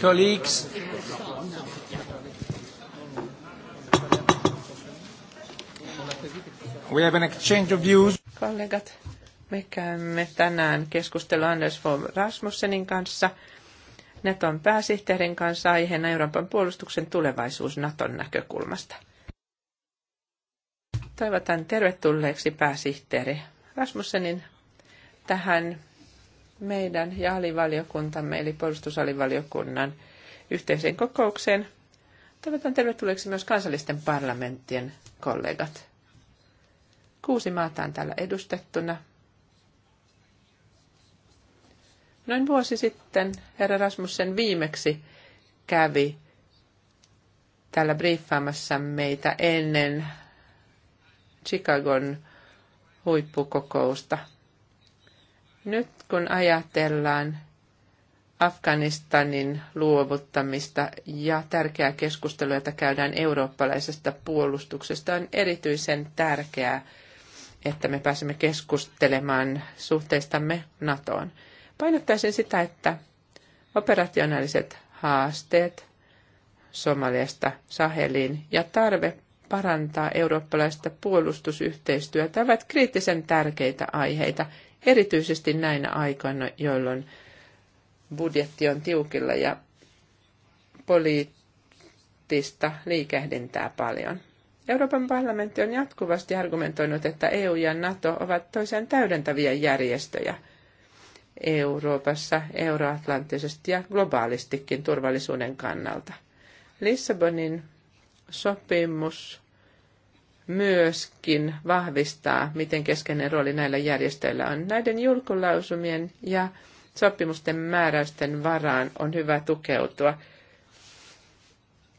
Colleagues. We have an exchange of views. Kollegat, me käymme tänään keskustelua Anders von Rasmussenin kanssa, Naton pääsihteerin kanssa aiheena Euroopan puolustuksen tulevaisuus Naton näkökulmasta. Toivotan tervetulleeksi pääsihteeri Rasmussenin tähän meidän ja alivaliokuntamme, eli puolustusalivaliokunnan yhteiseen kokoukseen. Toivotan tervetulleeksi myös kansallisten parlamenttien kollegat. Kuusi maata on täällä edustettuna. Noin vuosi sitten herra Rasmussen viimeksi kävi täällä briefaamassa meitä ennen Chicagon huippukokousta – nyt kun ajatellaan Afganistanin luovuttamista ja tärkeää keskustelua, jota käydään eurooppalaisesta puolustuksesta, on erityisen tärkeää, että me pääsemme keskustelemaan suhteistamme NATOon. Painottaisin sitä, että operationaaliset haasteet Somaliasta Saheliin ja tarve parantaa eurooppalaista puolustusyhteistyötä ovat kriittisen tärkeitä aiheita erityisesti näinä aikoina, jolloin budjetti on tiukilla ja poliittista liikehdintää paljon. Euroopan parlamentti on jatkuvasti argumentoinut, että EU ja NATO ovat toisen täydentäviä järjestöjä Euroopassa, euroatlanttisesti ja globaalistikin turvallisuuden kannalta. Lissabonin sopimus myöskin vahvistaa, miten keskeinen rooli näillä järjestöillä on. Näiden julkulausumien ja sopimusten määräysten varaan on hyvä tukeutua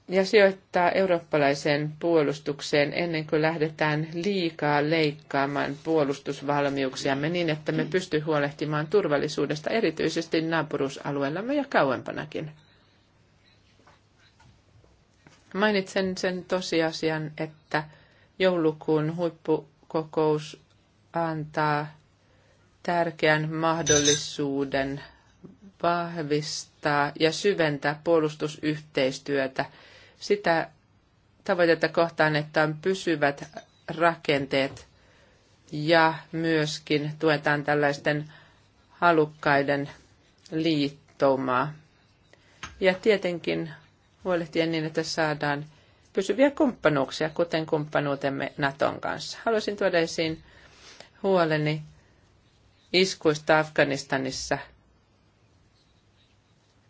ja sijoittaa eurooppalaiseen puolustukseen ennen kuin lähdetään liikaa leikkaamaan puolustusvalmiuksiamme niin, että me pysty huolehtimaan turvallisuudesta erityisesti naapurusalueellamme ja kauempanakin. Mainitsen sen tosiasian, että joulukuun huippukokous antaa tärkeän mahdollisuuden vahvistaa ja syventää puolustusyhteistyötä sitä tavoitetta kohtaan, että on pysyvät rakenteet ja myöskin tuetaan tällaisten halukkaiden liittoumaa. Ja tietenkin huolehtien niin, että saadaan pysyviä kumppanuuksia, kuten kumppanuutemme Naton kanssa. Haluaisin tuoda esiin huoleni iskuista Afganistanissa.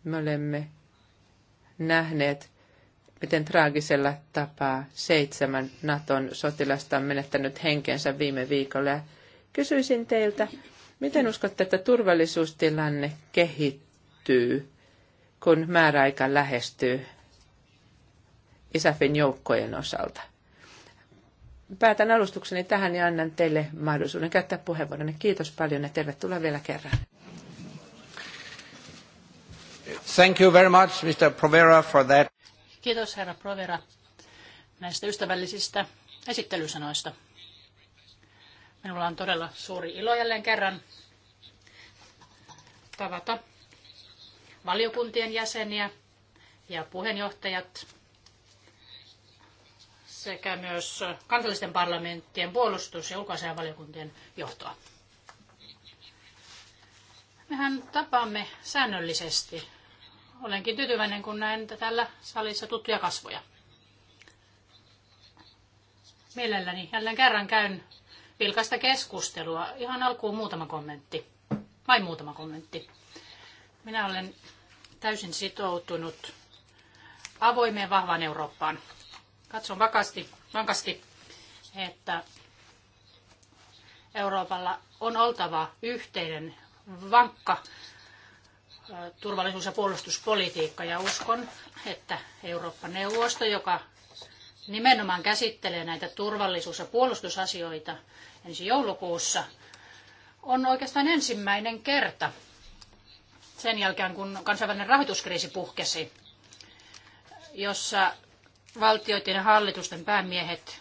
Me olemme nähneet, miten traagisella tapaa seitsemän Naton sotilasta on menettänyt henkensä viime viikolla. Ja kysyisin teiltä, miten uskotte, että turvallisuustilanne kehittyy, kun määräaika lähestyy? ISAFin joukkojen osalta. Päätän alustukseni tähän ja annan teille mahdollisuuden käyttää puheenvuoron. Kiitos paljon ja tervetuloa vielä kerran. Thank you very much, Mr. Provera, for that. Kiitos, herra Provera, näistä ystävällisistä esittelysanoista. Minulla on todella suuri ilo jälleen kerran tavata valiokuntien jäseniä ja puheenjohtajat sekä myös kansallisten parlamenttien puolustus- ja ulkoasianvaliokuntien johtoa. Mehän tapaamme säännöllisesti. Olenkin tyytyväinen, kun näen täällä salissa tuttuja kasvoja. Mielelläni jälleen kerran käyn vilkaista keskustelua. Ihan alkuun muutama kommentti. Vain muutama kommentti. Minä olen täysin sitoutunut avoimeen vahvaan Eurooppaan katson vakasti, vankasti, että Euroopalla on oltava yhteinen vankka turvallisuus- ja puolustuspolitiikka ja uskon, että Eurooppa-neuvosto, joka nimenomaan käsittelee näitä turvallisuus- ja puolustusasioita ensi joulukuussa, on oikeastaan ensimmäinen kerta sen jälkeen, kun kansainvälinen rahoituskriisi puhkesi, jossa valtioiden ja hallitusten päämiehet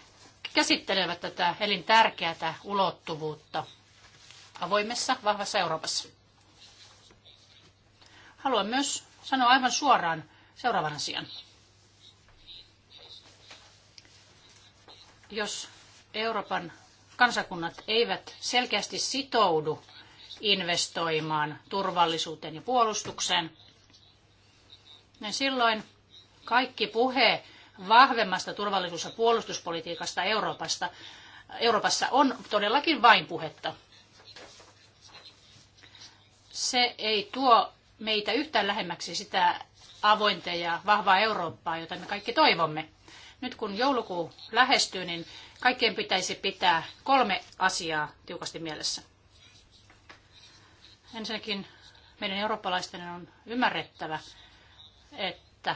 käsittelevät tätä elintärkeätä ulottuvuutta avoimessa, vahvassa Euroopassa. Haluan myös sanoa aivan suoraan seuraavan asian. Jos Euroopan kansakunnat eivät selkeästi sitoudu investoimaan turvallisuuteen ja puolustukseen, niin silloin kaikki puhe vahvemmasta turvallisuus- ja puolustuspolitiikasta Euroopasta, Euroopassa on todellakin vain puhetta. Se ei tuo meitä yhtään lähemmäksi sitä avointa ja vahvaa Eurooppaa, jota me kaikki toivomme. Nyt kun joulukuu lähestyy, niin kaikkien pitäisi pitää kolme asiaa tiukasti mielessä. Ensinnäkin meidän eurooppalaisten on ymmärrettävä, että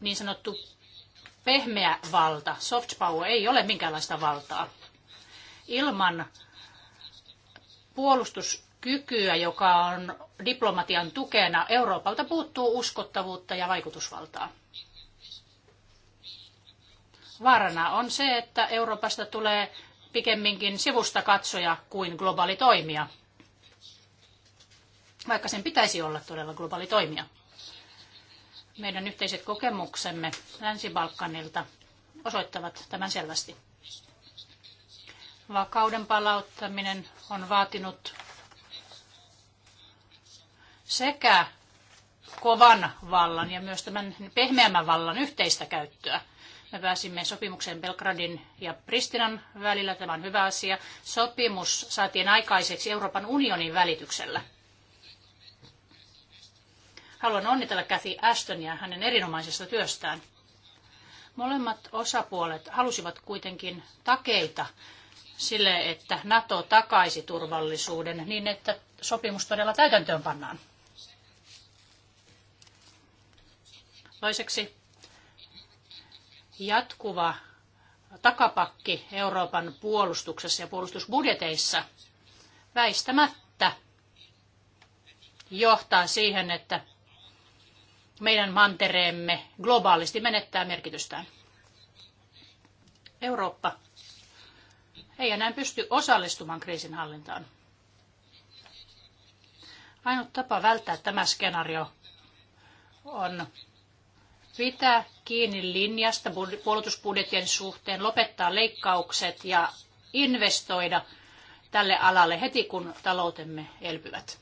niin sanottu pehmeä valta, soft power, ei ole minkäänlaista valtaa. Ilman puolustuskykyä, joka on diplomatian tukena, Euroopalta puuttuu uskottavuutta ja vaikutusvaltaa. Vaarana on se, että Euroopasta tulee pikemminkin sivusta katsoja kuin globaali toimija, vaikka sen pitäisi olla todella globaali toimija meidän yhteiset kokemuksemme Länsi-Balkanilta osoittavat tämän selvästi. Vakauden palauttaminen on vaatinut sekä kovan vallan ja myös tämän pehmeämmän vallan yhteistä käyttöä. Me pääsimme sopimukseen Belgradin ja Pristinan välillä. Tämä on hyvä asia. Sopimus saatiin aikaiseksi Euroopan unionin välityksellä. Haluan onnitella Kathy Ashtonia hänen erinomaisesta työstään. Molemmat osapuolet halusivat kuitenkin takeita sille, että NATO takaisi turvallisuuden niin, että sopimus todella täytäntöön pannaan. Toiseksi jatkuva takapakki Euroopan puolustuksessa ja puolustusbudjeteissa väistämättä johtaa siihen, että meidän mantereemme globaalisti menettää merkitystään. Eurooppa ei enää pysty osallistumaan kriisinhallintaan. Ainut tapa välttää tämä skenaario on pitää kiinni linjasta puolustusbudjetien suhteen, lopettaa leikkaukset ja investoida tälle alalle heti, kun taloutemme elpyvät.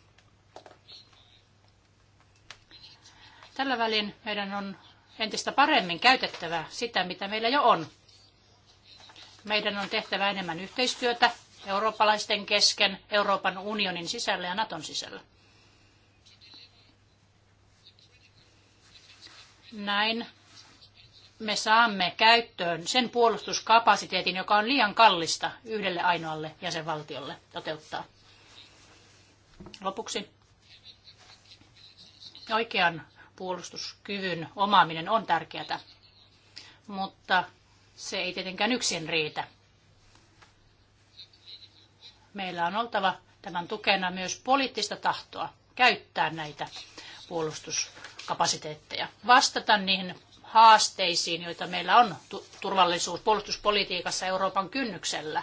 Tällä välin meidän on entistä paremmin käytettävä sitä, mitä meillä jo on. Meidän on tehtävä enemmän yhteistyötä eurooppalaisten kesken, Euroopan unionin sisällä ja Naton sisällä. Näin me saamme käyttöön sen puolustuskapasiteetin, joka on liian kallista yhdelle ainoalle jäsenvaltiolle toteuttaa. Lopuksi oikean puolustuskyvyn omaaminen on tärkeää, mutta se ei tietenkään yksin riitä. Meillä on oltava tämän tukena myös poliittista tahtoa käyttää näitä puolustuskapasiteetteja, vastata niihin haasteisiin, joita meillä on turvallisuus puolustuspolitiikassa Euroopan kynnyksellä,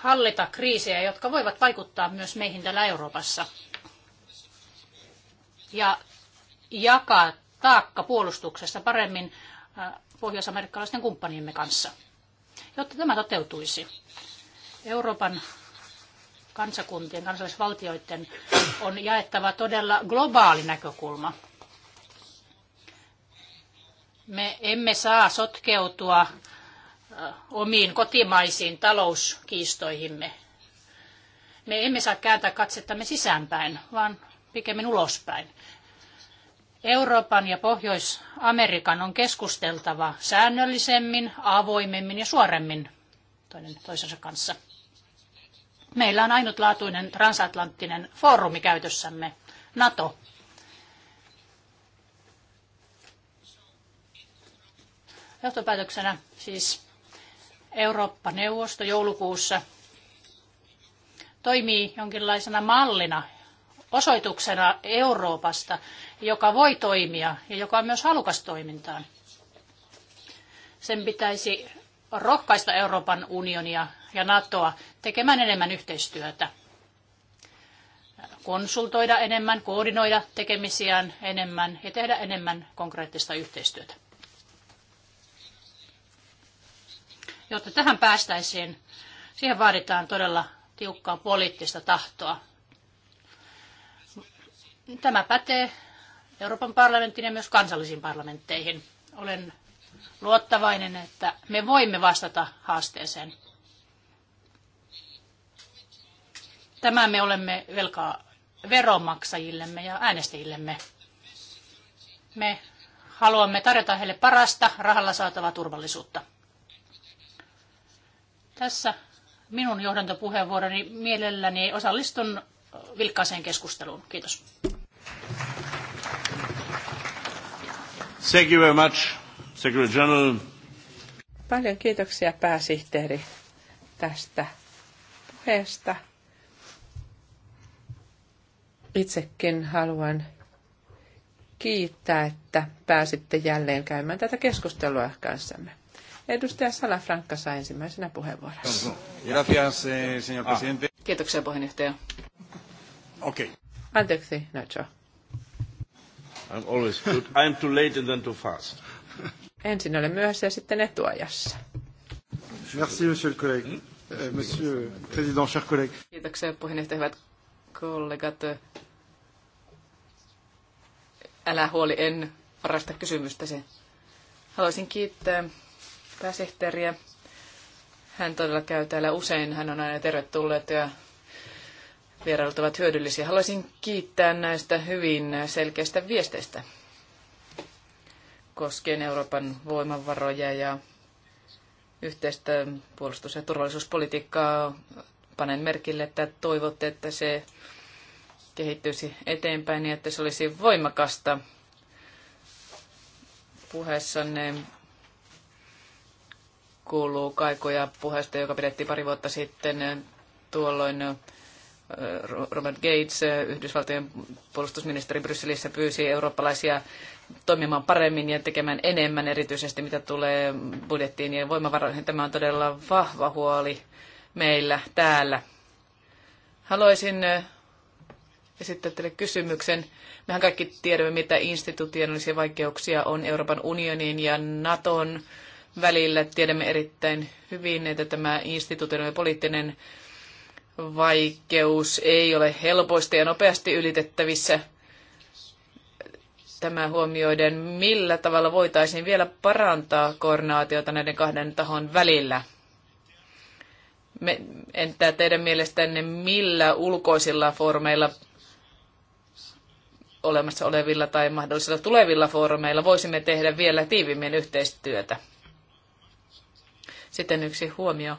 hallita kriisejä, jotka voivat vaikuttaa myös meihin täällä Euroopassa ja jakaa taakka puolustuksessa paremmin äh, pohjoisamerikkalaisten kumppaniemme kanssa. Jotta tämä toteutuisi, Euroopan kansakuntien, kansallisvaltioiden on jaettava todella globaali näkökulma. Me emme saa sotkeutua äh, omiin kotimaisiin talouskiistoihimme. Me emme saa kääntää katsettamme sisäänpäin, vaan pikemmin ulospäin. Euroopan ja Pohjois-Amerikan on keskusteltava säännöllisemmin, avoimemmin ja suoremmin toinen toisensa kanssa. Meillä on ainutlaatuinen transatlanttinen foorumi käytössämme, NATO. Johtopäätöksenä siis Eurooppa-neuvosto joulukuussa toimii jonkinlaisena mallina osoituksena Euroopasta, joka voi toimia ja joka on myös halukas toimintaan. Sen pitäisi rohkaista Euroopan unionia ja NATOa tekemään enemmän yhteistyötä, konsultoida enemmän, koordinoida tekemisiään enemmän ja tehdä enemmän konkreettista yhteistyötä. Jotta tähän päästäisiin, siihen vaaditaan todella tiukkaa poliittista tahtoa. Tämä pätee Euroopan parlamenttiin ja myös kansallisiin parlamentteihin. Olen luottavainen, että me voimme vastata haasteeseen. Tämä me olemme velkaa veronmaksajillemme ja äänestäjillemme. Me haluamme tarjota heille parasta rahalla saatavaa turvallisuutta. Tässä minun johdantopuheenvuoroni mielelläni osallistun vilkkaaseen keskusteluun. Kiitos. Thank you very much, Secretary General. Paljon kiitoksia pääsihteeri tästä puheesta. Itsekin haluan kiittää, että pääsitte jälleen käymään tätä keskustelua kanssamme. Edustaja Salafranca saa ensimmäisenä puheenvuoron. Gracias, eh, señor ah. presidente. Kiitoksia puheenjohtaja. Okei. Okay. Anteeksi, Nacho. I'm always good. I'm too late and then too fast. Ensin olen myöhässä ja sitten etuajassa. Merci, monsieur le collègue. Euh, monsieur le président, Kiitoksia puheenjohtaja, hyvät kollegat. Älä huoli, en varasta kysymystäsi. Haluaisin kiittää pääsihteeriä. Hän todella käy täällä usein. Hän on aina tervetullut ja vierailut ovat hyödyllisiä. Haluaisin kiittää näistä hyvin selkeistä viesteistä koskien Euroopan voimavaroja ja yhteistä puolustus- ja turvallisuuspolitiikkaa. Panen merkille, että toivotte, että se kehittyisi eteenpäin niin, että se olisi voimakasta puheessanne kuuluu kaikoja puheesta, joka pidettiin pari vuotta sitten. Tuolloin Robert Gates, Yhdysvaltojen puolustusministeri Brysselissä pyysi eurooppalaisia toimimaan paremmin ja tekemään enemmän, erityisesti mitä tulee budjettiin ja voimavaroihin. Tämä on todella vahva huoli meillä täällä. Haluaisin esittää teille kysymyksen. Mehän kaikki tiedämme, mitä institutionaalisia vaikeuksia on Euroopan unionin ja Naton välillä. Tiedämme erittäin hyvin, että tämä institutionaalinen poliittinen vaikeus ei ole helposti ja nopeasti ylitettävissä. Tämä huomioiden, millä tavalla voitaisiin vielä parantaa koordinaatiota näiden kahden tahon välillä? Me, entä teidän mielestänne, millä ulkoisilla foorumeilla olemassa olevilla tai mahdollisilla tulevilla foorumeilla voisimme tehdä vielä tiivimmin yhteistyötä. Sitten yksi huomio.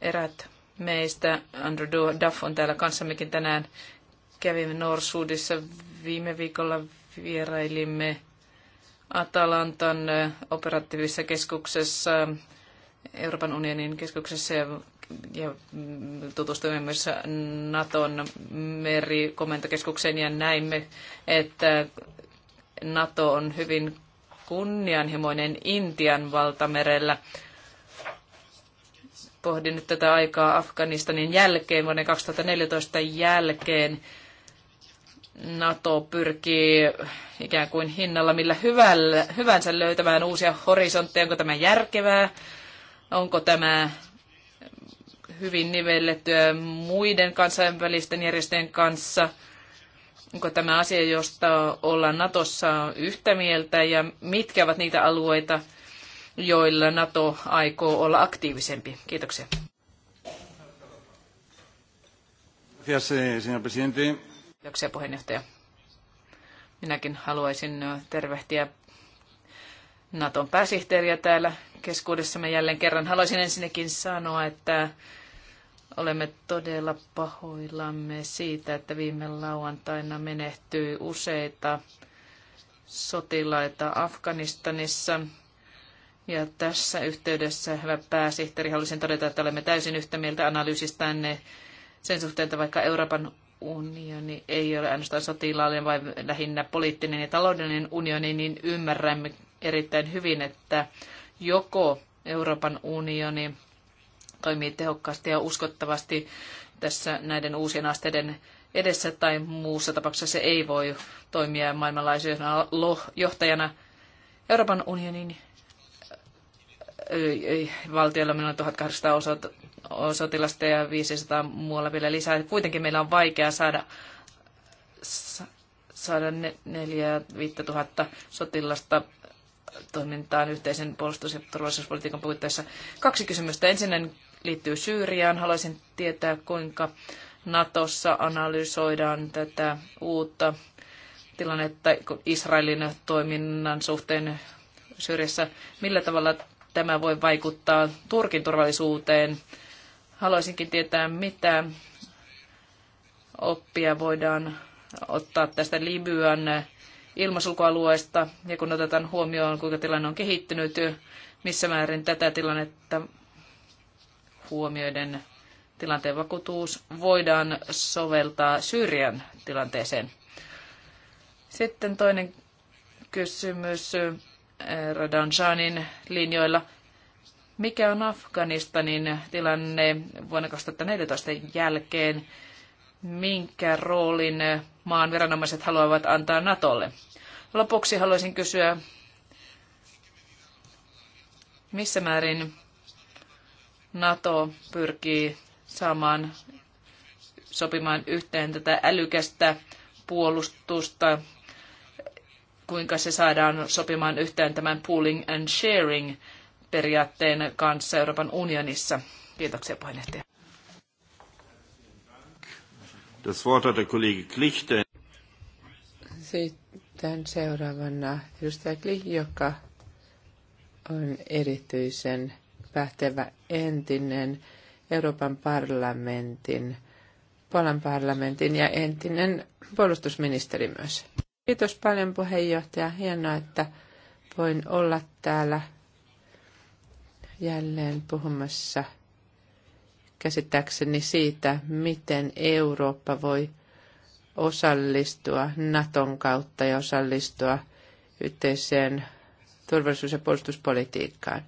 Erät meistä. Andrew Duff on täällä kanssammekin tänään. Kävimme Norsuudissa viime viikolla vierailimme Atalantan operatiivisessa keskuksessa, Euroopan unionin keskuksessa ja, ja mm, tutustuimme myös Naton merikomentokeskukseen ja näimme, että Nato on hyvin kunnianhimoinen Intian valtamerellä pohdin nyt tätä aikaa Afganistanin jälkeen, vuoden 2014 jälkeen. NATO pyrkii ikään kuin hinnalla millä hyvällä, hyvänsä löytämään uusia horisontteja. Onko tämä järkevää? Onko tämä hyvin nivellettyä muiden kansainvälisten järjestöjen kanssa? Onko tämä asia, josta ollaan Natossa yhtä mieltä ja mitkä ovat niitä alueita, joilla NATO aikoo olla aktiivisempi? Kiitoksia. Eh, Kiitoksia puheenjohtaja. Minäkin haluaisin tervehtiä Naton pääsihteeriä täällä keskuudessamme jälleen kerran. Haluaisin ensinnäkin sanoa, että olemme todella pahoillamme siitä, että viime lauantaina menehtyi useita sotilaita Afganistanissa. Ja tässä yhteydessä, hyvä pääsihteeri, haluaisin todeta, että olemme täysin yhtä mieltä analyysistänne sen suhteen, että vaikka Euroopan unioni ei ole ainoastaan sotilaallinen, vaan lähinnä poliittinen ja taloudellinen unioni, niin ymmärrämme erittäin hyvin, että joko Euroopan unioni toimii tehokkaasti ja uskottavasti tässä näiden uusien asteiden edessä tai muussa tapauksessa se ei voi toimia maailmanlaajuisena johtajana. Euroopan unionin valtiolla meillä on 1800 sotilasta ja 500 muualla vielä lisää. Kuitenkin meillä on vaikea saada, saada 4 5000 sotilasta toimintaan yhteisen puolustus- ja turvallisuuspolitiikan puitteissa. Kaksi kysymystä. Ensinnäkin liittyy Syyriaan. Haluaisin tietää, kuinka Natossa analysoidaan tätä uutta tilannetta Israelin toiminnan suhteen Syyriassa. Millä tavalla tämä voi vaikuttaa Turkin turvallisuuteen. Haluaisinkin tietää, mitä oppia voidaan ottaa tästä Libyan ilmasulkualueesta, ja kun otetaan huomioon, kuinka tilanne on kehittynyt, missä määrin tätä tilannetta huomioiden tilanteen vakuutuus voidaan soveltaa Syyrian tilanteeseen. Sitten toinen kysymys Radanjanin linjoilla. Mikä on Afganistanin tilanne vuonna 2014 jälkeen? Minkä roolin maan viranomaiset haluavat antaa Natolle? Lopuksi haluaisin kysyä, missä määrin NATO pyrkii saamaan sopimaan yhteen tätä älykästä puolustusta kuinka se saadaan sopimaan yhteen tämän pooling and sharing periaatteen kanssa Euroopan unionissa. Kiitoksia puheenjohtaja. Das Wort hat der Kollege Klichte. Sitten seuraavana edustaja Klich, joka on erityisen pähtävä entinen Euroopan parlamentin, Puolan parlamentin ja entinen puolustusministeri myös. Kiitos paljon puheenjohtaja. Hienoa, että voin olla täällä jälleen puhumassa käsittääkseni siitä, miten Eurooppa voi osallistua Naton kautta ja osallistua yhteiseen turvallisuus- ja puolustuspolitiikkaan.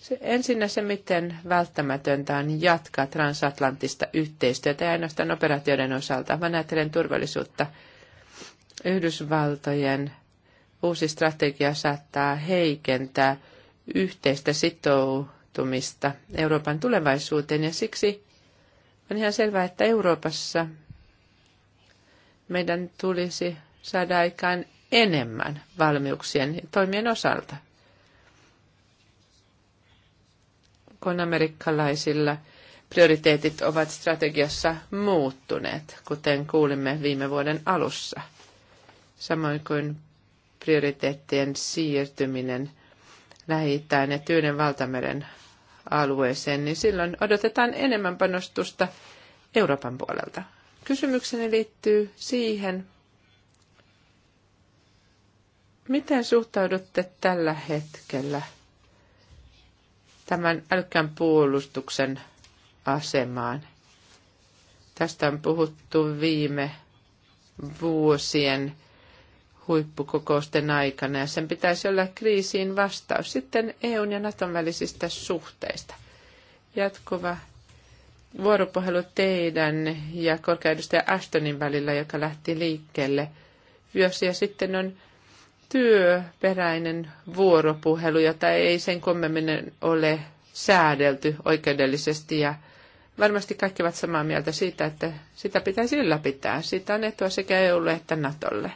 Se, ensinnä se, miten välttämätöntä on jatkaa transatlanttista yhteistyötä, ja ainoastaan operaatioiden osalta, vaan ajattelen turvallisuutta – Yhdysvaltojen uusi strategia saattaa heikentää yhteistä sitoutumista Euroopan tulevaisuuteen ja siksi on ihan selvää, että Euroopassa meidän tulisi saada aikaan enemmän valmiuksien ja toimien osalta. Kun amerikkalaisilla prioriteetit ovat strategiassa muuttuneet, kuten kuulimme viime vuoden alussa – samoin kuin prioriteettien siirtyminen lähittäin ja Tyynen valtameren alueeseen, niin silloin odotetaan enemmän panostusta Euroopan puolelta. Kysymykseni liittyy siihen, miten suhtaudutte tällä hetkellä tämän älkkään puolustuksen asemaan? Tästä on puhuttu viime vuosien huippukokousten aikana ja sen pitäisi olla kriisiin vastaus sitten EUn ja Naton välisistä suhteista. Jatkuva vuoropuhelu teidän ja korkeaedustaja Ashtonin välillä, joka lähti liikkeelle vuosia sitten on työperäinen vuoropuhelu, jota ei sen kommemmin ole säädelty oikeudellisesti ja varmasti kaikki ovat samaa mieltä siitä, että sitä pitäisi ylläpitää. Siitä on etua sekä EUlle että Natolle.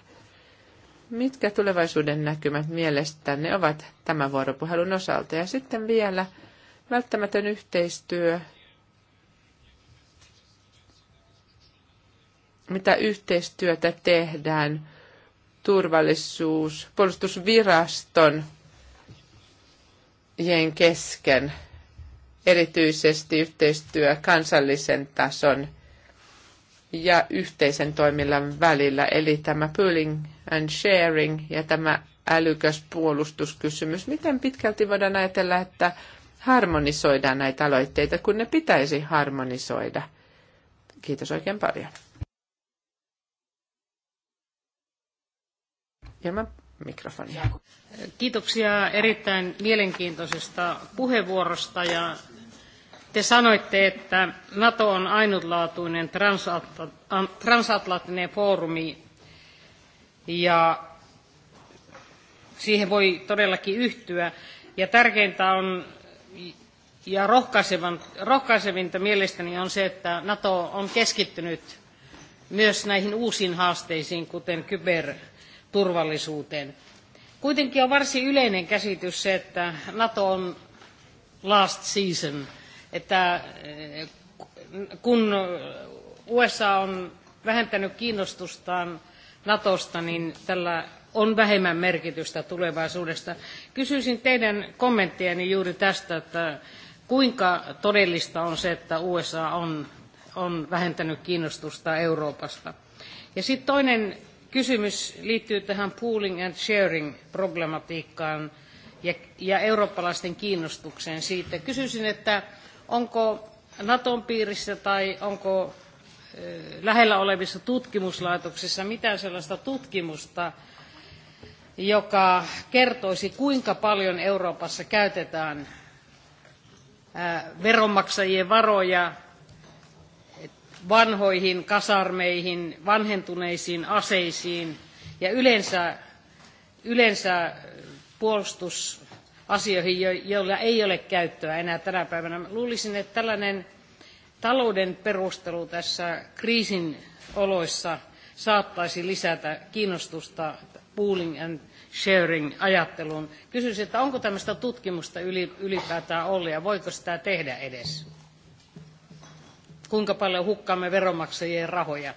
Mitkä tulevaisuuden näkymät mielestänne ovat tämän vuoropuhelun osalta? Ja sitten vielä välttämätön yhteistyö mitä yhteistyötä tehdään turvallisuus, puolustusviraston kesken, erityisesti yhteistyö kansallisen tason ja yhteisen toiminnan välillä, eli tämä pooling and sharing ja tämä älykäs puolustuskysymys. Miten pitkälti voidaan ajatella, että harmonisoidaan näitä aloitteita, kun ne pitäisi harmonisoida? Kiitos oikein paljon. Ilman mikrofonia. Kiitoksia erittäin mielenkiintoisesta puheenvuorosta ja te sanoitte, että NATO on ainutlaatuinen transatlantinen foorumi ja siihen voi todellakin yhtyä. Ja tärkeintä on ja rohkaisevinta mielestäni on se, että NATO on keskittynyt myös näihin uusiin haasteisiin, kuten kyberturvallisuuteen. Kuitenkin on varsin yleinen käsitys se, että NATO on last season, että eh, kun USA on vähentänyt kiinnostustaan NATOsta, niin tällä on vähemmän merkitystä tulevaisuudesta. Kysyisin teidän kommenttiani juuri tästä, että kuinka todellista on se, että USA on, on vähentänyt kiinnostusta Euroopasta. Ja sitten toinen kysymys liittyy tähän pooling and sharing problematiikkaan ja, ja eurooppalaisten kiinnostukseen siitä. Kysyisin, että onko Naton piirissä tai onko Eh, lähellä olevissa tutkimuslaitoksissa mitään sellaista tutkimusta, joka kertoisi, kuinka paljon Euroopassa käytetään veronmaksajien varoja vanhoihin kasarmeihin, vanhentuneisiin aseisiin ja yleensä, yleensä puolustusasioihin, joilla ei ole käyttöä enää tänä päivänä. Luulisin, että tällainen talouden perustelu tässä kriisin oloissa saattaisi lisätä kiinnostusta pooling and sharing ajatteluun. Kysyisin, että onko tämmöistä tutkimusta ylipäätään ollut ja voiko sitä tehdä edes? Kuinka paljon hukkaamme veronmaksajien rahoja?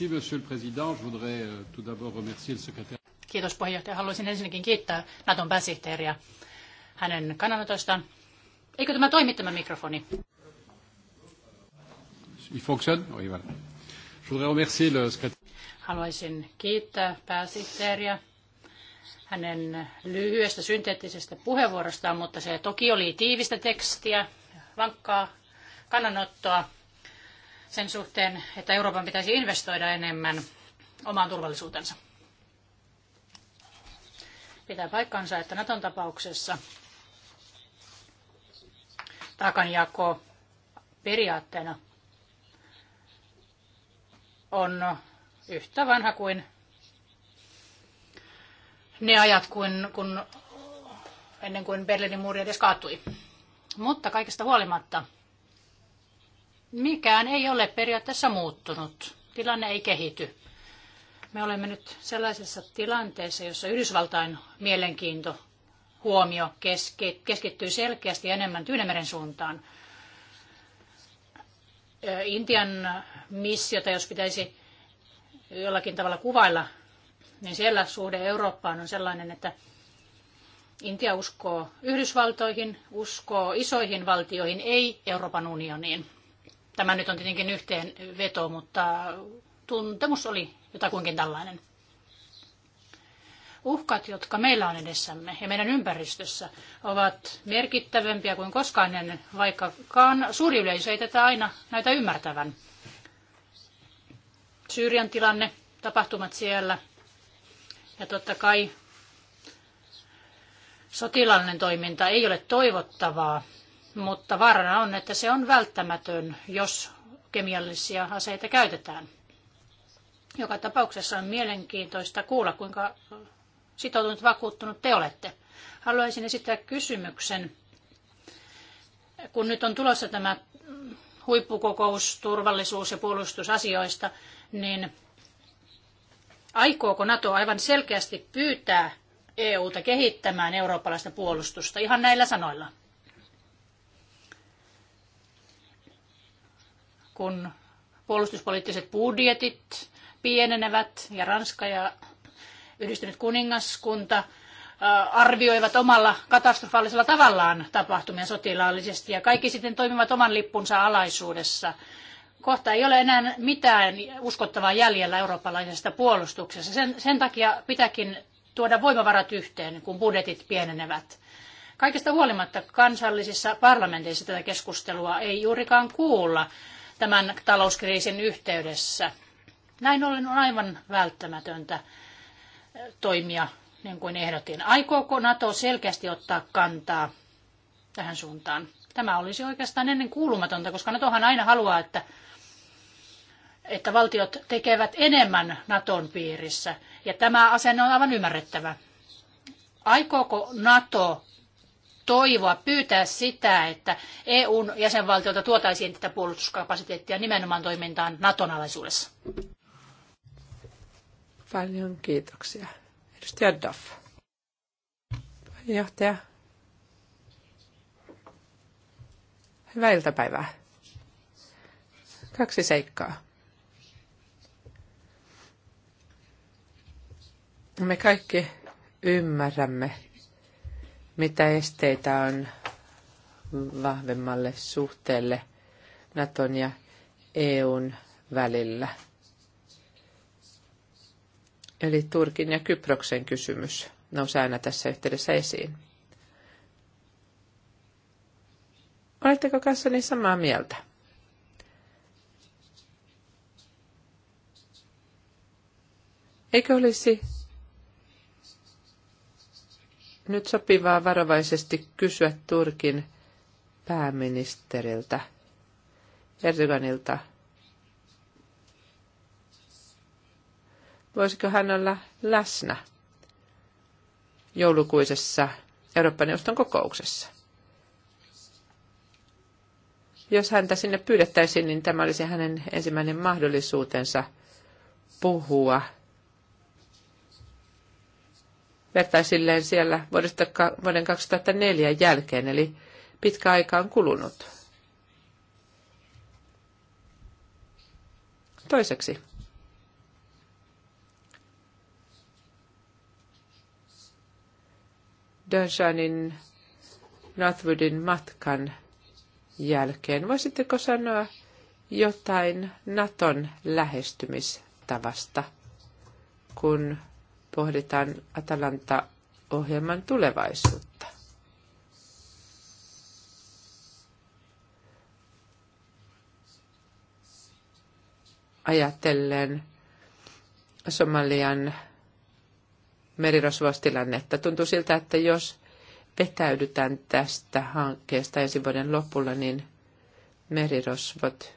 Merci, Monsieur le Président. Je voudrais euh, tout d'abord remercier le secrétaire. Kiitos puheenjohtaja. Haluaisin ensinnäkin kiittää Naton pääsihteeriä hänen kannanotostaan. Eikö tämä toimi tämä mikrofoni? Il fonctionne? Oui, voilà. Je voudrais remercier le secrétaire. Haluaisin kiittää pääsihteeriä hänen lyhyestä synteettisestä puheenvuorostaan, mutta se toki oli tiivistä tekstiä, vankkaa kannanottoa sen suhteen, että Euroopan pitäisi investoida enemmän omaan turvallisuutensa. Pitää paikkansa, että Naton tapauksessa takanjako periaatteena on yhtä vanha kuin ne ajat, kun, kun ennen kuin Berliinin muuri edes kaatui. Mutta kaikesta huolimatta – mikään ei ole periaatteessa muuttunut. Tilanne ei kehity. Me olemme nyt sellaisessa tilanteessa, jossa Yhdysvaltain mielenkiinto, huomio keskittyy selkeästi enemmän Tyynemeren suuntaan. Intian missiota, jos pitäisi jollakin tavalla kuvailla, niin siellä suhde Eurooppaan on sellainen, että Intia uskoo Yhdysvaltoihin, uskoo isoihin valtioihin, ei Euroopan unioniin. Tämä nyt on tietenkin yhteenveto, mutta tuntemus oli jotakuinkin tällainen. Uhkat, jotka meillä on edessämme ja meidän ympäristössä, ovat merkittävämpiä kuin koskaan ennen, vaikkakaan suuri yleisö ei tätä aina näitä ymmärtävän. Syyrian tilanne, tapahtumat siellä ja totta kai sotilallinen toiminta ei ole toivottavaa mutta vaarana on, että se on välttämätön, jos kemiallisia aseita käytetään. Joka tapauksessa on mielenkiintoista kuulla, kuinka sitoutunut, vakuuttunut te olette. Haluaisin esittää kysymyksen, kun nyt on tulossa tämä huippukokous turvallisuus- ja puolustusasioista, niin aikooko NATO aivan selkeästi pyytää EUta kehittämään eurooppalaista puolustusta ihan näillä sanoilla? kun puolustuspoliittiset budjetit pienenevät ja Ranska ja yhdistynyt kuningaskunta arvioivat omalla katastrofaalisella tavallaan tapahtumia sotilaallisesti ja kaikki sitten toimivat oman lippunsa alaisuudessa. Kohta ei ole enää mitään uskottavaa jäljellä eurooppalaisesta puolustuksessa. Sen, sen takia pitääkin tuoda voimavarat yhteen, kun budjetit pienenevät. Kaikesta huolimatta kansallisissa parlamenteissa tätä keskustelua ei juurikaan kuulla tämän talouskriisin yhteydessä. Näin ollen on aivan välttämätöntä eh, toimia niin kuin ehdotin. Aikooko NATO selkeästi ottaa kantaa tähän suuntaan? Tämä olisi oikeastaan ennen kuulumatonta, koska NATOhan aina haluaa, että, että valtiot tekevät enemmän NATOn piirissä. Ja tämä asenne on aivan ymmärrettävä. Aikooko NATO toivoa, pyytää sitä, että EUn jäsenvaltiolta tuotaisiin tätä puolustuskapasiteettia nimenomaan toimintaan Naton alaisuudessa? Paljon kiitoksia. Edustaja Duff. Puheenjohtaja. Hyvää iltapäivää. Kaksi seikkaa. Me kaikki ymmärrämme mitä esteitä on vahvemmalle suhteelle Naton ja EUn välillä. Eli Turkin ja Kyproksen kysymys nousi aina tässä yhteydessä esiin. Oletteko kanssani samaa mieltä? Eikö olisi nyt sopivaa varovaisesti kysyä Turkin pääministeriltä Erdoganilta, voisiko hän olla läsnä joulukuisessa Euroopan neuvoston kokouksessa. Jos häntä sinne pyydettäisiin, niin tämä olisi hänen ensimmäinen mahdollisuutensa puhua – vertaisilleen siellä vuoden 2004 jälkeen, eli pitkä aika on kulunut. Toiseksi. Dunshanin Northwoodin matkan jälkeen. Voisitteko sanoa jotain Naton lähestymistavasta, kun pohditaan Atalanta-ohjelman tulevaisuutta. Ajatellen Somalian merirosvoustilannetta. Tuntuu siltä, että jos vetäydytään tästä hankkeesta ensi vuoden lopulla, niin merirosvot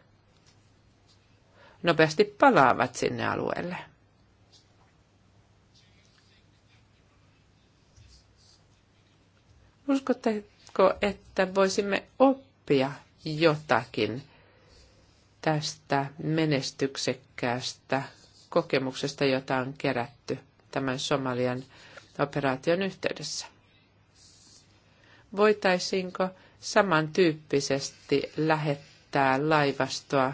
nopeasti palaavat sinne alueelle. Uskotteko, että voisimme oppia jotakin tästä menestyksekkäästä kokemuksesta, jota on kerätty tämän Somalian operaation yhteydessä? Voitaisiinko samantyyppisesti lähettää laivastoa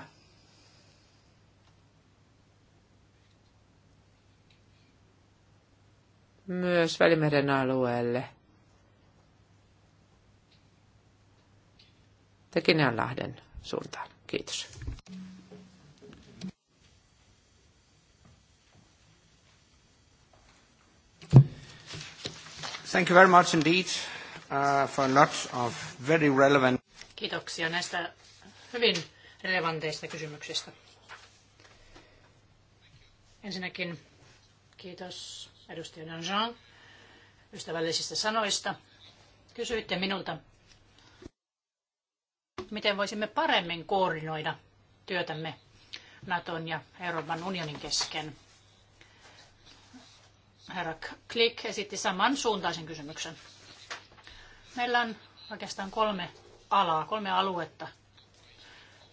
myös Välimeren alueelle – lähden suuntaan. Kiitos. Thank you very much indeed uh, for lot of very relevant... Kiitoksia näistä hyvin relevanteista kysymyksistä. Ensinnäkin kiitos edustaja Jean ystävällisistä sanoista. Kysyitte minulta, miten voisimme paremmin koordinoida työtämme Naton ja Euroopan unionin kesken. Herra Klik esitti saman suuntaisen kysymyksen. Meillä on oikeastaan kolme alaa, kolme aluetta,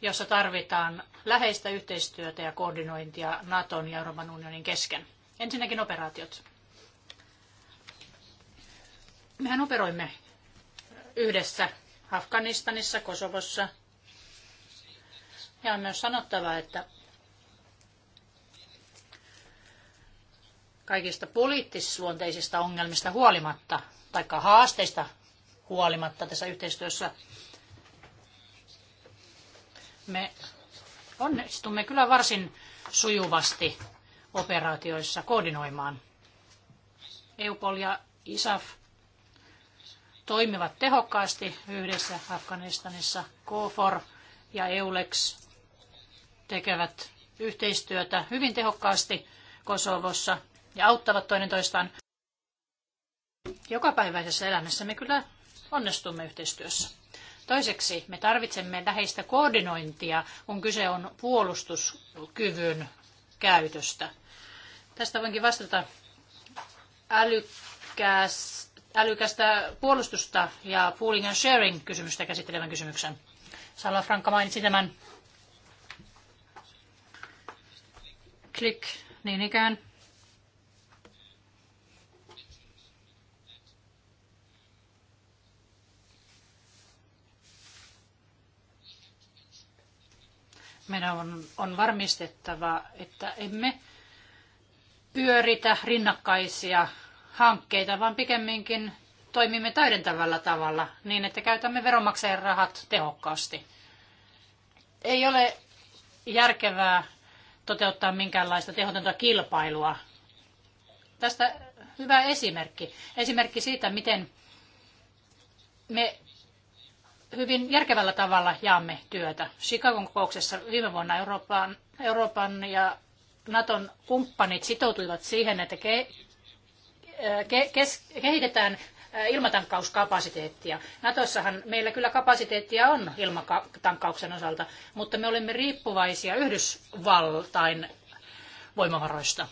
jossa tarvitaan läheistä yhteistyötä ja koordinointia Naton ja Euroopan unionin kesken. Ensinnäkin operaatiot. Mehän operoimme yhdessä Afganistanissa, Kosovossa. Ja on myös sanottava, että kaikista poliittisluonteisista ongelmista huolimatta, tai haasteista huolimatta tässä yhteistyössä, me onnistumme kyllä varsin sujuvasti operaatioissa koordinoimaan. EUPOL ja ISAF toimivat tehokkaasti yhdessä Afganistanissa. KFOR ja EULEX tekevät yhteistyötä hyvin tehokkaasti Kosovossa ja auttavat toinen toistaan. Jokapäiväisessä elämässä me kyllä onnistumme yhteistyössä. Toiseksi me tarvitsemme läheistä koordinointia, kun kyse on puolustuskyvyn käytöstä. Tästä voinkin vastata älykkäästi älykästä puolustusta ja pooling and sharing kysymystä käsittelevän kysymyksen. Salla Franka mainitsi tämän klik niin ikään. Meidän on, on varmistettava, että emme pyöritä rinnakkaisia hankkeita, vaan pikemminkin toimimme täydentävällä tavalla niin, että käytämme veronmaksajan rahat tehokkaasti. Ei ole järkevää toteuttaa minkäänlaista tehotonta kilpailua. Tästä hyvä esimerkki. Esimerkki siitä, miten me hyvin järkevällä tavalla jaamme työtä. Chicagon kokouksessa viime vuonna Euroopan, Euroopan ja Naton kumppanit sitoutuivat siihen, että kehitetään ilmatankkauskapasiteettia. Natossahan meillä kyllä kapasiteettia on ilmatankkauksen osalta, mutta me olemme riippuvaisia Yhdysvaltain voimavaroista.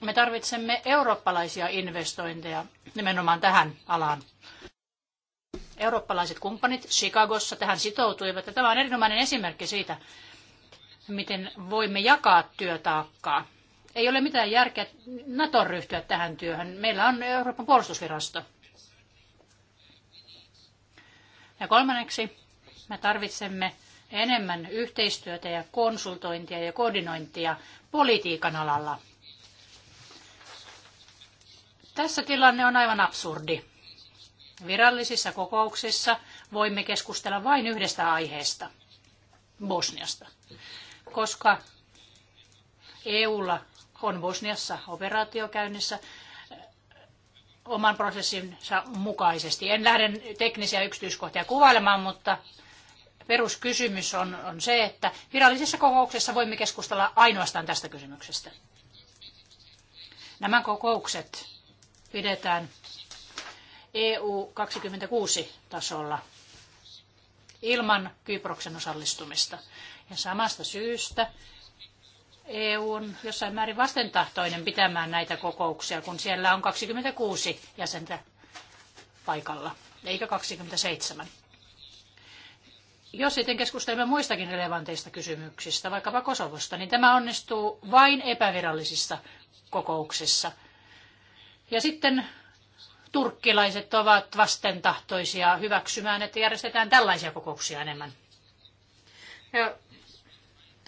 Me tarvitsemme eurooppalaisia investointeja nimenomaan tähän alaan. Eurooppalaiset kumppanit Chicagossa tähän sitoutuivat ja tämä on erinomainen esimerkki siitä, miten voimme jakaa työtaakkaa. Ei ole mitään järkeä nato ryhtyä tähän työhön. Meillä on Euroopan puolustusvirasto. Ja kolmanneksi me tarvitsemme enemmän yhteistyötä ja konsultointia ja koordinointia politiikan alalla. Tässä tilanne on aivan absurdi. Virallisissa kokouksissa voimme keskustella vain yhdestä aiheesta, Bosniasta, koska EUlla on Bosniassa operaatio käynnissä eh, oman prosessinsa mukaisesti. En lähde teknisiä yksityiskohtia kuvailemaan, mutta peruskysymys on, on se, että virallisessa kokouksessa voimme keskustella ainoastaan tästä kysymyksestä. Nämä kokoukset pidetään EU 26 tasolla ilman Kyproksen osallistumista. Ja samasta syystä on jossain määrin vastentahtoinen pitämään näitä kokouksia, kun siellä on 26 jäsentä paikalla, eikä 27. Jos sitten keskustelemme muistakin relevanteista kysymyksistä, vaikkapa Kosovosta, niin tämä onnistuu vain epävirallisissa kokouksissa. Ja sitten turkkilaiset ovat vastentahtoisia hyväksymään, että järjestetään tällaisia kokouksia enemmän. Ja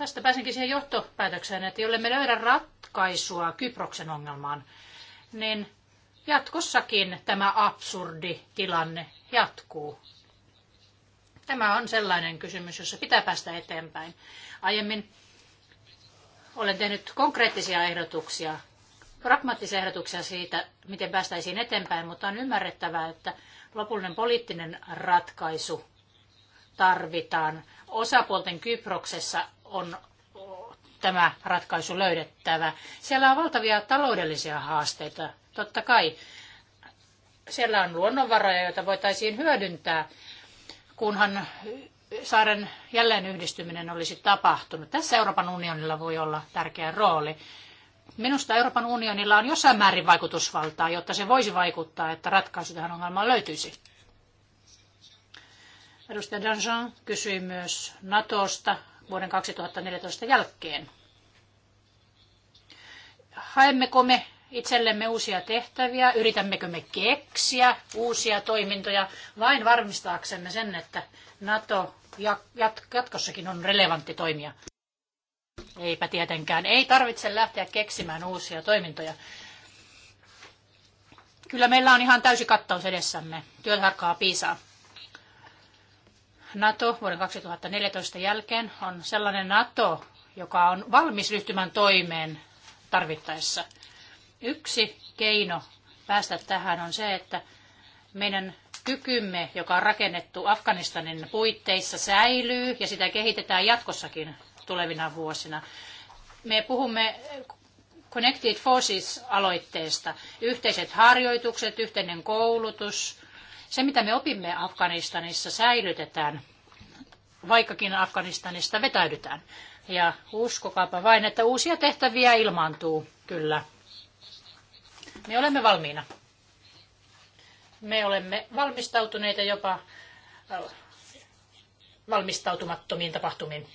Tästä pääsenkin siihen johtopäätökseen, että jolle me löydä ratkaisua Kyproksen ongelmaan, niin jatkossakin tämä absurdi tilanne jatkuu. Tämä on sellainen kysymys, jossa pitää päästä eteenpäin. Aiemmin olen tehnyt konkreettisia ehdotuksia, pragmaattisia ehdotuksia siitä, miten päästäisiin eteenpäin, mutta on ymmärrettävää, että lopullinen poliittinen ratkaisu tarvitaan. Osapuolten Kyproksessa on tämä ratkaisu löydettävä. Siellä on valtavia taloudellisia haasteita, totta kai. Siellä on luonnonvaroja, joita voitaisiin hyödyntää, kunhan saaren jälleen yhdistyminen olisi tapahtunut. Tässä Euroopan unionilla voi olla tärkeä rooli. Minusta Euroopan unionilla on jossain määrin vaikutusvaltaa, jotta se voisi vaikuttaa, että ratkaisu tähän ongelmaan löytyisi. Edustaja Danjean kysyi myös Natosta, vuoden 2014 jälkeen. Haemmeko me itsellemme uusia tehtäviä, yritämmekö me keksiä uusia toimintoja vain varmistaaksemme sen, että NATO jatkossakin on relevantti toimija. Eipä tietenkään. Ei tarvitse lähteä keksimään uusia toimintoja. Kyllä meillä on ihan täysi kattaus edessämme. Työtarkkaa piisaa. NATO vuoden 2014 jälkeen on sellainen NATO, joka on valmis ryhtymään toimeen tarvittaessa. Yksi keino päästä tähän on se, että meidän kykymme, joka on rakennettu Afganistanin puitteissa, säilyy ja sitä kehitetään jatkossakin tulevina vuosina. Me puhumme Connected Forces-aloitteesta. Yhteiset harjoitukset, yhteinen koulutus, se, mitä me opimme Afganistanissa, säilytetään, vaikkakin Afganistanista vetäydytään. Ja uskokaapa vain, että uusia tehtäviä ilmaantuu, kyllä. Me olemme valmiina. Me olemme valmistautuneita jopa valmistautumattomiin tapahtumiin.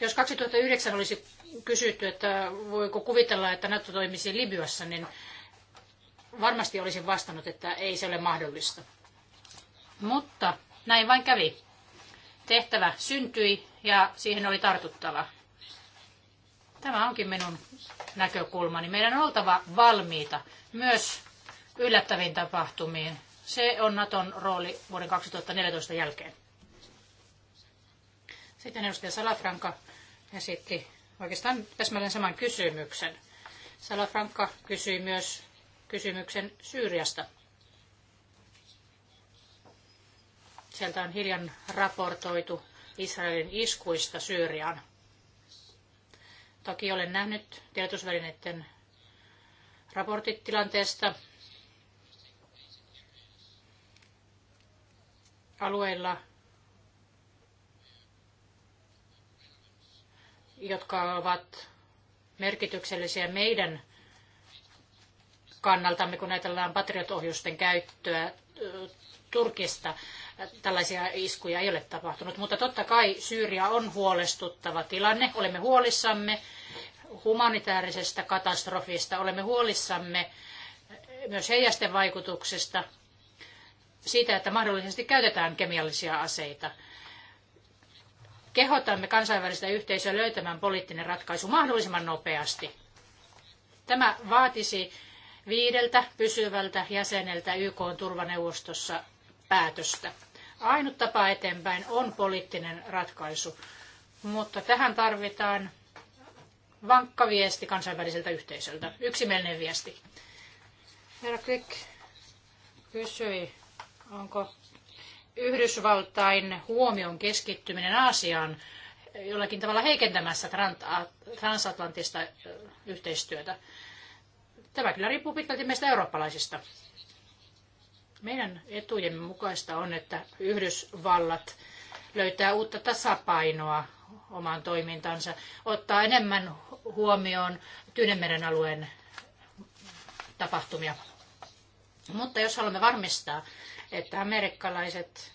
Jos 2009 olisi kysytty, että voiko kuvitella, että NATO toimisi Libyassa, niin varmasti olisin vastannut, että ei se ole mahdollista. Mutta näin vain kävi. Tehtävä syntyi ja siihen oli tartuttava. Tämä onkin minun näkökulmani. Meidän on oltava valmiita myös yllättäviin tapahtumiin. Se on Naton rooli vuoden 2014 jälkeen. Sitten edustaja Salafranka esitti oikeastaan täsmälleen saman kysymyksen. Salafranka kysyi myös kysymyksen Syyriasta. Sieltä on hiljan raportoitu Israelin iskuista Syyriaan. Toki olen nähnyt tiedotusvälineiden raportit tilanteesta alueilla, jotka ovat merkityksellisiä meidän kannaltamme, kun ajatellaan patriotohjusten käyttöä Turkista tällaisia iskuja ei ole tapahtunut. Mutta totta kai Syyria on huolestuttava tilanne. Olemme huolissamme humanitaarisesta katastrofista, olemme huolissamme myös heijasten vaikutuksesta, siitä, että mahdollisesti käytetään kemiallisia aseita. Kehotamme kansainvälistä yhteisöä löytämään poliittinen ratkaisu mahdollisimman nopeasti. Tämä vaatisi viideltä pysyvältä jäseneltä YK turvaneuvostossa päätöstä. Ainut tapa eteenpäin on poliittinen ratkaisu, mutta tähän tarvitaan vankka viesti kansainväliseltä yhteisöltä, yksimielinen viesti. Herra Klik kysyi, onko Yhdysvaltain huomion keskittyminen Aasiaan jollakin tavalla heikentämässä transatlanttista yhteistyötä. Tämä kyllä riippuu pitkälti meistä eurooppalaisista. Meidän etujemme mukaista on, että Yhdysvallat löytää uutta tasapainoa omaan toimintansa, ottaa enemmän huomioon Tyynemeren alueen tapahtumia. Mutta jos haluamme varmistaa, että amerikkalaiset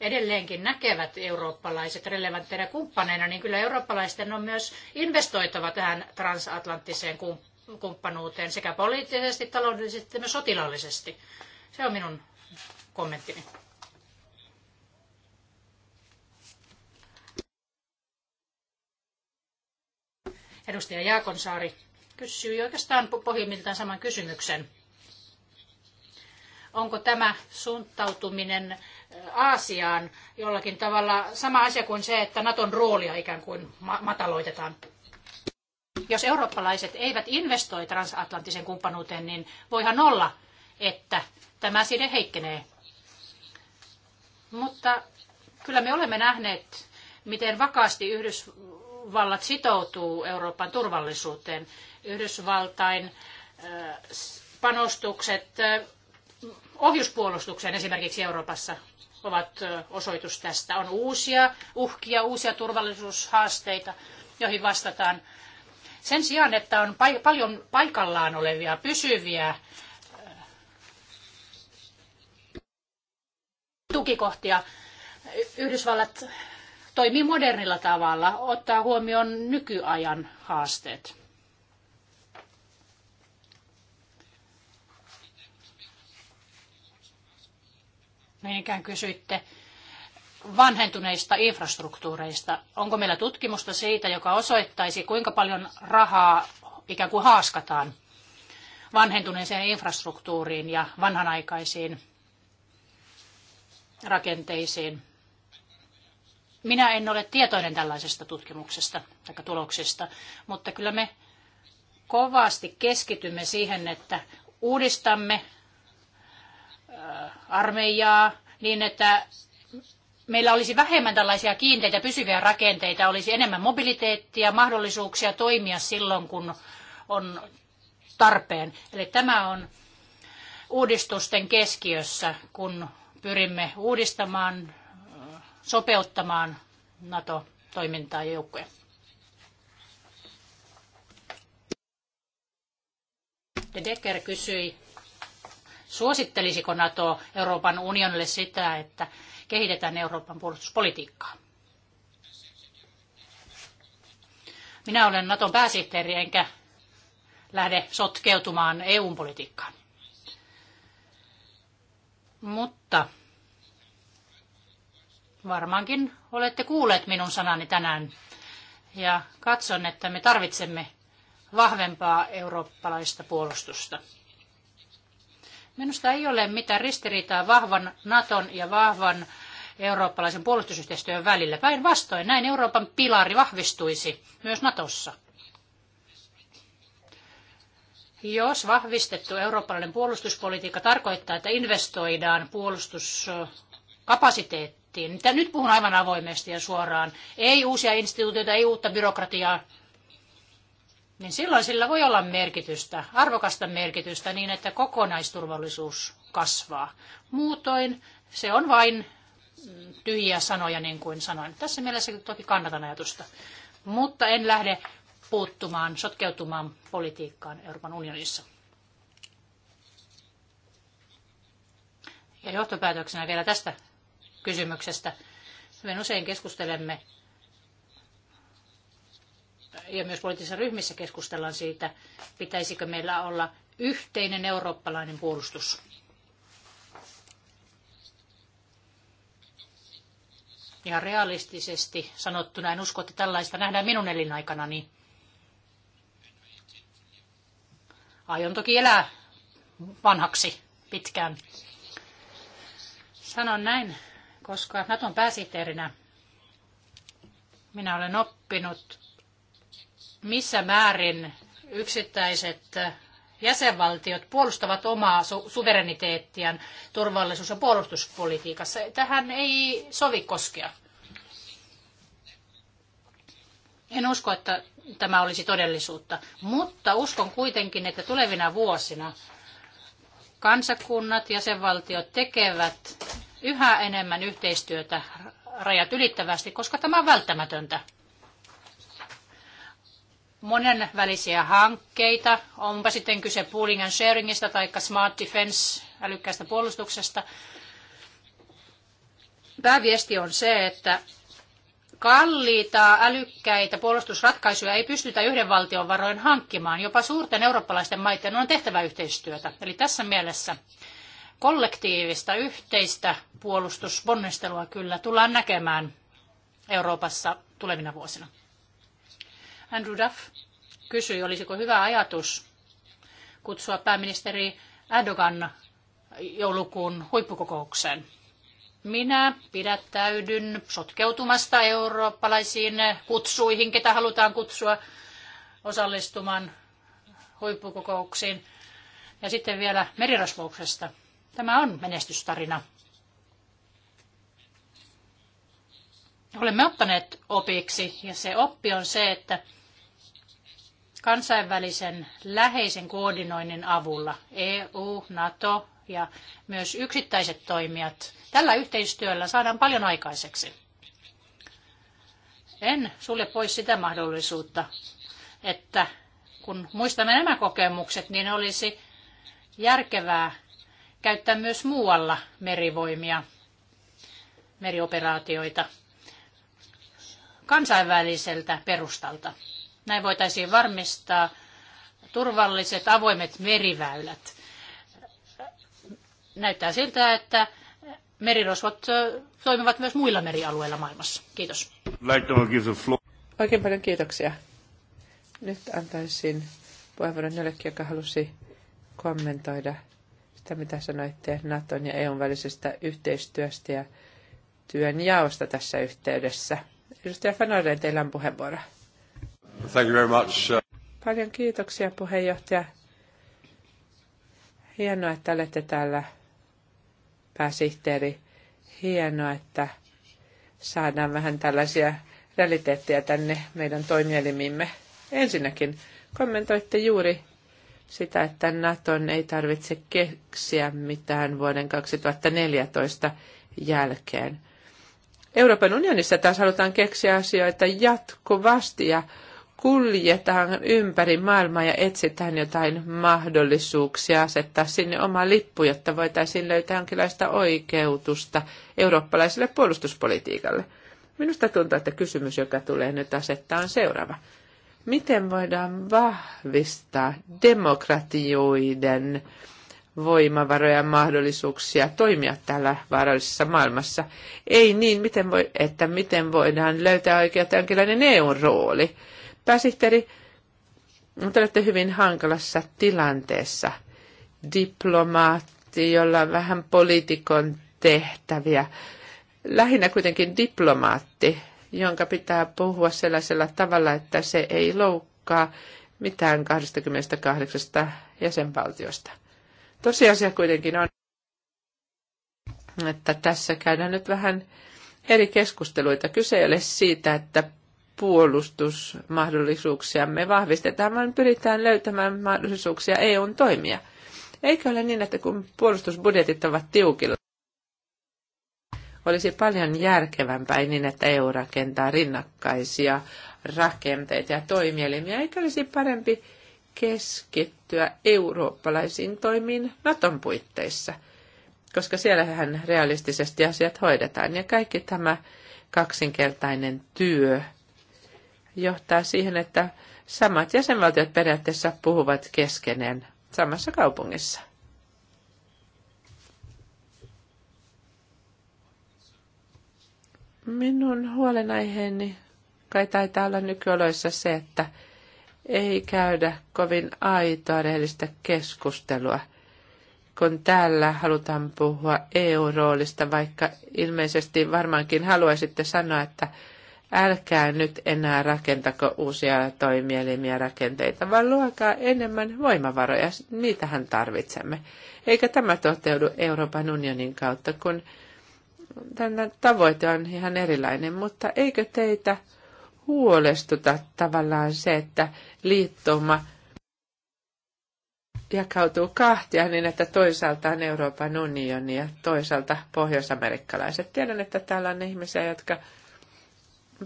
edelleenkin näkevät eurooppalaiset relevantteina kumppaneina, niin kyllä eurooppalaisten on myös investoitava tähän transatlanttiseen kumppanuuteen sekä poliittisesti, taloudellisesti että myös sotilaallisesti. Se on minun kommenttini. Edustaja Jaakonsaari kysyy oikeastaan pohjimmiltaan saman kysymyksen. Onko tämä suuntautuminen Aasiaan jollakin tavalla sama asia kuin se, että Naton roolia ikään kuin mataloitetaan? Jos eurooppalaiset eivät investoi transatlanttisen kumppanuuteen, niin voihan olla, että tämä side heikkenee. Mutta kyllä me olemme nähneet, miten vakaasti Yhdysvallat sitoutuu Euroopan turvallisuuteen. Yhdysvaltain panostukset ohjuspuolustukseen esimerkiksi Euroopassa ovat osoitus tästä. On uusia uhkia, uusia turvallisuushaasteita, joihin vastataan. Sen sijaan, että on paljon paikallaan olevia pysyviä tukikohtia. Yhdysvallat toimii modernilla tavalla, ottaa huomioon nykyajan haasteet. Niin ikään kysyitte vanhentuneista infrastruktuureista. Onko meillä tutkimusta siitä, joka osoittaisi, kuinka paljon rahaa ikään kuin haaskataan vanhentuneeseen infrastruktuuriin ja vanhanaikaisiin rakenteisiin. Minä en ole tietoinen tällaisesta tutkimuksesta tai tuloksista, mutta kyllä me kovasti keskitymme siihen, että uudistamme äh, armeijaa niin, että meillä olisi vähemmän tällaisia kiinteitä pysyviä rakenteita, olisi enemmän mobiliteettia, mahdollisuuksia toimia silloin, kun on tarpeen. Eli tämä on uudistusten keskiössä, kun pyrimme uudistamaan, sopeuttamaan NATO-toimintaa ja joukkoja. De Decker kysyi, suosittelisiko NATO Euroopan unionille sitä, että kehitetään Euroopan puolustuspolitiikkaa. Minä olen Naton pääsihteeri enkä lähde sotkeutumaan EUn politiikkaan. Mutta varmaankin olette kuulleet minun sanani tänään. Ja katson, että me tarvitsemme vahvempaa eurooppalaista puolustusta. Minusta ei ole mitään ristiriitaa vahvan Naton ja vahvan eurooppalaisen puolustusyhteistyön välillä. Päinvastoin näin Euroopan pilari vahvistuisi myös Natossa. Jos vahvistettu eurooppalainen puolustuspolitiikka tarkoittaa, että investoidaan puolustuskapasiteettiin, mitä nyt puhun aivan avoimesti ja suoraan, ei uusia instituutioita, ei uutta byrokratiaa, niin silloin sillä voi olla merkitystä, arvokasta merkitystä niin, että kokonaisturvallisuus kasvaa. Muutoin se on vain tyhjiä sanoja, niin kuin sanoin. Tässä mielessä toki kannatan ajatusta. Mutta en lähde puuttumaan, sotkeutumaan politiikkaan Euroopan unionissa. Ja johtopäätöksenä vielä tästä kysymyksestä. Me usein keskustelemme ja myös poliittisissa ryhmissä keskustellaan siitä, pitäisikö meillä olla yhteinen eurooppalainen puolustus. Ihan realistisesti sanottuna en usko, että tällaista nähdään minun elinaikanani. Niin Aion toki elää vanhaksi pitkään. Sanon näin, koska Naton pääsihteerinä minä olen oppinut, missä määrin yksittäiset jäsenvaltiot puolustavat omaa su- suvereniteettiaan turvallisuus- ja puolustuspolitiikassa. Tähän ei sovi koskea. En usko, että tämä olisi todellisuutta, mutta uskon kuitenkin, että tulevina vuosina kansakunnat ja jäsenvaltiot tekevät yhä enemmän yhteistyötä rajat ylittävästi, koska tämä on välttämätöntä. Monenvälisiä hankkeita, onpa sitten kyse pooling and sharingista tai smart defense älykkäästä puolustuksesta. Pääviesti on se, että kalliita, älykkäitä puolustusratkaisuja ei pystytä yhden valtion varoin hankkimaan. Jopa suurten eurooppalaisten maiden on tehtävä yhteistyötä. Eli tässä mielessä kollektiivista, yhteistä puolustusponnistelua kyllä tullaan näkemään Euroopassa tulevina vuosina. Andrew Duff kysyi, olisiko hyvä ajatus kutsua pääministeri Erdogan joulukuun huippukokoukseen. Minä pidättäydyn sotkeutumasta eurooppalaisiin kutsuihin, ketä halutaan kutsua osallistumaan huippukokouksiin. Ja sitten vielä merirosvouksesta. Tämä on menestystarina. Olemme ottaneet opiksi, ja se oppi on se, että kansainvälisen läheisen koordinoinnin avulla EU, NATO ja myös yksittäiset toimijat – Tällä yhteistyöllä saadaan paljon aikaiseksi. En sulle pois sitä mahdollisuutta, että kun muistamme nämä kokemukset, niin olisi järkevää käyttää myös muualla merivoimia, merioperaatioita kansainväliseltä perustalta. Näin voitaisiin varmistaa turvalliset avoimet meriväylät. Näyttää siltä, että merirosvot toimivat myös muilla merialueilla maailmassa. Kiitos. Oikein paljon kiitoksia. Nyt antaisin puheenvuoron jollekin, joka halusi kommentoida sitä, mitä sanoitte Naton ja EUn välisestä yhteistyöstä ja työn jaosta tässä yhteydessä. Edustaja Fanorden, teillä on puheenvuoro. Thank you very much. Uh, paljon kiitoksia puheenjohtaja. Hienoa, että olette täällä pääsihteeri. Hienoa, että saadaan vähän tällaisia realiteetteja tänne meidän toimielimimme. Ensinnäkin kommentoitte juuri sitä, että Naton ei tarvitse keksiä mitään vuoden 2014 jälkeen. Euroopan unionissa taas halutaan keksiä asioita jatkuvasti ja kuljetaan ympäri maailmaa ja etsitään jotain mahdollisuuksia asettaa sinne oma lippu, jotta voitaisiin löytää jonkinlaista oikeutusta eurooppalaiselle puolustuspolitiikalle. Minusta tuntuu, että kysymys, joka tulee nyt asettaa, on seuraava. Miten voidaan vahvistaa demokratioiden voimavaroja ja mahdollisuuksia toimia täällä vaarallisessa maailmassa? Ei niin, miten voi, että miten voidaan löytää oikea jonkinlainen eu rooli Pääsihteeri, te olette hyvin hankalassa tilanteessa. Diplomaatti, jolla on vähän poliitikon tehtäviä. Lähinnä kuitenkin diplomaatti, jonka pitää puhua sellaisella tavalla, että se ei loukkaa mitään 28 jäsenvaltiosta. Tosiasia kuitenkin on, että tässä käydään nyt vähän eri keskusteluita. Kyse ei ole siitä, että puolustusmahdollisuuksiamme vahvistetaan, vaan pyritään löytämään mahdollisuuksia EUn toimia. Eikö ole niin, että kun puolustusbudjetit ovat tiukilla, olisi paljon järkevämpää niin, että EU rakentaa rinnakkaisia rakenteita ja toimielimiä, eikö olisi parempi keskittyä eurooppalaisiin toimiin Naton puitteissa, koska siellähän realistisesti asiat hoidetaan ja kaikki tämä kaksinkertainen työ – johtaa siihen, että samat jäsenvaltiot periaatteessa puhuvat keskenään samassa kaupungissa. Minun huolenaiheeni kai taitaa olla nykyoloissa se, että ei käydä kovin aitoa rehellistä keskustelua, kun täällä halutaan puhua EU-roolista, vaikka ilmeisesti varmaankin haluaisitte sanoa, että älkää nyt enää rakentako uusia toimielimiä rakenteita, vaan luokaa enemmän voimavaroja, niitähän tarvitsemme. Eikä tämä toteudu Euroopan unionin kautta, kun tämä tavoite on ihan erilainen, mutta eikö teitä huolestuta tavallaan se, että liittoma jakautuu kahtia niin, että toisaalta on Euroopan unioni ja toisaalta pohjoisamerikkalaiset. Tiedän, että täällä on ihmisiä, jotka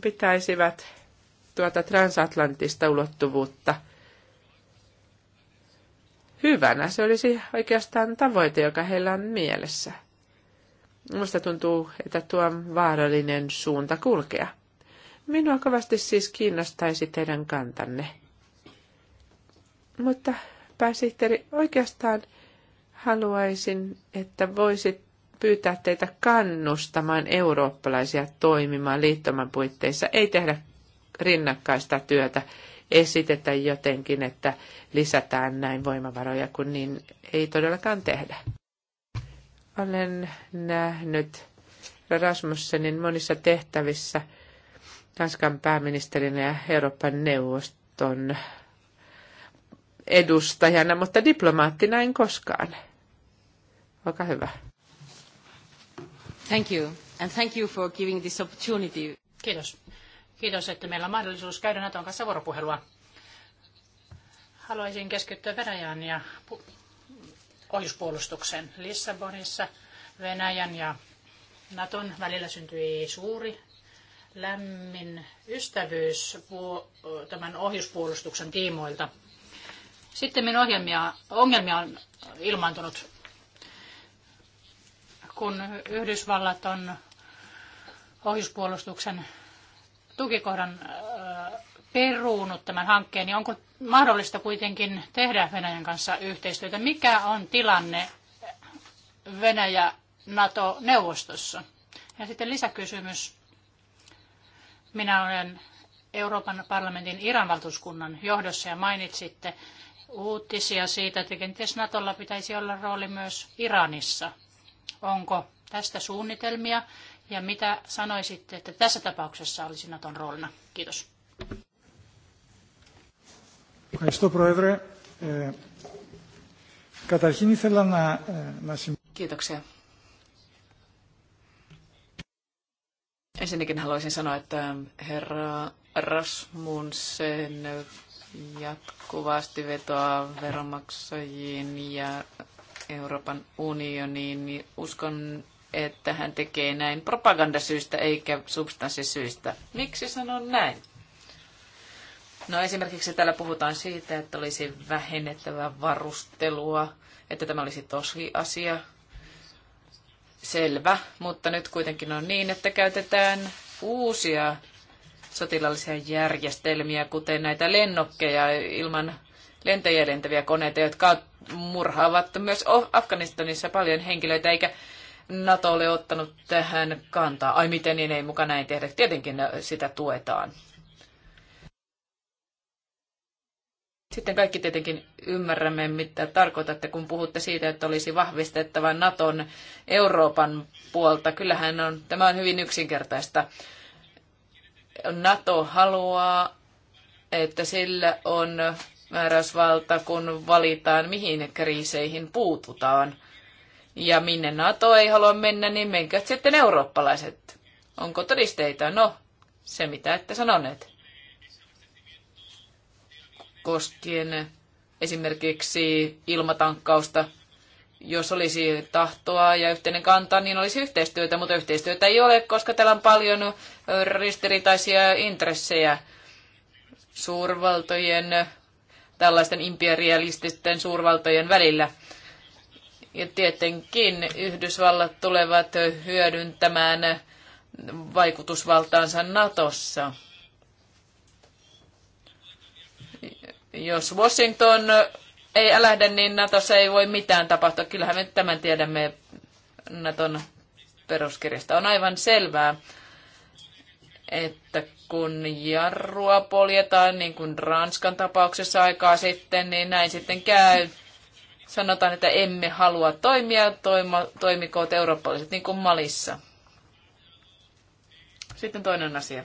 pitäisivät tuota transatlanttista ulottuvuutta hyvänä. Se olisi oikeastaan tavoite, joka heillä on mielessä. Minusta tuntuu, että tuo on vaarallinen suunta kulkea. Minua kovasti siis kiinnostaisi teidän kantanne. Mutta pääsihteeri, oikeastaan haluaisin, että voisit pyytää teitä kannustamaan eurooppalaisia toimimaan liittoman puitteissa. Ei tehdä rinnakkaista työtä, esitetä jotenkin, että lisätään näin voimavaroja, kun niin ei todellakaan tehdä. Olen nähnyt Rasmussenin monissa tehtävissä Tanskan pääministerinä ja Euroopan neuvoston edustajana, mutta diplomaattina en koskaan. Olkaa hyvä. Kiitos. Kiitos, että meillä on mahdollisuus käydä Naton kanssa vuoropuhelua. Haluaisin keskittyä Venäjään ja ohjuspuolustukseen. Lissabonissa Venäjän ja Naton välillä syntyi suuri lämmin ystävyys tämän ohjuspuolustuksen tiimoilta. Sitten minun ongelmia on ilmaantunut kun Yhdysvallat on ohjuspuolustuksen tukikohdan peruunut tämän hankkeen, niin onko mahdollista kuitenkin tehdä Venäjän kanssa yhteistyötä? Mikä on tilanne Venäjä-NATO-neuvostossa? Ja sitten lisäkysymys. Minä olen Euroopan parlamentin Iran valtuuskunnan johdossa ja mainitsitte uutisia siitä, että kenties Natolla pitäisi olla rooli myös Iranissa. Onko tästä suunnitelmia ja mitä sanoisitte, että tässä tapauksessa olisi Naton roolina? Kiitos. Kiitoksia. Ensinnäkin haluaisin sanoa, että herra Rasmussen jatkuvasti vetoaa veronmaksajiin ja Euroopan unioniin, niin uskon, että hän tekee näin propagandasyistä eikä substanssisyistä. Miksi sanon näin? No esimerkiksi täällä puhutaan siitä, että olisi vähennettävä varustelua, että tämä olisi tosi asia. Selvä, mutta nyt kuitenkin on niin, että käytetään uusia sotilaallisia järjestelmiä, kuten näitä lennokkeja ilman lentäjiä lentäviä koneita, jotka murhaavat myös Afganistanissa paljon henkilöitä, eikä NATO ole ottanut tähän kantaa. Ai miten, niin ei mukana näin tehdä. Tietenkin sitä tuetaan. Sitten kaikki tietenkin ymmärrämme, mitä tarkoitatte, kun puhutte siitä, että olisi vahvistettava Naton Euroopan puolta. Kyllähän on, tämä on hyvin yksinkertaista. NATO haluaa, että sillä on määräysvalta, kun valitaan, mihin kriiseihin puututaan. Ja minne NATO ei halua mennä, niin menkö sitten eurooppalaiset? Onko todisteita? No, se mitä ette sanoneet. Koskien esimerkiksi ilmatankkausta, jos olisi tahtoa ja yhteinen kanta, niin olisi yhteistyötä, mutta yhteistyötä ei ole, koska täällä on paljon ristiriitaisia intressejä. Suurvaltojen tällaisten imperialististen suurvaltojen välillä. Ja tietenkin Yhdysvallat tulevat hyödyntämään vaikutusvaltaansa Natossa. Jos Washington ei lähde, niin Natossa ei voi mitään tapahtua. Kyllähän me tämän tiedämme Naton peruskirjasta. On aivan selvää, että kun jarrua poljetaan, niin kuin Ranskan tapauksessa aikaa sitten, niin näin sitten käy. Sanotaan, että emme halua toimia, toima, toimikoot eurooppalaiset niin kuin Malissa. Sitten toinen asia.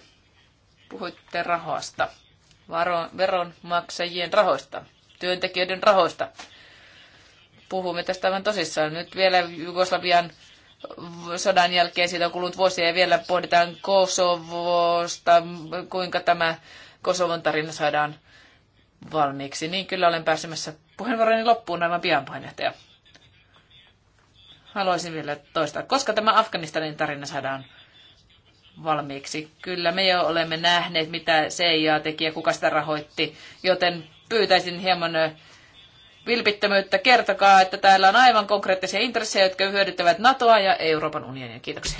Puhuitte rahoista, Varo, veronmaksajien rahoista, työntekijöiden rahoista. Puhumme tästä aivan tosissaan. Nyt vielä Jugoslavian sodan jälkeen siitä on kulunut vuosia ja vielä pohditaan Kosovosta, kuinka tämä Kosovon tarina saadaan valmiiksi. Niin kyllä olen pääsemässä puheenvuoroni loppuun aivan pian painehtaja. Haluaisin vielä toistaa, koska tämä Afganistanin tarina saadaan valmiiksi. Kyllä me jo olemme nähneet, mitä CIA teki ja kuka sitä rahoitti, joten pyytäisin hieman vilpittömyyttä. Kertokaa, että täällä on aivan konkreettisia intressejä, jotka hyödyttävät NATOa ja Euroopan unionia. Kiitoksia.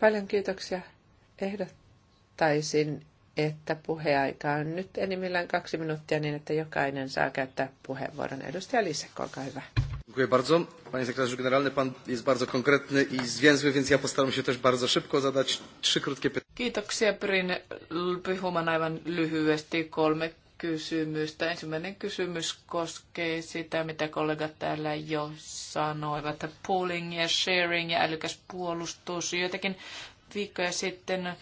Paljon kiitoksia. Ehdottaisin, että puheaika on nyt enimmillään kaksi minuuttia niin, että jokainen saa käyttää puheenvuoron. Edustaja Lisekko, olkaa hyvä. Dziękuję bardzo. Panie sekretarzu generalny, pan jest bardzo konkretny i zwięzły, więc ja postaram się też bardzo szybko zadać trzy krótkie pytania. Kiitoksia. Pyrin puhumaan aivan lyhyesti kolme kysymystä. Ensimmäinen kysymys koskee sitä, mitä kollegat täällä jo sanoivat. Pooling ja sharing ja älykäs puolustus. Joitakin viikkoja sitten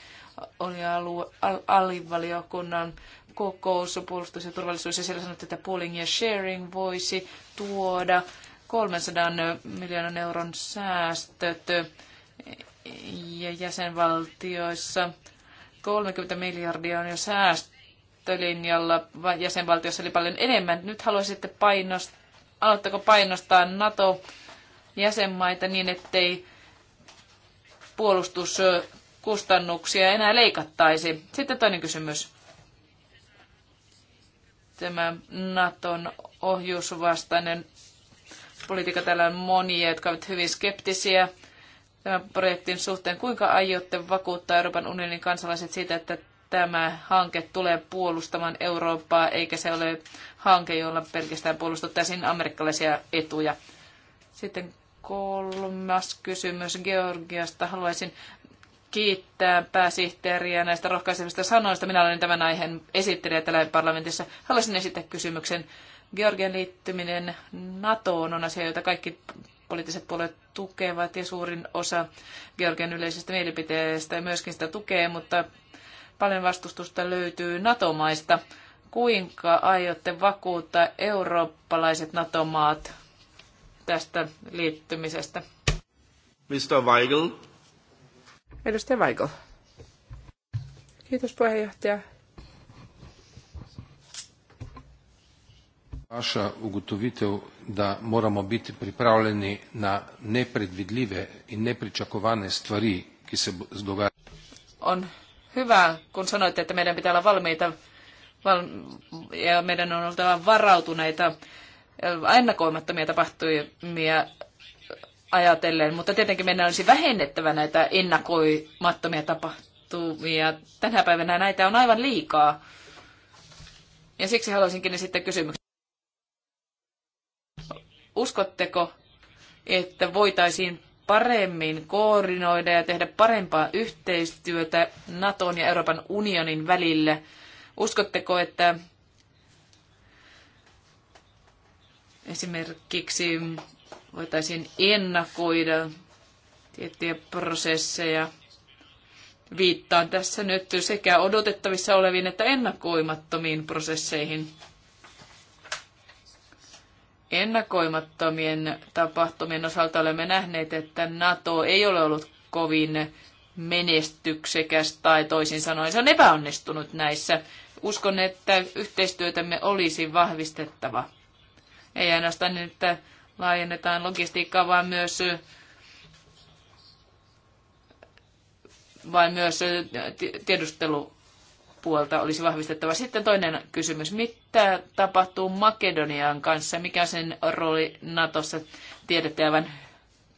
oli alue, al, alivaliokunnan kokous, puolustus ja turvallisuus, ja siellä sanottiin, että pooling ja sharing voisi tuoda 300 miljoonan euron säästöt ja jäsenvaltioissa 30 miljardia on jo säästöt NATO-linjalla jäsenvaltiossa oli paljon enemmän. Nyt haluaisitte painostaa, aloittako painostaa NATO-jäsenmaita niin, ettei puolustuskustannuksia enää leikattaisi? Sitten toinen kysymys. Tämä Naton ohjusvastainen politiikka täällä on monia, jotka ovat hyvin skeptisiä tämän projektin suhteen. Kuinka aiotte vakuuttaa Euroopan unionin kansalaiset siitä, että tämä hanke tulee puolustamaan Eurooppaa, eikä se ole hanke, jolla pelkästään puolustuttaisiin amerikkalaisia etuja. Sitten kolmas kysymys Georgiasta. Haluaisin kiittää pääsihteeriä näistä rohkaisevista sanoista. Minä olen tämän aiheen esittelijä täällä parlamentissa. Haluaisin esittää kysymyksen. Georgian liittyminen NATOon on asia, jota kaikki poliittiset puolet tukevat ja suurin osa Georgian yleisestä mielipiteestä myöskin sitä tukee, mutta paljon vastustusta löytyy NATO-maista. Kuinka aiotte vakuuttaa eurooppalaiset NATO-maat tästä liittymisestä? Mr. Weigel. Edustaja Weigel. Kiitos puheenjohtaja. Vaša ugotovitev, da moramo biti pripravljeni na nepredvidljive in nepričakovane stvari, ki se dogajajo. On hyvä, kun sanoitte, että meidän pitää olla valmiita val- ja meidän on oltava varautuneita äh, ennakoimattomia tapahtumia ajatellen, mutta tietenkin meidän olisi vähennettävä näitä ennakoimattomia tapahtumia. Tänä päivänä näitä on aivan liikaa. Ja siksi haluaisinkin sitten kysymyksen. Uskotteko, että voitaisiin paremmin koordinoida ja tehdä parempaa yhteistyötä Naton ja Euroopan unionin välillä. Uskotteko, että esimerkiksi voitaisiin ennakoida tiettyjä prosesseja? Viittaan tässä nyt sekä odotettavissa oleviin että ennakoimattomiin prosesseihin ennakoimattomien tapahtumien osalta olemme nähneet, että NATO ei ole ollut kovin menestyksekäs tai toisin sanoen se on epäonnistunut näissä. Uskon, että yhteistyötämme olisi vahvistettava. Ei ainoastaan, niin, että laajennetaan logistiikkaa, vaan myös vaan myös tiedustelu puolta olisi vahvistettava. Sitten toinen kysymys. Mitä tapahtuu Makedonian kanssa? Mikä sen rooli Natossa? Tiedätte aivan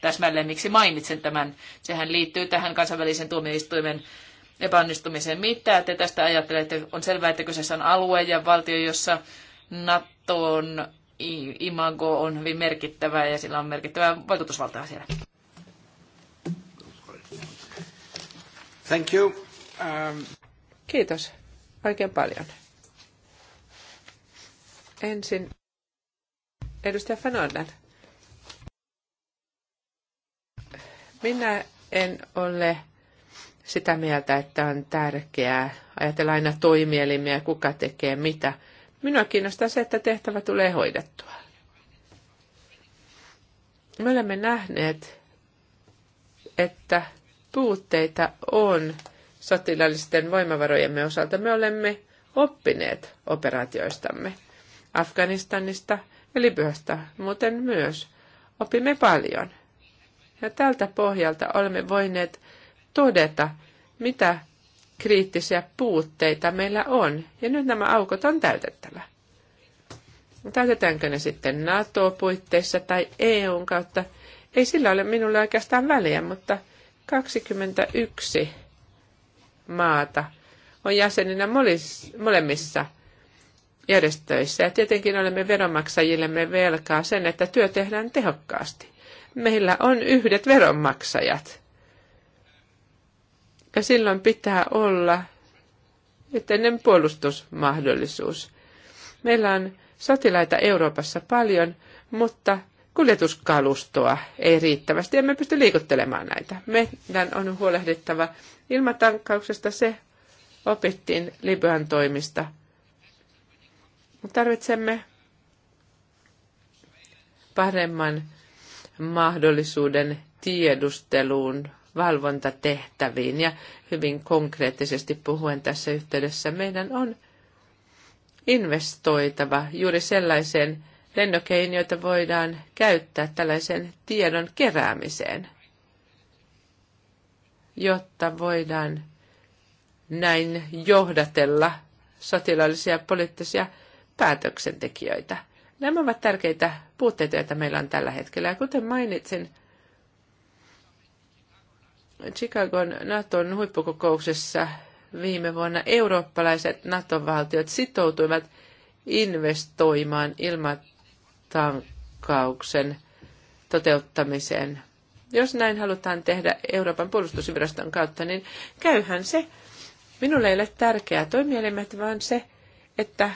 täsmälleen, miksi mainitsen tämän. Sehän liittyy tähän kansainvälisen tuomioistuimen epäonnistumiseen. Mitä te tästä ajattelette? On selvää, että kyseessä on alue ja valtio, jossa NATOn imago on hyvin merkittävä ja sillä on merkittävä vaikutusvaltaa siellä. Thank you. Um... Kiitos oikein paljon. Ensin edustaja Fernandan. Minä en ole sitä mieltä, että on tärkeää ajatella aina toimielimiä, kuka tekee mitä. Minua kiinnostaa se, että tehtävä tulee hoidettua. Me olemme nähneet, että puutteita on sotilaallisten voimavarojemme osalta me olemme oppineet operaatioistamme. Afganistanista ja Libyasta muuten myös. Opimme paljon. Ja tältä pohjalta olemme voineet todeta, mitä kriittisiä puutteita meillä on. Ja nyt nämä aukot on täytettävä. Täytetäänkö ne sitten NATO-puitteissa tai EUn kautta? Ei sillä ole minulle oikeastaan väliä, mutta 21 maata on jäseninä molemmissa järjestöissä. Ja tietenkin olemme veronmaksajillemme velkaa sen, että työ tehdään tehokkaasti. Meillä on yhdet veronmaksajat. Ja silloin pitää olla etenen puolustusmahdollisuus. Meillä on sotilaita Euroopassa paljon, mutta kuljetuskalustoa ei riittävästi. Emme pysty liikuttelemaan näitä. Meidän on huolehdittava ilmatankkauksesta. Se opittiin Libyan toimista. Tarvitsemme paremman mahdollisuuden tiedusteluun, valvontatehtäviin ja hyvin konkreettisesti puhuen tässä yhteydessä meidän on investoitava juuri sellaiseen lennokein, joita voidaan käyttää tällaisen tiedon keräämiseen, jotta voidaan näin johdatella sotilaallisia ja poliittisia päätöksentekijöitä. Nämä ovat tärkeitä puutteita, joita meillä on tällä hetkellä. Ja kuten mainitsin, Chicagon Naton huippukokouksessa viime vuonna eurooppalaiset Naton valtiot sitoutuivat investoimaan ilma- tankauksen toteuttamiseen. Jos näin halutaan tehdä Euroopan puolustusviraston kautta, niin käyhän se. Minulle ei ole tärkeää toimielimet, vaan se, että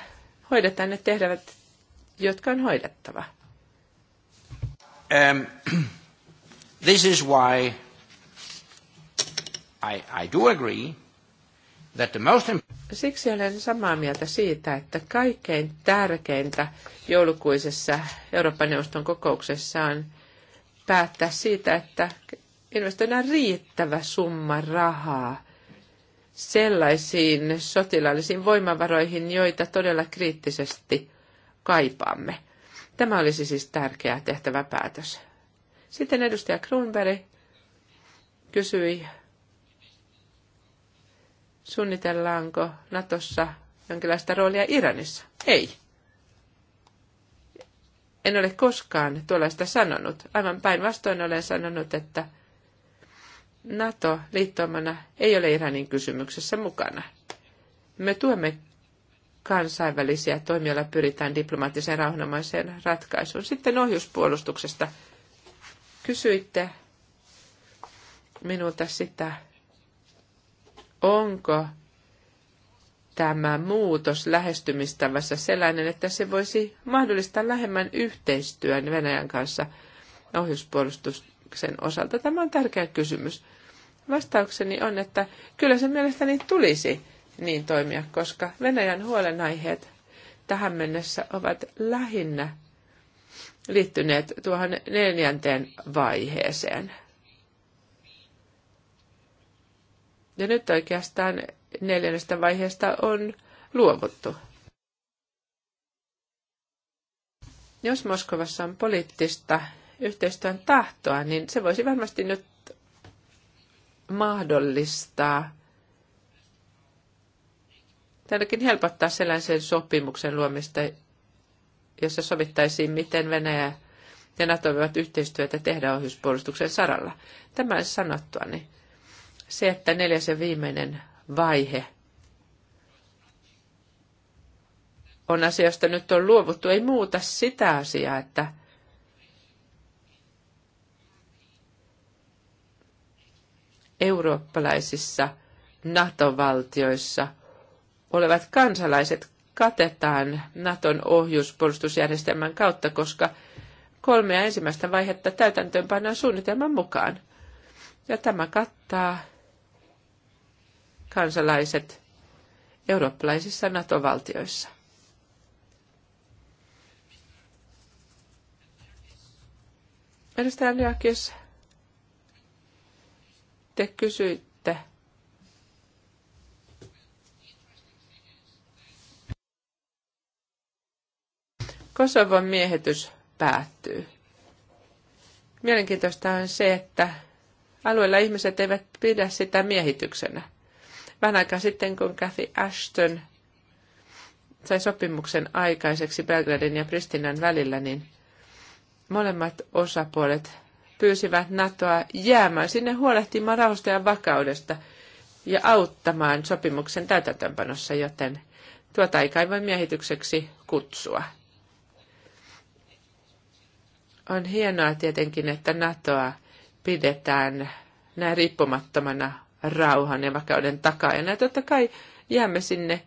hoidetaan ne tehtävät, jotka on hoidettava. Um, this is why I, I do agree Siksi olen samaa mieltä siitä, että kaikkein tärkeintä joulukuisessa Euroopan neuvoston kokouksessa on päättää siitä, että investoidaan riittävä summa rahaa sellaisiin sotilaallisiin voimavaroihin, joita todella kriittisesti kaipaamme. Tämä olisi siis tärkeä tehtävä päätös. Sitten edustaja Grunberg kysyi Suunnitellaanko Natossa jonkinlaista roolia Iranissa? Ei. En ole koskaan tuollaista sanonut. Aivan päinvastoin olen sanonut, että NATO liittoumana ei ole Iranin kysymyksessä mukana. Me tuemme kansainvälisiä toimijoilla pyritään diplomaattiseen rauhanomaiseen ratkaisuun. Sitten ohjuspuolustuksesta. Kysyitte minulta sitä, Onko tämä muutos lähestymistavassa sellainen, että se voisi mahdollistaa lähemmän yhteistyön Venäjän kanssa ohjuspuolustuksen osalta? Tämä on tärkeä kysymys. Vastaukseni on, että kyllä se mielestäni tulisi niin toimia, koska Venäjän huolenaiheet tähän mennessä ovat lähinnä liittyneet tuohon neljänteen vaiheeseen – Ja nyt oikeastaan neljännestä vaiheesta on luovuttu. Jos Moskovassa on poliittista yhteistyön tahtoa, niin se voisi varmasti nyt mahdollistaa tai ainakin helpottaa sellaisen sopimuksen luomista, jossa sovittaisiin, miten Venäjä ja NATO voivat yhteistyötä tehdä ohjuspuolustuksen saralla. Tämän sanottuani se, että neljäs ja viimeinen vaihe on asiasta nyt on luovuttu, ei muuta sitä asiaa, että eurooppalaisissa NATO-valtioissa olevat kansalaiset katetaan Naton ohjuspuolustusjärjestelmän kautta, koska kolmea ensimmäistä vaihetta täytäntöönpannaan suunnitelman mukaan. Ja tämä kattaa kansalaiset eurooppalaisissa NATO-valtioissa. Edustaja Lyakis, te kysyitte Kosovon miehitys päättyy. Mielenkiintoista on se, että alueella ihmiset eivät pidä sitä miehityksenä vähän aikaa sitten, kun Kathy Ashton sai sopimuksen aikaiseksi Belgradin ja Pristinan välillä, niin molemmat osapuolet pyysivät NATOa jäämään sinne huolehtimaan rauhasta ja vakaudesta ja auttamaan sopimuksen täytäntöönpanossa, joten tuota aikaa ei voi miehitykseksi kutsua. On hienoa tietenkin, että NATOa pidetään näin riippumattomana rauhan ja vakauden takaajana. Ja totta kai jäämme sinne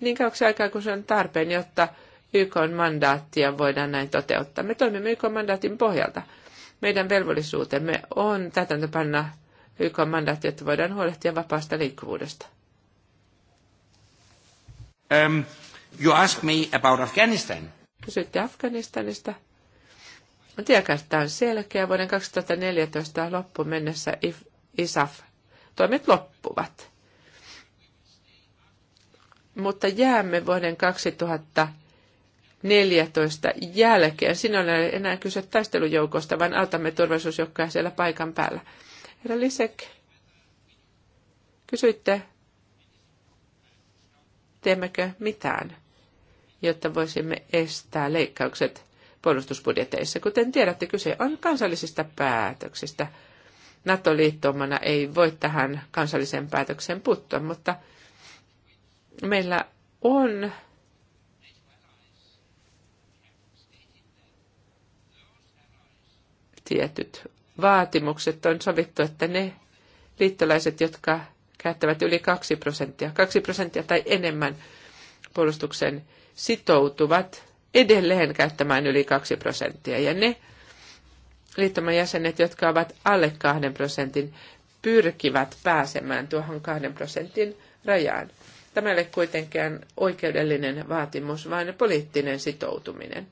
niin kauksi aikaa, kun se on tarpeen, jotta YK mandaattia voidaan näin toteuttaa. Me toimimme YK mandaatin pohjalta. Meidän velvollisuutemme on täytäntöpanna YK mandaatti, että voidaan huolehtia vapaasta liikkuvuudesta. Um, you ask me about Afghanistan. Kysytte Afganistanista. Tiekartta on selkeä. Vuoden 2014 loppuun mennessä ISAF toimet loppuvat. Mutta jäämme vuoden 2014 jälkeen. Siinä on enää kyse taistelujoukosta, vaan autamme turvallisuusjoukkoja siellä paikan päällä. Herra Lisek, kysyitte, teemmekö mitään, jotta voisimme estää leikkaukset puolustusbudjeteissa. Kuten tiedätte, kyse on kansallisista päätöksistä – NATO-liittoumana ei voi tähän kansalliseen päätökseen puuttua, mutta meillä on tietyt vaatimukset. On sovittu, että ne liittolaiset, jotka käyttävät yli 2 prosenttia, 2 prosenttia tai enemmän puolustuksen sitoutuvat edelleen käyttämään yli 2 prosenttia. Ja ne liittoman jäsenet, jotka ovat alle kahden prosentin, pyrkivät pääsemään tuohon kahden prosentin rajaan. Tämä ei ole kuitenkaan oikeudellinen vaatimus, vaan poliittinen sitoutuminen.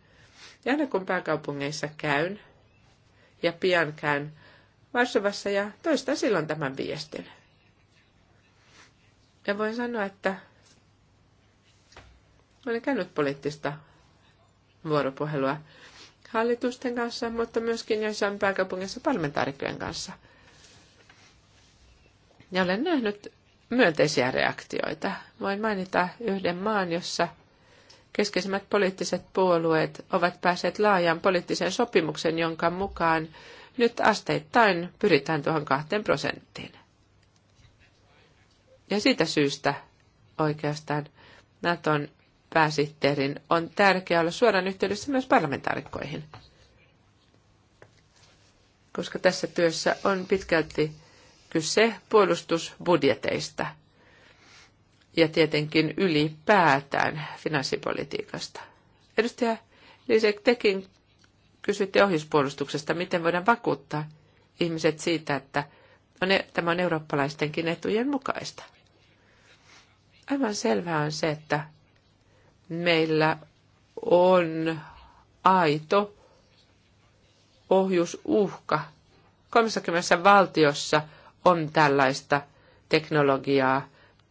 Ja aina kun pääkaupungeissa käyn, ja pian käyn Varsovassa ja toista silloin tämän viestin. Ja voin sanoa, että olen käynyt poliittista vuoropuhelua hallitusten kanssa, mutta myöskin joissain pääkaupungissa parlamentaarikkojen kanssa. Ja olen nähnyt myönteisiä reaktioita. Voin mainita yhden maan, jossa keskeisimmät poliittiset puolueet ovat päässeet laajaan poliittiseen sopimuksen jonka mukaan nyt asteittain pyritään tuohon kahteen prosenttiin. Ja siitä syystä oikeastaan Naton pääsihteerin on tärkeää olla suoran yhteydessä myös parlamentaarikkoihin, koska tässä työssä on pitkälti kyse puolustusbudjeteista ja tietenkin ylipäätään finanssipolitiikasta. Edustaja Lisek, tekin kysytte ohjuspuolustuksesta, miten voidaan vakuuttaa ihmiset siitä, että on, e-, tämä on eurooppalaistenkin etujen mukaista. Aivan selvää on se, että meillä on aito ohjusuhka. 30 valtiossa on tällaista teknologiaa,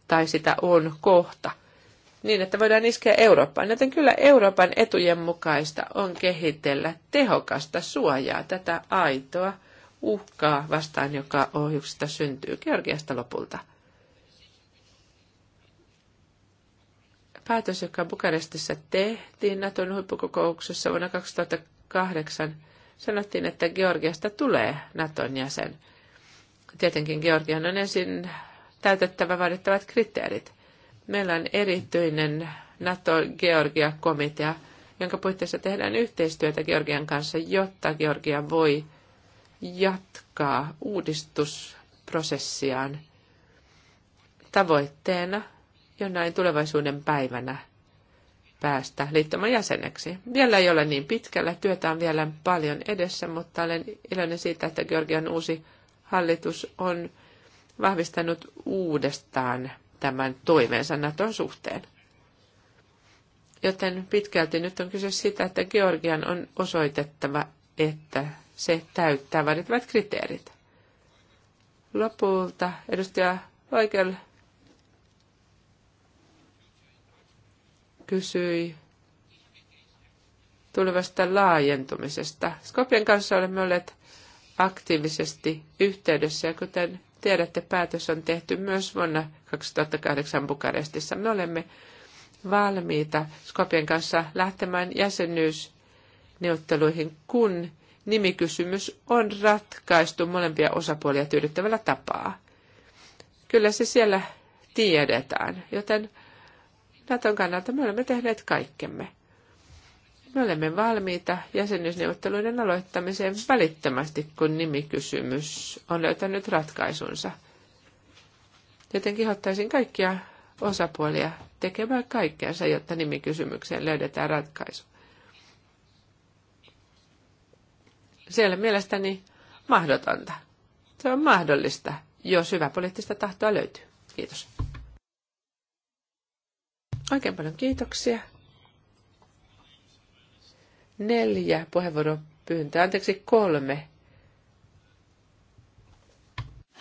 tai sitä on kohta, niin että voidaan iskeä Eurooppaan. Joten kyllä Euroopan etujen mukaista on kehitellä tehokasta suojaa tätä aitoa uhkaa vastaan, joka ohjuksesta syntyy Georgiasta lopulta. Päätös, joka Bukarestissa tehtiin Naton huippukokouksessa vuonna 2008, sanottiin, että Georgiasta tulee Naton jäsen. Tietenkin Georgian on ensin täytettävä vaadittavat kriteerit. Meillä on erityinen NATO-Georgia-komitea, jonka puitteissa tehdään yhteistyötä Georgian kanssa, jotta Georgia voi jatkaa uudistusprosessiaan. Tavoitteena jonain tulevaisuuden päivänä päästä liittoman jäseneksi. Vielä ei ole niin pitkällä, työtä on vielä paljon edessä, mutta olen iloinen siitä, että Georgian uusi hallitus on vahvistanut uudestaan tämän toiveensa Naton suhteen. Joten pitkälti nyt on kyse siitä, että Georgian on osoitettava, että se täyttää vaadittavat kriteerit. Lopulta edustaja Oikel kysyi tulevasta laajentumisesta. Skopien kanssa olemme olleet aktiivisesti yhteydessä ja kuten tiedätte, päätös on tehty myös vuonna 2008 Bukarestissa. Me olemme valmiita Skopien kanssa lähtemään jäsenyysneuvotteluihin, kun nimikysymys on ratkaistu molempia osapuolia tyydyttävällä tapaa. Kyllä se siellä tiedetään, joten Naton kannalta me olemme tehneet kaikkemme. Me olemme valmiita jäsenyysneuvotteluiden aloittamiseen välittömästi, kun nimikysymys on löytänyt ratkaisunsa. Joten kehottaisin kaikkia osapuolia tekemään kaikkeensa, jotta nimikysymykseen löydetään ratkaisu. Se ei ole mielestäni mahdotonta. Se on mahdollista, jos hyvä poliittista tahtoa löytyy. Kiitos. Oikein paljon kiitoksia. Neljä pyyntöä. anteeksi kolme.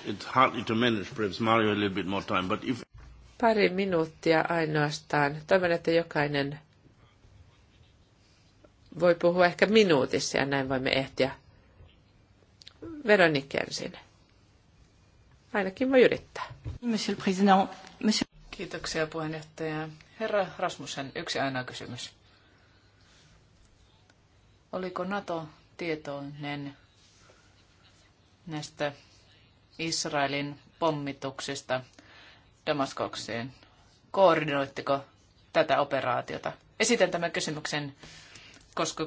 It's hardly to manage, perhaps Mario a little bit more time, but if... Pari minuuttia ainoastaan. Toivon, että jokainen voi puhua ehkä minuutissa ja näin voimme ehtiä Veronikensin. Ainakin voi yrittää. Monsieur le Président, Monsieur... Kiitoksia puheenjohtaja. Herra Rasmussen, yksi aina kysymys. Oliko NATO tietoinen näistä Israelin pommituksista Damaskokseen? Koordinoitteko tätä operaatiota? Esitän tämän kysymyksen, koska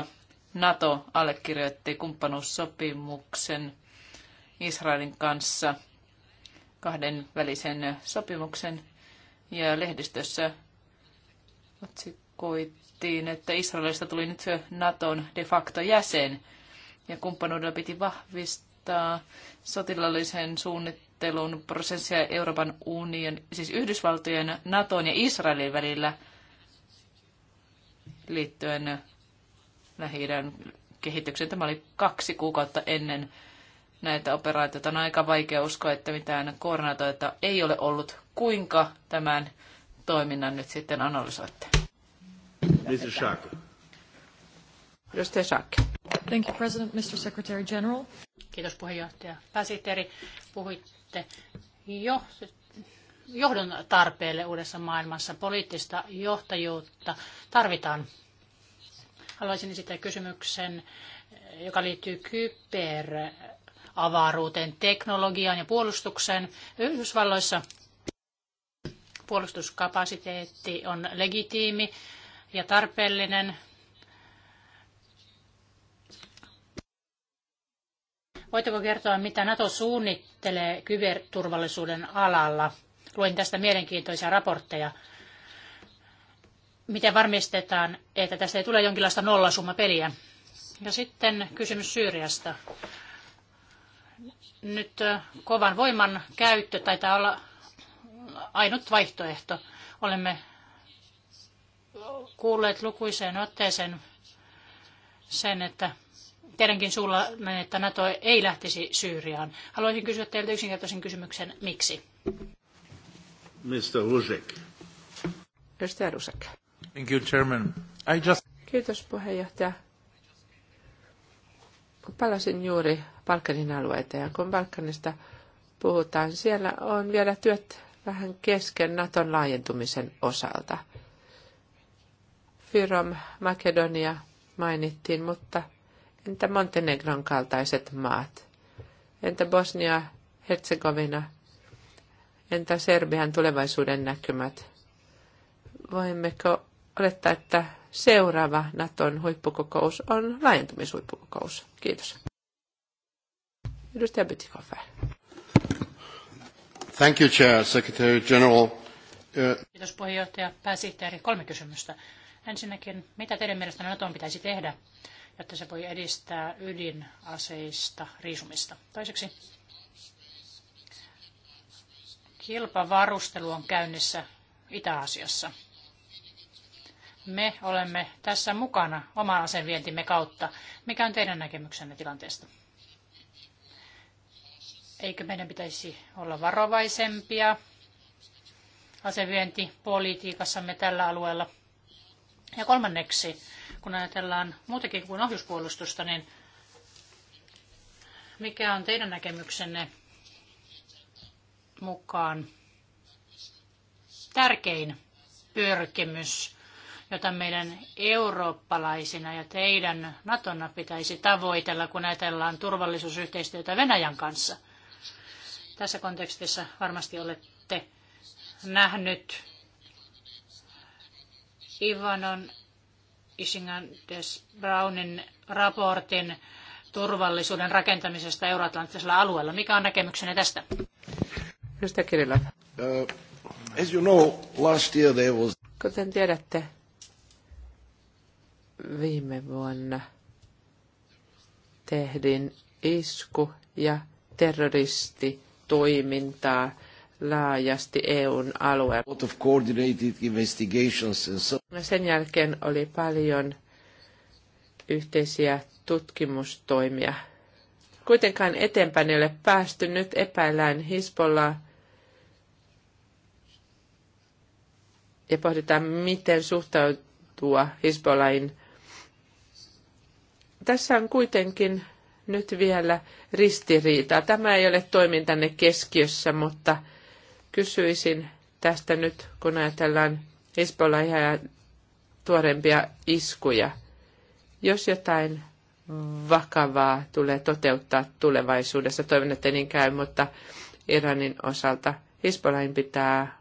7.3. NATO allekirjoitti kumppanuussopimuksen Israelin kanssa – kahden välisen sopimuksen ja lehdistössä otsikoittiin, että Israelista tuli nyt Naton de facto jäsen ja kumppanuudella piti vahvistaa sotilallisen suunnittelun prosessia Euroopan union, siis Yhdysvaltojen, Naton ja Israelin välillä liittyen lähi kehityksen. Tämä oli kaksi kuukautta ennen näitä operaatioita. On aika vaikea uskoa, että mitään koronatoita ei ole ollut. Kuinka tämän toiminnan nyt sitten analysoitte? Mr. Schaake. Mr. Schaake. Thank you, President, Mr. Secretary General. Kiitos puheenjohtaja. Pääsihteeri, puhuitte jo johdon tarpeelle uudessa maailmassa. Poliittista johtajuutta tarvitaan. Haluaisin esittää kysymyksen, joka liittyy kyber avaruuteen, teknologiaan ja puolustukseen. Yhdysvalloissa puolustuskapasiteetti on legitiimi ja tarpeellinen. Voitteko kertoa, mitä NATO suunnittelee kyberturvallisuuden alalla? Luin tästä mielenkiintoisia raportteja. Miten varmistetaan, että tästä ei tule jonkinlaista peliä? Ja sitten kysymys Syyriasta nyt kovan voiman käyttö taitaa olla ainut vaihtoehto. Olemme kuulleet lukuiseen otteeseen sen, että teidänkin suulla, että NATO ei lähtisi Syyriaan. Haluaisin kysyä teiltä yksinkertaisen kysymyksen, miksi? Mr. Rusek. Mr. Rusek. Thank you, Chairman. I just... Kiitos puheenjohtaja palasin juuri Balkanin alueita ja kun Balkanista puhutaan, siellä on vielä työt vähän kesken Naton laajentumisen osalta. Fyrom, Makedonia mainittiin, mutta entä Montenegron kaltaiset maat? Entä Bosnia, Herzegovina? Entä Serbian tulevaisuuden näkymät? Voimmeko olettaa, että seuraava Naton huippukokous on laajentumishuippukokous. Kiitos. Edustaja Bytikofer. Thank you, Chair, Secretary General. Kiitos puheenjohtaja, pääsihteeri. Kolme kysymystä. Ensinnäkin, mitä teidän mielestä Naton pitäisi tehdä, jotta se voi edistää ydinaseista riisumista? Toiseksi, kilpavarustelu on käynnissä itä aasiassa me olemme tässä mukana oman asevientimme kautta. Mikä on teidän näkemyksenne tilanteesta? Eikö meidän pitäisi olla varovaisempia asevientipolitiikassamme tällä alueella? Ja kolmanneksi, kun ajatellaan muutakin kuin ohjuspuolustusta, niin mikä on teidän näkemyksenne mukaan tärkein pyrkimys jota meidän eurooppalaisina ja teidän Natona pitäisi tavoitella, kun ajatellaan turvallisuusyhteistyötä Venäjän kanssa? Tässä kontekstissa varmasti olette nähnyt Ivanon Isingandes Brownin raportin turvallisuuden rakentamisesta euroatlanttisella alueella. Mikä on näkemyksenne tästä? Mr. Uh, as you know, last year there was... Kuten tiedätte, viime vuonna tehdin isku ja terroristitoimintaa laajasti EUn alueella. Sen jälkeen oli paljon yhteisiä tutkimustoimia. Kuitenkaan eteenpäin ei ole päästy. Nyt epäillään Hisbollaa ja pohditaan, miten suhtautua Hisbollahin tässä on kuitenkin nyt vielä ristiriitaa. Tämä ei ole toimintanne keskiössä, mutta kysyisin tästä nyt, kun ajatellaan Hezbollahin ja tuorempia iskuja. Jos jotain vakavaa tulee toteuttaa tulevaisuudessa, toivon, että niin käy, mutta Iranin osalta Hezbollahin pitää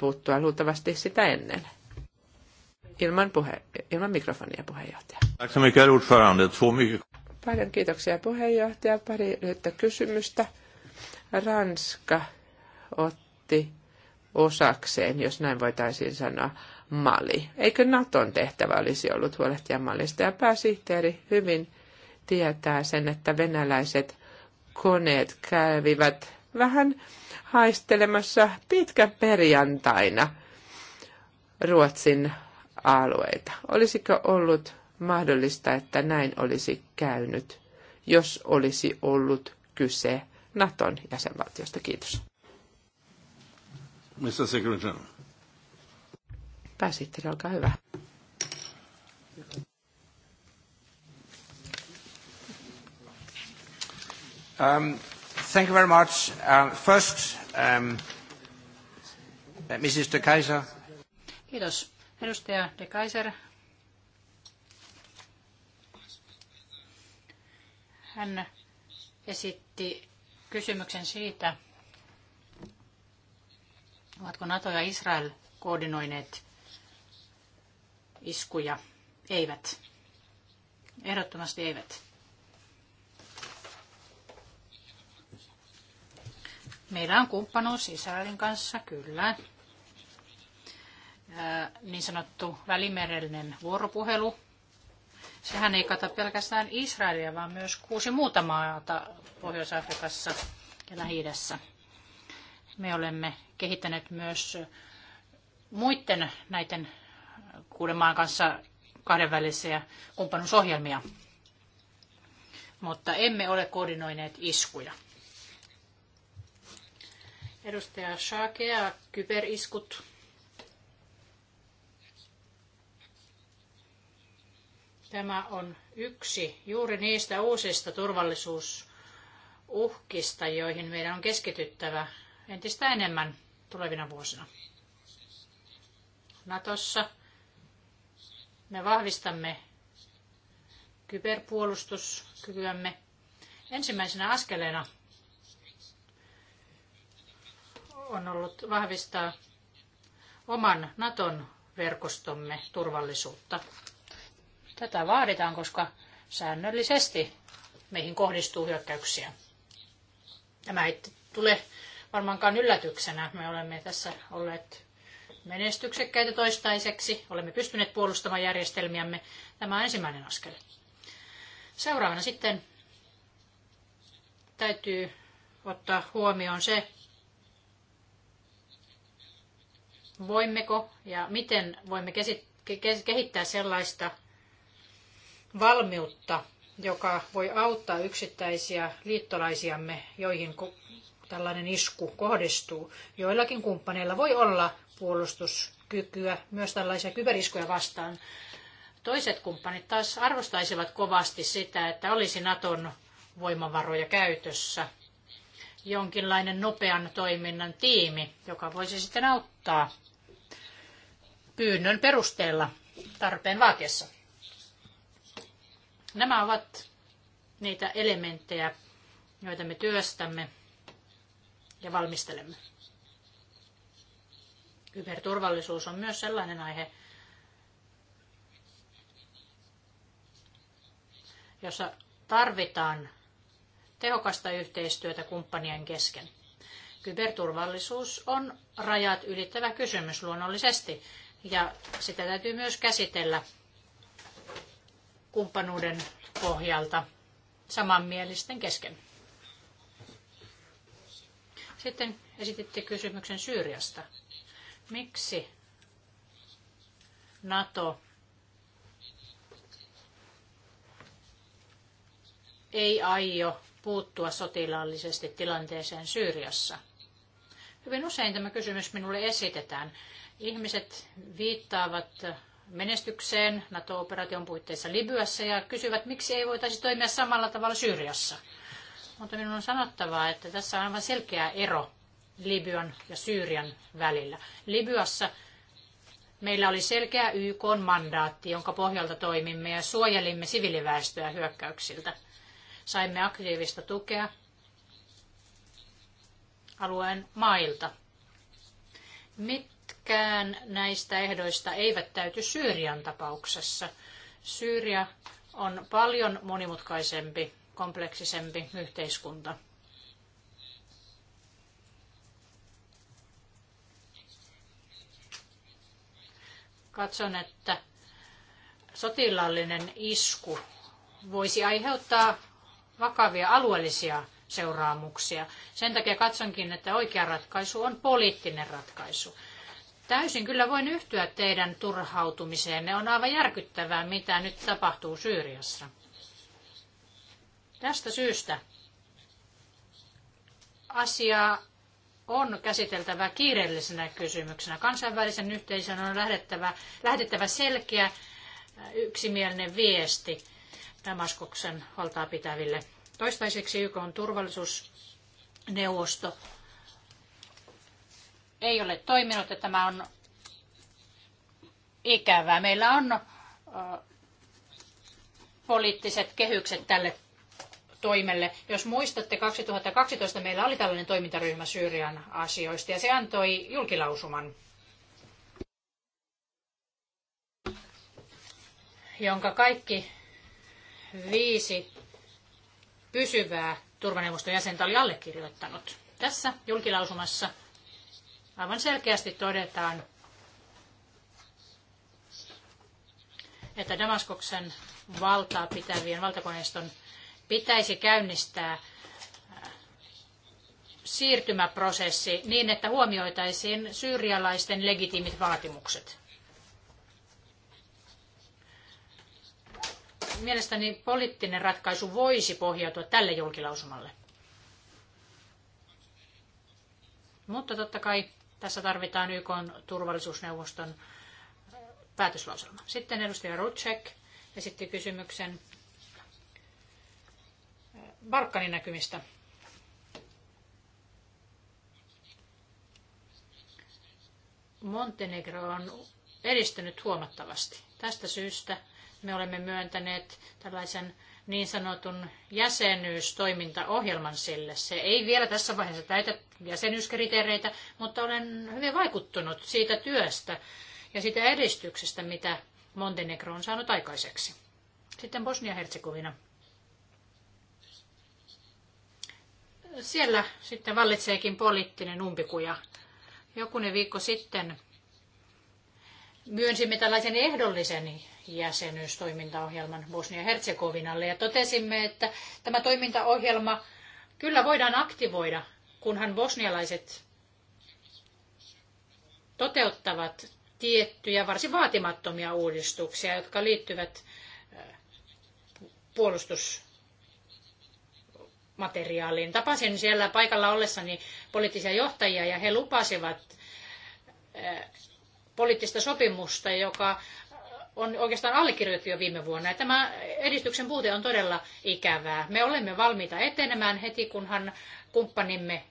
puuttua luultavasti sitä ennen ilman, puhe, ilman mikrofonia puheenjohtaja. Paljon kiitoksia puheenjohtaja. Pari lyhyttä kysymystä. Ranska otti osakseen, jos näin voitaisiin sanoa, Mali. Eikö Naton tehtävä olisi ollut huolehtia Malista? Ja pääsihteeri hyvin tietää sen, että venäläiset koneet kävivät vähän haistelemassa pitkä perjantaina Ruotsin alueita. Olisiko ollut mahdollista, että näin olisi käynyt, jos olisi ollut kyse Naton jäsenvaltiosta? Kiitos. Mr. Secretary. Pääsihteeri, olkaa hyvä. Um, thank you very much. Uh, first, um, Mrs. De Kaiser. Kiitos. Edustaja De Kaiser. Hän esitti kysymyksen siitä, ovatko NATO ja Israel koordinoineet iskuja. Eivät. Ehdottomasti eivät. Meillä on kumppanuus Israelin kanssa, kyllä niin sanottu välimerellinen vuoropuhelu. Sehän ei kata pelkästään Israelia, vaan myös kuusi muuta maata Pohjois-Afrikassa ja lähi -idässä. Me olemme kehittäneet myös muiden näiden kuuden maan kanssa kahdenvälisiä kumppanuusohjelmia, mutta emme ole koordinoineet iskuja. Edustaja Shakea, kyberiskut Tämä on yksi juuri niistä uusista turvallisuusuhkista, joihin meidän on keskityttävä entistä enemmän tulevina vuosina. Natossa me vahvistamme kyberpuolustuskykyämme. Ensimmäisenä askeleena on ollut vahvistaa oman Naton verkostomme turvallisuutta. Tätä vaaditaan, koska säännöllisesti meihin kohdistuu hyökkäyksiä. Tämä ei tule varmaankaan yllätyksenä. Me olemme tässä olleet menestyksekkäitä toistaiseksi. Olemme pystyneet puolustamaan järjestelmiämme. Tämä on ensimmäinen askel. Seuraavana sitten täytyy ottaa huomioon se, voimmeko ja miten voimme kehittää sellaista valmiutta, joka voi auttaa yksittäisiä liittolaisiamme, joihin tällainen isku kohdistuu. Joillakin kumppaneilla voi olla puolustuskykyä myös tällaisia kyberiskuja vastaan. Toiset kumppanit taas arvostaisivat kovasti sitä, että olisi Naton voimavaroja käytössä. Jonkinlainen nopean toiminnan tiimi, joka voisi sitten auttaa pyynnön perusteella tarpeen vaatiessa. Nämä ovat niitä elementtejä, joita me työstämme ja valmistelemme. Kyberturvallisuus on myös sellainen aihe, jossa tarvitaan tehokasta yhteistyötä kumppanien kesken. Kyberturvallisuus on rajat ylittävä kysymys luonnollisesti, ja sitä täytyy myös käsitellä kumppanuuden pohjalta samanmielisten kesken. Sitten esititte kysymyksen Syyriasta. Miksi NATO ei aio puuttua sotilaallisesti tilanteeseen Syyriassa? Hyvin usein tämä kysymys minulle esitetään. Ihmiset viittaavat menestykseen NATO-operaation puitteissa Libyassa ja kysyvät, miksi ei voitaisi toimia samalla tavalla Syyriassa. Mutta minun on sanottava, että tässä on aivan selkeä ero Libyan ja Syyrian välillä. Libyassa meillä oli selkeä YK-mandaatti, jonka pohjalta toimimme ja suojelimme siviliväestöä hyökkäyksiltä. Saimme aktiivista tukea alueen mailta. Mit Mitkään näistä ehdoista eivät täyty Syyrian tapauksessa. Syyria on paljon monimutkaisempi, kompleksisempi yhteiskunta. Katson, että sotilaallinen isku voisi aiheuttaa vakavia alueellisia seuraamuksia. Sen takia katsonkin, että oikea ratkaisu on poliittinen ratkaisu. Täysin kyllä voin yhtyä teidän turhautumiseenne. On aivan järkyttävää, mitä nyt tapahtuu Syyriassa. Tästä syystä asia on käsiteltävä kiireellisenä kysymyksenä. Kansainvälisen yhteisön on lähdettävä, lähdettävä selkeä äh, yksimielinen viesti Damaskoksen valtaa pitäville. Toistaiseksi YK on turvallisuusneuvosto ei ole toiminut ja tämä on ikävää. Meillä on poliittiset kehykset tälle toimelle. Jos muistatte, 2012 meillä oli tällainen toimintaryhmä Syyrian asioista ja se antoi julkilausuman, jonka kaikki viisi pysyvää turvaneuvoston jäsentä oli allekirjoittanut. Tässä julkilausumassa aivan selkeästi todetaan, että Damaskoksen valtaa pitävien valtakoneiston pitäisi käynnistää äh, siirtymäprosessi niin, että huomioitaisiin syyrialaisten legitiimit vaatimukset. Mielestäni poliittinen ratkaisu voisi pohjautua tälle julkilausumalle. Mutta totta kai tässä tarvitaan YK turvallisuusneuvoston päätöslauselma. Sitten edustaja Rutschek esitti kysymyksen Balkanin näkymistä. Montenegro on edistynyt huomattavasti. Tästä syystä me olemme myöntäneet tällaisen niin sanotun jäsenyystoimintaohjelman sille. Se ei vielä tässä vaiheessa täytä jäsenyyskriteereitä, mutta olen hyvin vaikuttunut siitä työstä ja siitä edistyksestä, mitä Montenegro on saanut aikaiseksi. Sitten Bosnia-Herzegovina. Siellä sitten vallitseekin poliittinen umpikuja. Jokunen viikko sitten myönsimme tällaisen ehdollisen jäsenyystoimintaohjelman Bosnia-Herzegovinalle ja totesimme, että tämä toimintaohjelma kyllä voidaan aktivoida, kunhan bosnialaiset toteuttavat tiettyjä varsin vaatimattomia uudistuksia, jotka liittyvät puolustusmateriaaliin. Tapasin siellä paikalla ollessani poliittisia johtajia ja he lupasivat poliittista sopimusta, joka on oikeastaan allekirjoitettu jo viime vuonna. Ja tämä edistyksen puute on todella ikävää. Me olemme valmiita etenemään heti, kunhan kumppanimme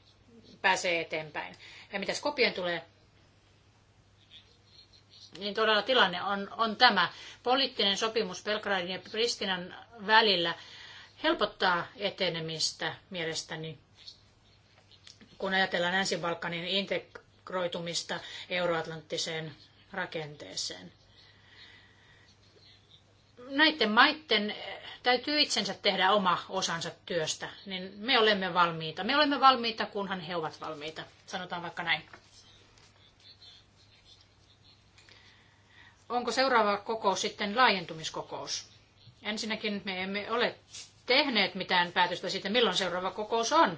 pääsee eteenpäin. Ja mitä Skopien tulee, niin todella tilanne on, on tämä. Poliittinen sopimus Belgradin ja Pristinan välillä helpottaa etenemistä mielestäni, kun ajatellaan Länsi-Balkanin integroitumista euroatlanttiseen rakenteeseen näiden maiden eh, täytyy itsensä tehdä oma osansa työstä, niin me olemme valmiita. Me olemme valmiita, kunhan he ovat valmiita. Sanotaan vaikka näin. Onko seuraava kokous sitten laajentumiskokous? Ensinnäkin me emme ole tehneet mitään päätöstä siitä, milloin seuraava kokous on.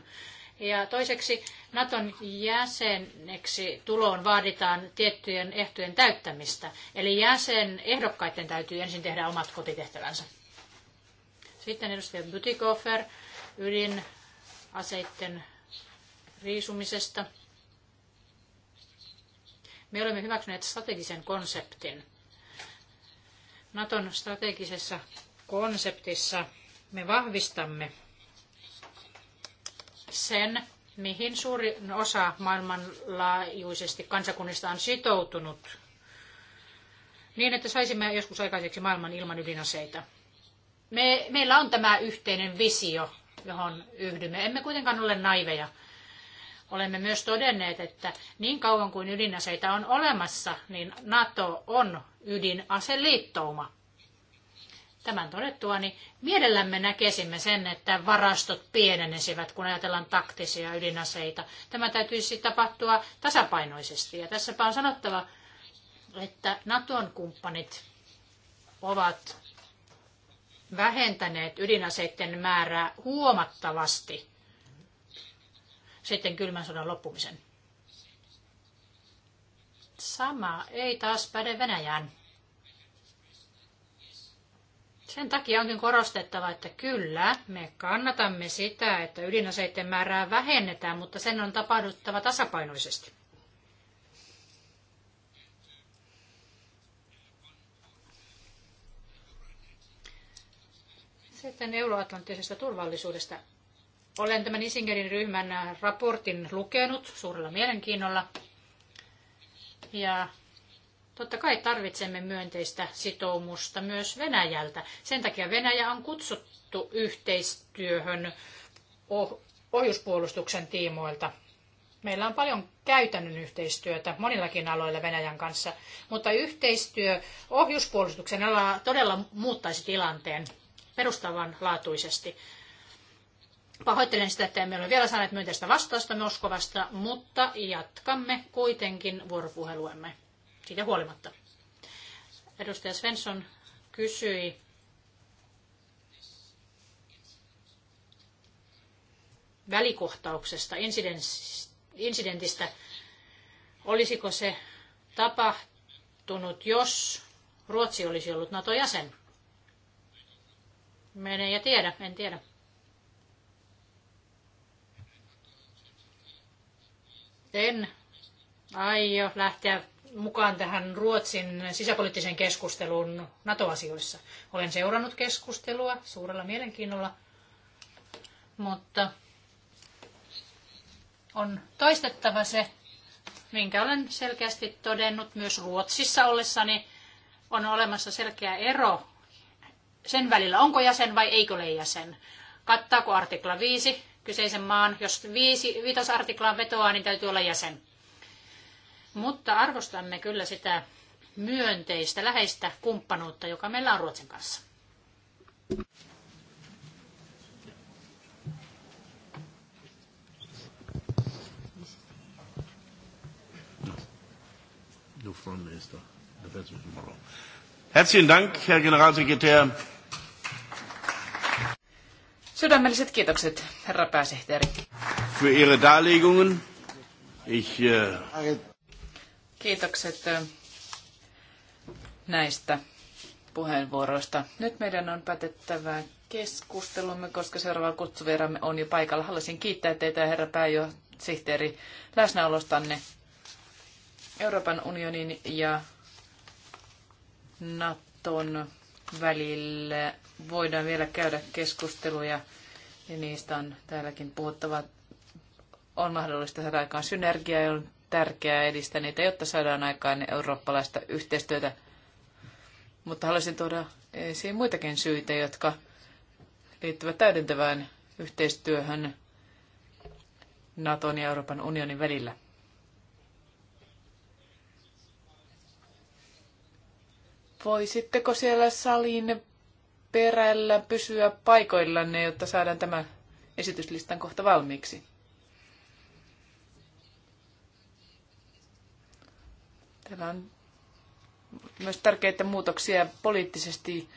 Ja toiseksi Naton jäseneksi tuloon vaaditaan tiettyjen ehtojen täyttämistä. Eli jäsen ehdokkaiden täytyy ensin tehdä omat kotitehtävänsä. Sitten edustaja Butikofer ydinaseiden riisumisesta. Me olemme hyväksyneet strategisen konseptin. Naton strategisessa konseptissa me vahvistamme sen, mihin suurin osa maailmanlaajuisesti kansakunnista on sitoutunut niin, että saisimme joskus aikaiseksi maailman ilman ydinaseita. Me, meillä on tämä yhteinen visio, johon yhdymme. Emme kuitenkaan ole naiveja. Olemme myös todenneet, että niin kauan kuin ydinaseita on olemassa, niin NATO on ydinaseliittouma. Tämän todettua, niin mielellämme näkisimme sen, että varastot pienenisivät, kun ajatellaan taktisia ydinaseita. Tämä täytyisi tapahtua tasapainoisesti. Ja tässäpä on sanottava, että Naton kumppanit ovat vähentäneet ydinaseiden määrää huomattavasti sitten kylmän sodan loppumisen. Sama ei taas päde Venäjään. Sen takia onkin korostettava, että kyllä, me kannatamme sitä, että ydinaseiden määrää vähennetään, mutta sen on tapahduttava tasapainoisesti. Sitten euroatlanttisesta turvallisuudesta. Olen tämän Isingerin ryhmän raportin lukenut suurella mielenkiinnolla. Ja Totta kai tarvitsemme myönteistä sitoumusta myös Venäjältä. Sen takia Venäjä on kutsuttu yhteistyöhön ohjuspuolustuksen tiimoilta. Meillä on paljon käytännön yhteistyötä monillakin aloilla Venäjän kanssa, mutta yhteistyö ohjuspuolustuksen ala todella muuttaisi tilanteen perustavanlaatuisesti. Pahoittelen sitä, että emme ole vielä saaneet myönteistä vastausta Moskovasta, mutta jatkamme kuitenkin vuoropuheluemme siitä huolimatta. Edustaja Svensson kysyi välikohtauksesta, incidentistä, Olisiko se tapahtunut, jos Ruotsi olisi ollut NATO-jäsen? Mene ja tiedä, en tiedä. En aio lähteä mukaan tähän Ruotsin sisäpoliittiseen keskusteluun NATO-asioissa. Olen seurannut keskustelua suurella mielenkiinnolla, mutta on toistettava se, minkä olen selkeästi todennut myös Ruotsissa ollessani, on olemassa selkeä ero sen välillä, onko jäsen vai eikö ole jäsen. Kattaako artikla 5 kyseisen maan, jos 5, artiklaan vetoaa, niin täytyy olla jäsen. Mutta arvostamme kyllä sitä myönteistä, läheistä kumppanuutta, joka meillä on Ruotsin kanssa. No. No no, Herzlichen Dank, Herr Generalsekretär. Sydämelliset kiitokset, herra pääsihteeri. Für Ihre Darlegungen. Ich äh, Kiitokset näistä puheenvuoroista. Nyt meidän on päätettävä keskustelumme, koska seuraava kutsuvieramme on jo paikalla. Haluaisin kiittää teitä, herra pääjohtaja, läsnäolostanne Euroopan unionin ja Naton välillä. Voidaan vielä käydä keskusteluja ja niistä on täälläkin puhuttava. On mahdollista saada aikaan synergiaa, tärkeää edistää niitä, jotta saadaan aikaan eurooppalaista yhteistyötä. Mutta haluaisin tuoda esiin muitakin syitä, jotka liittyvät täydentävään yhteistyöhön Naton ja Euroopan unionin välillä. Voisitteko siellä salin perällä pysyä paikoillanne, jotta saadaan tämä esityslistan kohta valmiiksi? Täällä on myös tärkeitä muutoksia poliittisesti,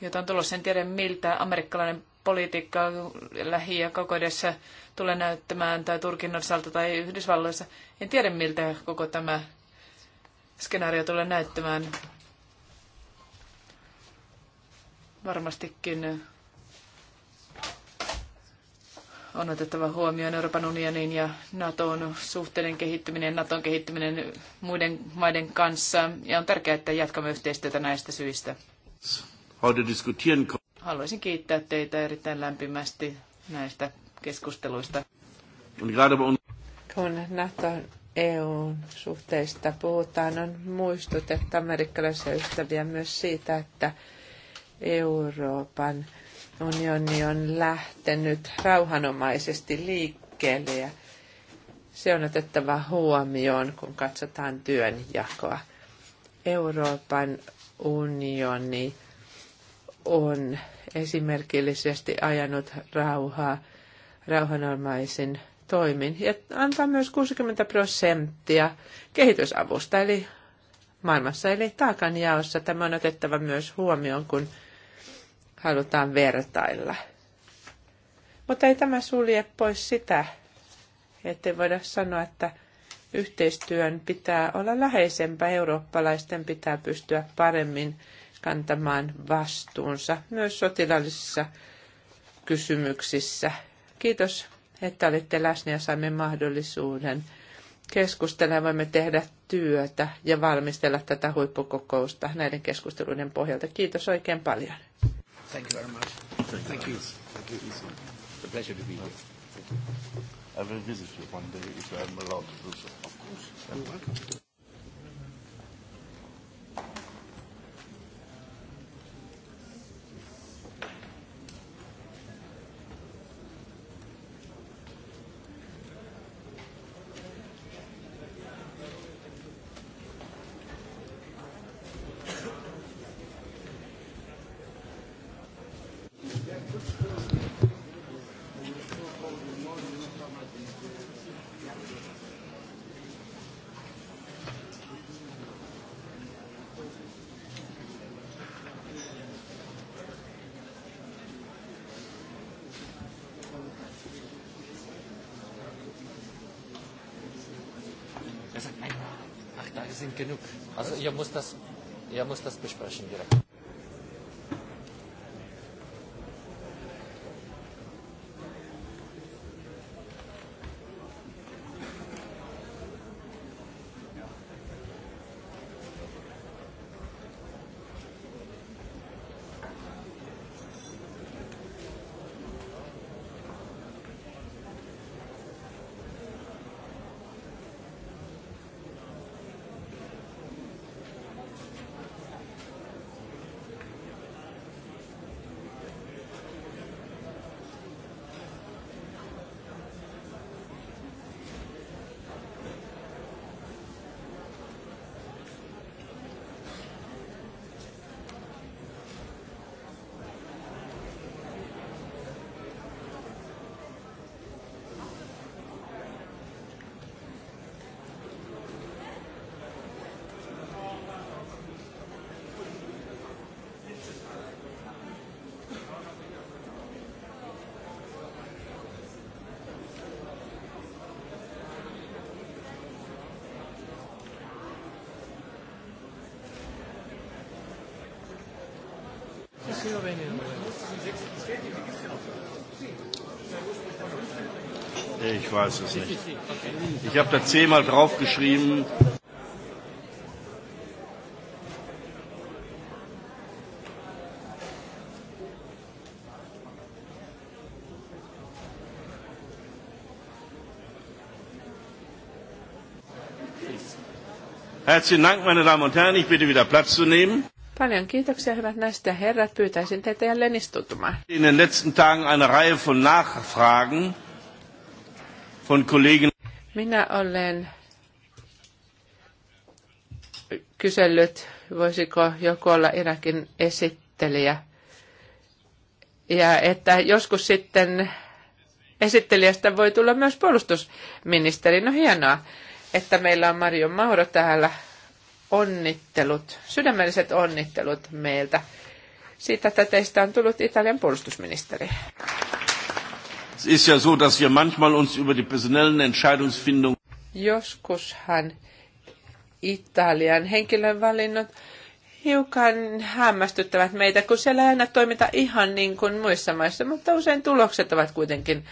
joita on tulossa. En tiedä, miltä amerikkalainen politiikka lähi- ja edessä tulee näyttämään, tai Turkin osalta tai Yhdysvalloissa. En tiedä, miltä koko tämä skenaario tulee näyttämään. Varmastikin on otettava huomioon Euroopan unionin ja NATOn suhteiden kehittyminen, NATOn kehittyminen muiden maiden kanssa. Ja on tärkeää, että jatkamme yhteistyötä näistä syistä. Haluaisin kiittää teitä erittäin lämpimästi näistä keskusteluista. Kun NATOn EUn suhteista puhutaan, on muistutettu amerikkalaisia ystäviä myös siitä, että Euroopan – unioni on lähtenyt rauhanomaisesti liikkeelle ja se on otettava huomioon, kun katsotaan työnjakoa. Euroopan unioni on esimerkillisesti ajanut rauhaa rauhanomaisin toimin ja antaa myös 60 prosenttia kehitysavusta, eli maailmassa eli taakanjaossa. Tämä on otettava myös huomioon, kun halutaan vertailla. Mutta ei tämä sulje pois sitä, ettei voida sanoa, että yhteistyön pitää olla läheisempää. Eurooppalaisten pitää pystyä paremmin kantamaan vastuunsa myös sotilaallisissa kysymyksissä. Kiitos, että olitte läsnä ja saimme mahdollisuuden keskustella. Voimme tehdä työtä ja valmistella tätä huippukokousta näiden keskusteluiden pohjalta. Kiitos oikein paljon. Thank you very much. Thank, Thank you. Thank you. It's a pleasure to be here. Thank you. I will visit you one day if I am allowed to do so. Of course. You're welcome. sind genug. Also ihr müsst das, ihr müsst das besprechen direkt. Ich weiß es nicht. Ich habe da zehnmal draufgeschrieben. Herzlichen Dank, meine Damen und Herren. Ich bitte wieder Platz zu nehmen. Paljon kiitoksia, hyvät naiset ja herrat. Pyytäisin teitä jälleen istutumaan. In den letzten Tagen eine Reihe von Nachfragen von Kollegen. Minä olen kysellyt, voisiko joku olla Irakin esittelijä. Ja että joskus sitten esittelijästä voi tulla myös puolustusministeri. No hienoa, että meillä on Marion Mauro täällä onnittelut, sydämelliset onnittelut meiltä siitä, että teistä on tullut Italian puolustusministeri. Es ist ja so, dass wir manchmal uns über die personellen Entscheidungsfindung Joskushan Italian henkilön hiukan hämmästyttävät meitä, kun siellä ei aina toimita ihan niin kuin muissa maissa, mutta usein tulokset ovat kuitenkin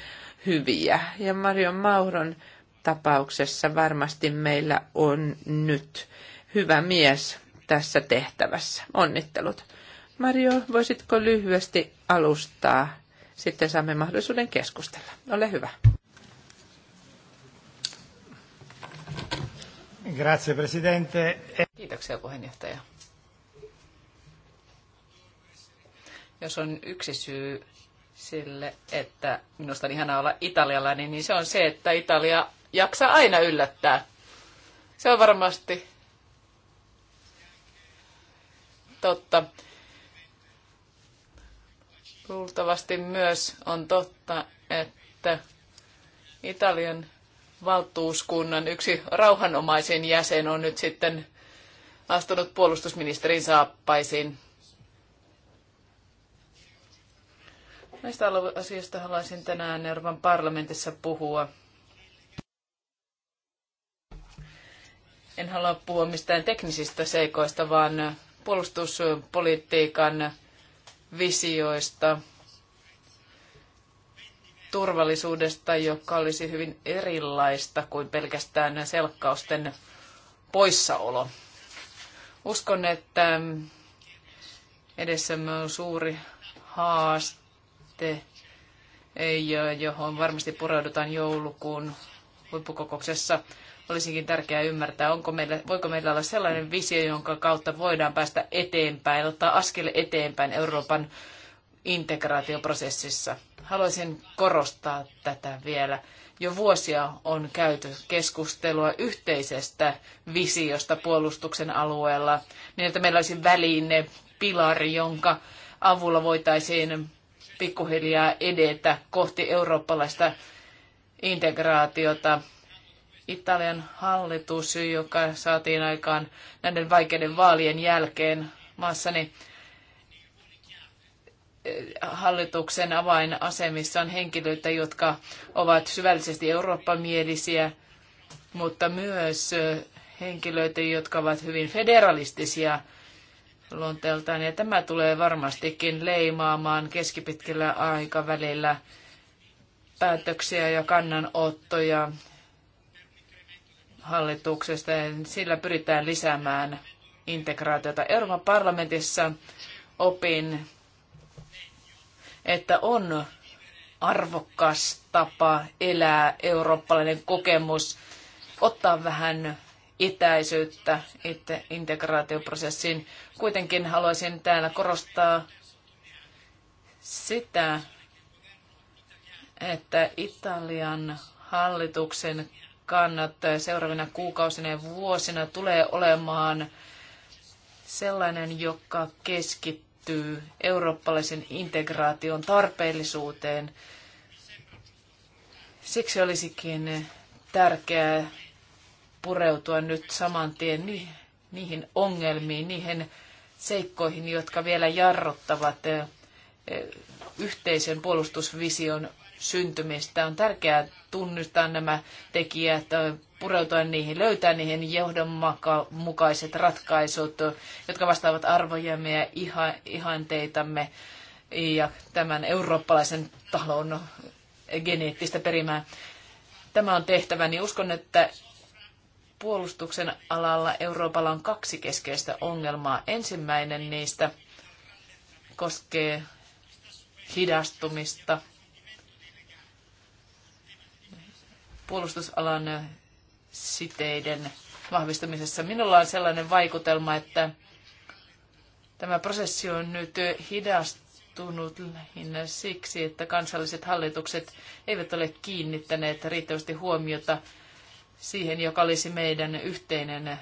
hyviä. Ja Marion Mauron tapauksessa varmasti meillä on nyt hyvä mies tässä tehtävässä. Onnittelut. Mario, voisitko lyhyesti alustaa? Sitten saamme mahdollisuuden keskustella. Ole hyvä. Grazie, Presidente. Kiitoksia, puheenjohtaja. Jos on yksi syy sille, että minusta on ihanaa olla italialainen, niin se on se, että Italia jaksaa aina yllättää. Se on varmasti totta. Luultavasti myös on totta, että Italian valtuuskunnan yksi rauhanomaisin jäsen on nyt sitten astunut puolustusministerin saappaisiin. Näistä asioista haluaisin tänään Euroopan parlamentissa puhua. En halua puhua mistään teknisistä seikoista, vaan puolustuspolitiikan visioista, turvallisuudesta, joka olisi hyvin erilaista kuin pelkästään selkkausten poissaolo. Uskon, että edessämme on suuri haaste, johon varmasti pureudutaan joulukuun huippukokouksessa. Olisikin tärkeää ymmärtää, onko meillä, voiko meillä olla sellainen visio, jonka kautta voidaan päästä eteenpäin, ottaa askel eteenpäin Euroopan integraatioprosessissa. Haluaisin korostaa tätä vielä. Jo vuosia on käyty keskustelua yhteisestä visiosta puolustuksen alueella, niin että meillä olisi väline, pilari, jonka avulla voitaisiin pikkuhiljaa edetä kohti eurooppalaista integraatiota Italian hallitus, joka saatiin aikaan näiden vaikeiden vaalien jälkeen maassani, hallituksen avainasemissa on henkilöitä, jotka ovat syvällisesti eurooppamielisiä, mutta myös henkilöitä, jotka ovat hyvin federalistisia luonteeltaan. Ja tämä tulee varmastikin leimaamaan keskipitkällä aikavälillä päätöksiä ja kannanottoja hallituksesta. Sillä pyritään lisäämään integraatiota. Euroopan parlamentissa opin, että on arvokas tapa elää eurooppalainen kokemus, ottaa vähän etäisyyttä itse integraatioprosessiin. Kuitenkin haluaisin täällä korostaa sitä, että Italian hallituksen kannat seuraavina kuukausina ja vuosina tulee olemaan sellainen, joka keskittyy eurooppalaisen integraation tarpeellisuuteen. Siksi olisikin tärkeää pureutua nyt saman tien niihin ongelmiin, niihin seikkoihin, jotka vielä jarruttavat eh, yhteisen puolustusvision syntymistä. On tärkeää tunnistaa nämä tekijät, pureutua niihin, löytää niihin johdonmukaiset ratkaisut, jotka vastaavat arvojamme ja iha, ihanteitamme ja tämän eurooppalaisen talon geneettistä perimää. Tämä on tehtävä, niin uskon, että puolustuksen alalla Euroopalla on kaksi keskeistä ongelmaa. Ensimmäinen niistä koskee hidastumista puolustusalan siteiden vahvistamisessa. Minulla on sellainen vaikutelma, että tämä prosessi on nyt hidastunut lähinnä siksi, että kansalliset hallitukset eivät ole kiinnittäneet riittävästi huomiota siihen, joka olisi meidän yhteinen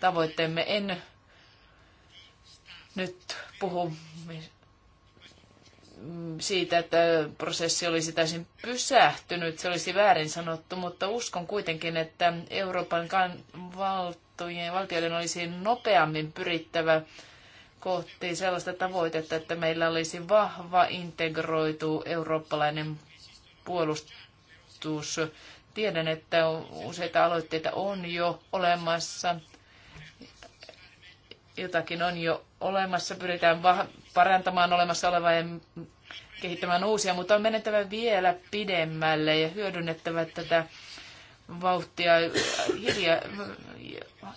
tavoitteemme. En nyt puhu Mm, siitä, että prosessi olisi täysin pysähtynyt, se olisi väärin sanottu, mutta uskon kuitenkin, että Euroopan valtojen, valtioiden olisi nopeammin pyrittävä kohti sellaista tavoitetta, että meillä olisi vahva integroitu eurooppalainen puolustus. Tiedän, että useita aloitteita on jo olemassa, jotakin on jo olemassa, pyritään parantamaan olemassa olevaa ja kehittämään uusia, mutta on menettävä vielä pidemmälle ja hyödynnettävä tätä vauhtia hilja,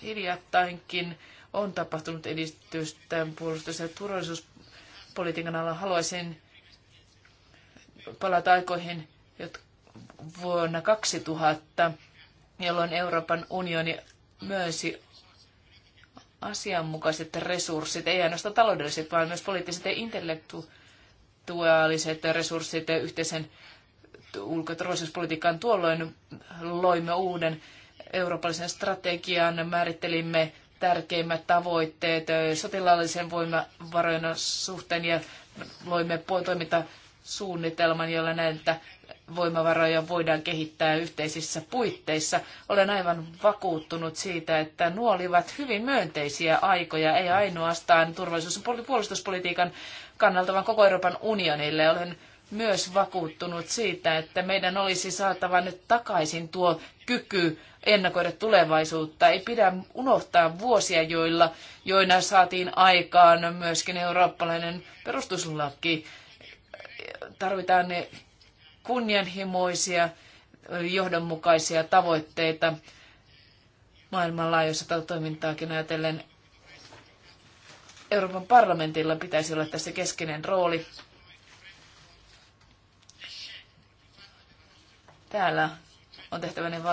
hiljattainkin on tapahtunut edistystä puolustus- ja turvallisuuspolitiikan alla. Haluaisin palata aikoihin vuonna 2000, jolloin Euroopan unioni myönsi asianmukaiset resurssit, ei ainoastaan taloudelliset, vaan myös poliittiset ja intellektuaaliset resurssit yhteisen ulko- ja turvallisuuspolitiikkaan. Tuolloin loimme uuden eurooppalaisen strategian, määrittelimme tärkeimmät tavoitteet sotilaallisen voimavarojen suhteen ja loimme toimintasuunnitelman, jolla näitä voimavaroja voidaan kehittää yhteisissä puitteissa. Olen aivan vakuuttunut siitä, että nuo olivat hyvin myönteisiä aikoja, ei ainoastaan turvallisuus- ja puolustuspolitiikan kannalta, vaan koko Euroopan unionille. Olen myös vakuuttunut siitä, että meidän olisi saatava nyt takaisin tuo kyky ennakoida tulevaisuutta. Ei pidä unohtaa vuosia, joilla, joina saatiin aikaan myöskin eurooppalainen perustuslaki. Tarvitaan ne kunnianhimoisia, johdonmukaisia tavoitteita maailmanlaajuista toimintaakin ajatellen. Euroopan parlamentilla pitäisi olla tässä keskeinen rooli. Täällä on tehtävä ne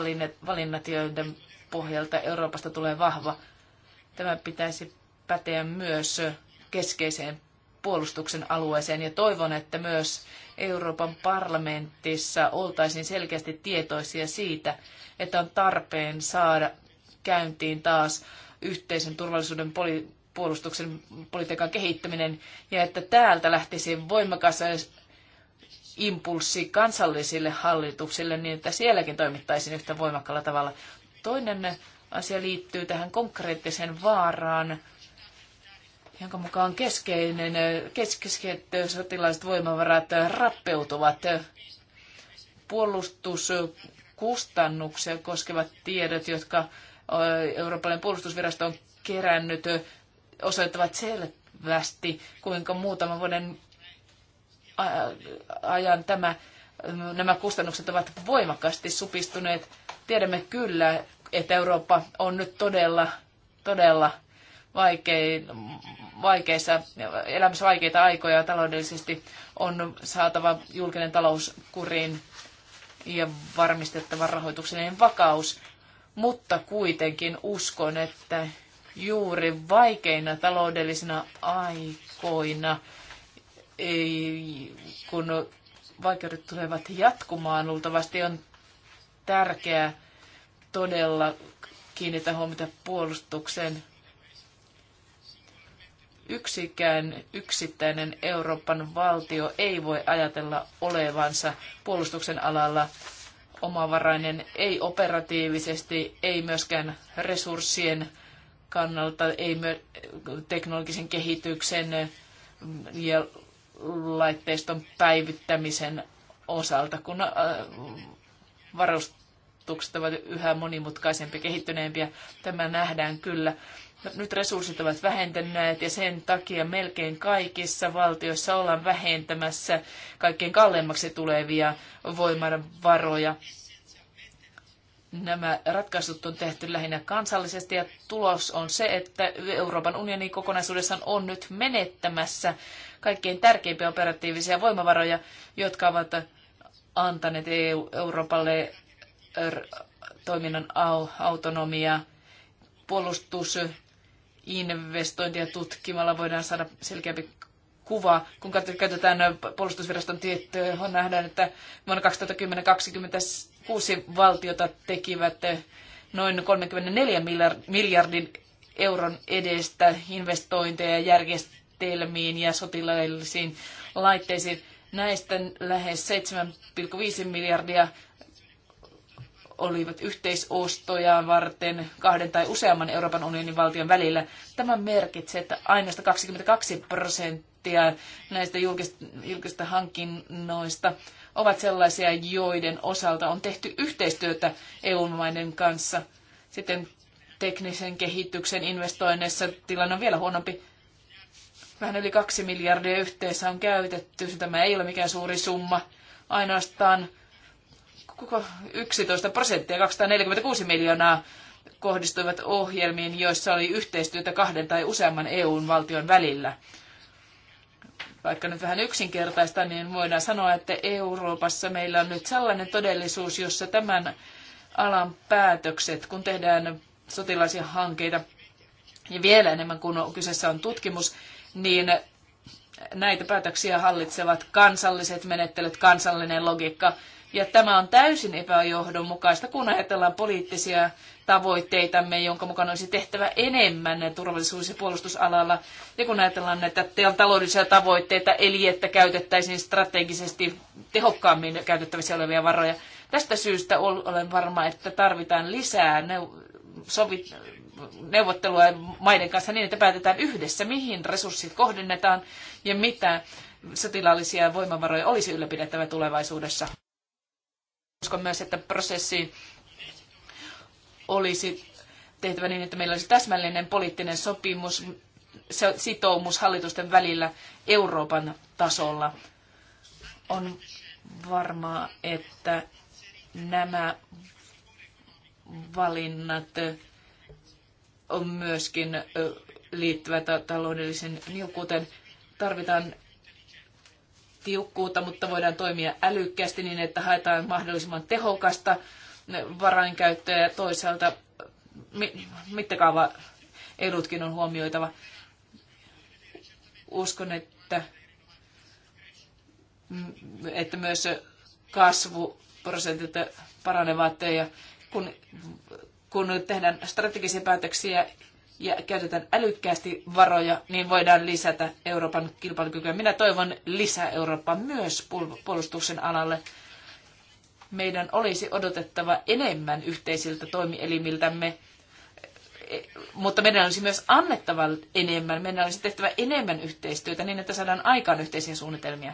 valinnat, joiden pohjalta Euroopasta tulee vahva. Tämä pitäisi päteä myös keskeiseen puolustuksen alueeseen ja toivon, että myös Euroopan parlamentissa oltaisiin selkeästi tietoisia siitä, että on tarpeen saada käyntiin taas yhteisen turvallisuuden poli- puolustuksen politiikan kehittäminen ja että täältä lähtisi voimakas impulssi kansallisille hallituksille niin, että sielläkin toimittaisiin yhtä voimakkaalla tavalla. Toinen asia liittyy tähän konkreettiseen vaaraan, jonka mukaan keskeinen, keskeiset sotilaiset voimavarat rappeutuvat. Puolustuskustannuksia koskevat tiedot, jotka Euroopan puolustusvirasto on kerännyt, osoittavat selvästi, kuinka muutaman vuoden ajan tämä, nämä kustannukset ovat voimakkaasti supistuneet. Tiedämme kyllä, että Eurooppa on nyt todella, todella vaikein, vaikeissa, elämässä vaikeita aikoja taloudellisesti on saatava julkinen talous kuriin ja varmistettava rahoituksellinen vakaus. Mutta kuitenkin uskon, että juuri vaikeina taloudellisina aikoina, ei, kun vaikeudet tulevat jatkumaan, luultavasti on tärkeää todella kiinnittää huomiota puolustukseen yksikään yksittäinen Euroopan valtio ei voi ajatella olevansa puolustuksen alalla omavarainen, ei operatiivisesti, ei myöskään resurssien kannalta, ei myö- teknologisen kehityksen ja laitteiston päivittämisen osalta, kun äh, varustukset ovat yhä monimutkaisempia, kehittyneempiä. Tämä nähdään kyllä nyt resurssit ovat vähentyneet ja sen takia melkein kaikissa valtioissa ollaan vähentämässä kaikkein kalleimmaksi tulevia voimavaroja. Nämä ratkaisut on tehty lähinnä kansallisesti ja tulos on se, että Euroopan unionin kokonaisuudessaan on nyt menettämässä kaikkein tärkeimpiä operatiivisia voimavaroja, jotka ovat antaneet EU, Euroopalle toiminnan autonomia, puolustus- investointia tutkimalla voidaan saada selkeämpi kuva, kun käytetään puolustusviraston tietoa, nähdään, että vuonna 2010 26 valtiota tekivät noin 34 miljardin euron edestä investointeja järjestelmiin ja sotilaallisiin laitteisiin. Näistä lähes 7,5 miljardia olivat yhteisostoja varten kahden tai useamman Euroopan unionin valtion välillä. Tämä merkitsee, että ainoastaan 22 prosenttia näistä julkisista hankinnoista ovat sellaisia, joiden osalta on tehty yhteistyötä EU-maiden kanssa. Sitten teknisen kehityksen investoinneissa tilanne on vielä huonompi. Vähän yli kaksi miljardia yhteensä on käytetty. Tämä ei ole mikään suuri summa. Ainoastaan koko 11 prosenttia, 246 miljoonaa kohdistuivat ohjelmiin, joissa oli yhteistyötä kahden tai useamman EU-valtion välillä. Vaikka nyt vähän yksinkertaista, niin voidaan sanoa, että Euroopassa meillä on nyt sellainen todellisuus, jossa tämän alan päätökset, kun tehdään sotilaisia hankeita, ja vielä enemmän kuin kyseessä on tutkimus, niin näitä päätöksiä hallitsevat kansalliset menettelyt, kansallinen logiikka, ja tämä on täysin epäjohdonmukaista, kun ajatellaan poliittisia tavoitteitamme, jonka mukaan olisi tehtävä enemmän turvallisuus- ja puolustusalalla. Ja kun ajatellaan näitä taloudellisia tavoitteita, eli että käytettäisiin strategisesti tehokkaammin käytettävissä olevia varoja. Tästä syystä olen varma, että tarvitaan lisää sovit, neuvottelua maiden kanssa niin, että päätetään yhdessä, mihin resurssit kohdennetaan ja mitä sotilaallisia voimavaroja olisi ylläpidettävä tulevaisuudessa uskon myös, että prosessi olisi tehtävä niin, että meillä olisi täsmällinen poliittinen sopimus, sitoumus hallitusten välillä Euroopan tasolla. On varmaa, että nämä valinnat on myöskin liittyvät taloudelliseen niukkuuteen. Tarvitaan tiukkuutta, mutta voidaan toimia älykkäästi niin, että haetaan mahdollisimman tehokasta varainkäyttöä ja toisaalta mittakaava edutkin on huomioitava. Uskon, että, että myös kasvuprosentit paranevat ja kun, kun tehdään strategisia päätöksiä ja käytetään älykkäästi varoja, niin voidaan lisätä Euroopan kilpailukykyä. Minä toivon lisää Eurooppaa myös puolustuksen alalle. Meidän olisi odotettava enemmän yhteisiltä toimielimiltämme, mutta meidän olisi myös annettava enemmän, meidän olisi tehtävä enemmän yhteistyötä niin, että saadaan aikaan yhteisiä suunnitelmia.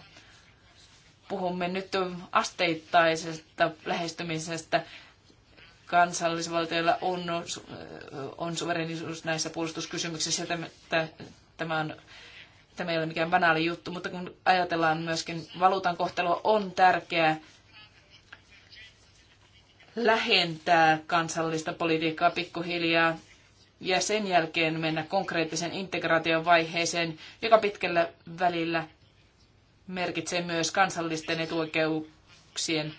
Puhumme nyt asteittaisesta lähestymisestä kansallisvaltioilla on, on suverenisuus näissä puolustuskysymyksissä. Tämä, on, tämä ei ole mikään banaali juttu, mutta kun ajatellaan myöskin valuutan kohtelua, on tärkeää lähentää kansallista politiikkaa pikkuhiljaa ja sen jälkeen mennä konkreettisen integraation vaiheeseen, joka pitkällä välillä merkitsee myös kansallisten etuoikeuksien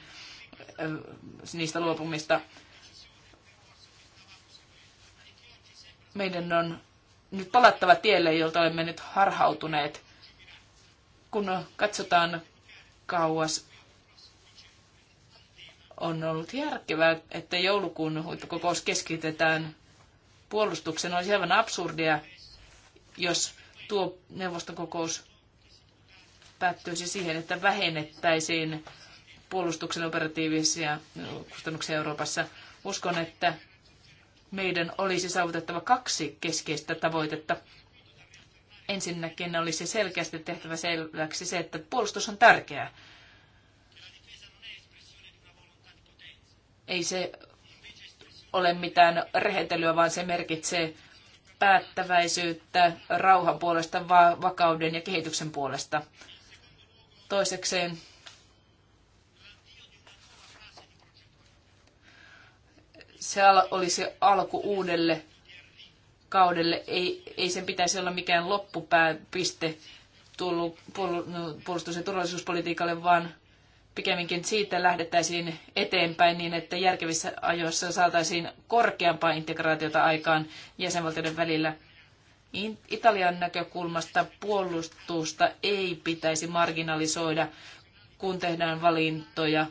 niistä luopumista meidän on nyt palattava tielle, jolta olemme nyt harhautuneet. Kun katsotaan kauas, on ollut järkevää, että joulukuun huippukokous keskitetään puolustuksen. Olisi aivan absurdia, jos tuo neuvostokokous päättyisi siihen, että vähennettäisiin puolustuksen operatiivisia kustannuksia Euroopassa. Uskon, että meidän olisi saavutettava kaksi keskeistä tavoitetta. Ensinnäkin olisi selkeästi tehtävä selväksi se, että puolustus on tärkeää. Ei se ole mitään rehetelyä, vaan se merkitsee päättäväisyyttä rauhan puolesta, vakauden ja kehityksen puolesta. Toisekseen se olisi alku uudelle kaudelle. Ei, ei sen pitäisi olla mikään loppupääpiste tullut no, puolustus- ja turvallisuuspolitiikalle, vaan pikemminkin siitä lähdettäisiin eteenpäin niin, että järkevissä ajoissa saataisiin korkeampaa integraatiota aikaan jäsenvaltioiden välillä. Italian näkökulmasta puolustusta ei pitäisi marginalisoida, kun tehdään valintoja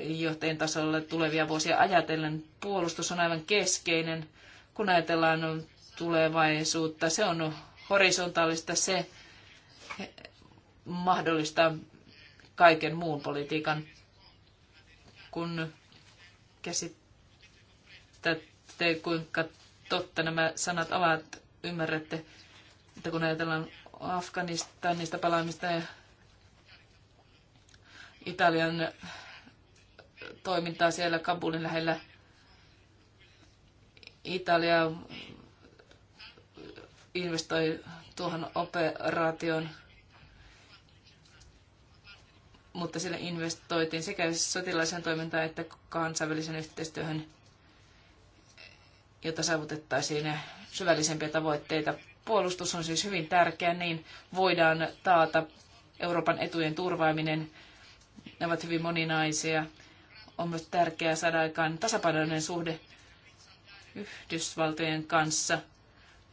johtajien tasolle tulevia vuosia ajatellen. Puolustus on aivan keskeinen, kun ajatellaan tulevaisuutta. Se on horisontaalista, se mahdollistaa kaiken muun politiikan. Kun käsittää kuinka totta nämä sanat ovat, ymmärrätte, että kun ajatellaan Afganistanista palaamista ja Italian toimintaa siellä Kabulin lähellä. Italia investoi tuohon operaatioon, mutta sille investoitiin sekä sotilaisen toimintaan että kansainvälisen yhteistyöhön, jota saavutettaisiin syvällisempiä tavoitteita. Puolustus on siis hyvin tärkeä, niin voidaan taata Euroopan etujen turvaaminen. Ne ovat hyvin moninaisia on myös tärkeää saada aikaan tasapainoinen suhde Yhdysvaltojen kanssa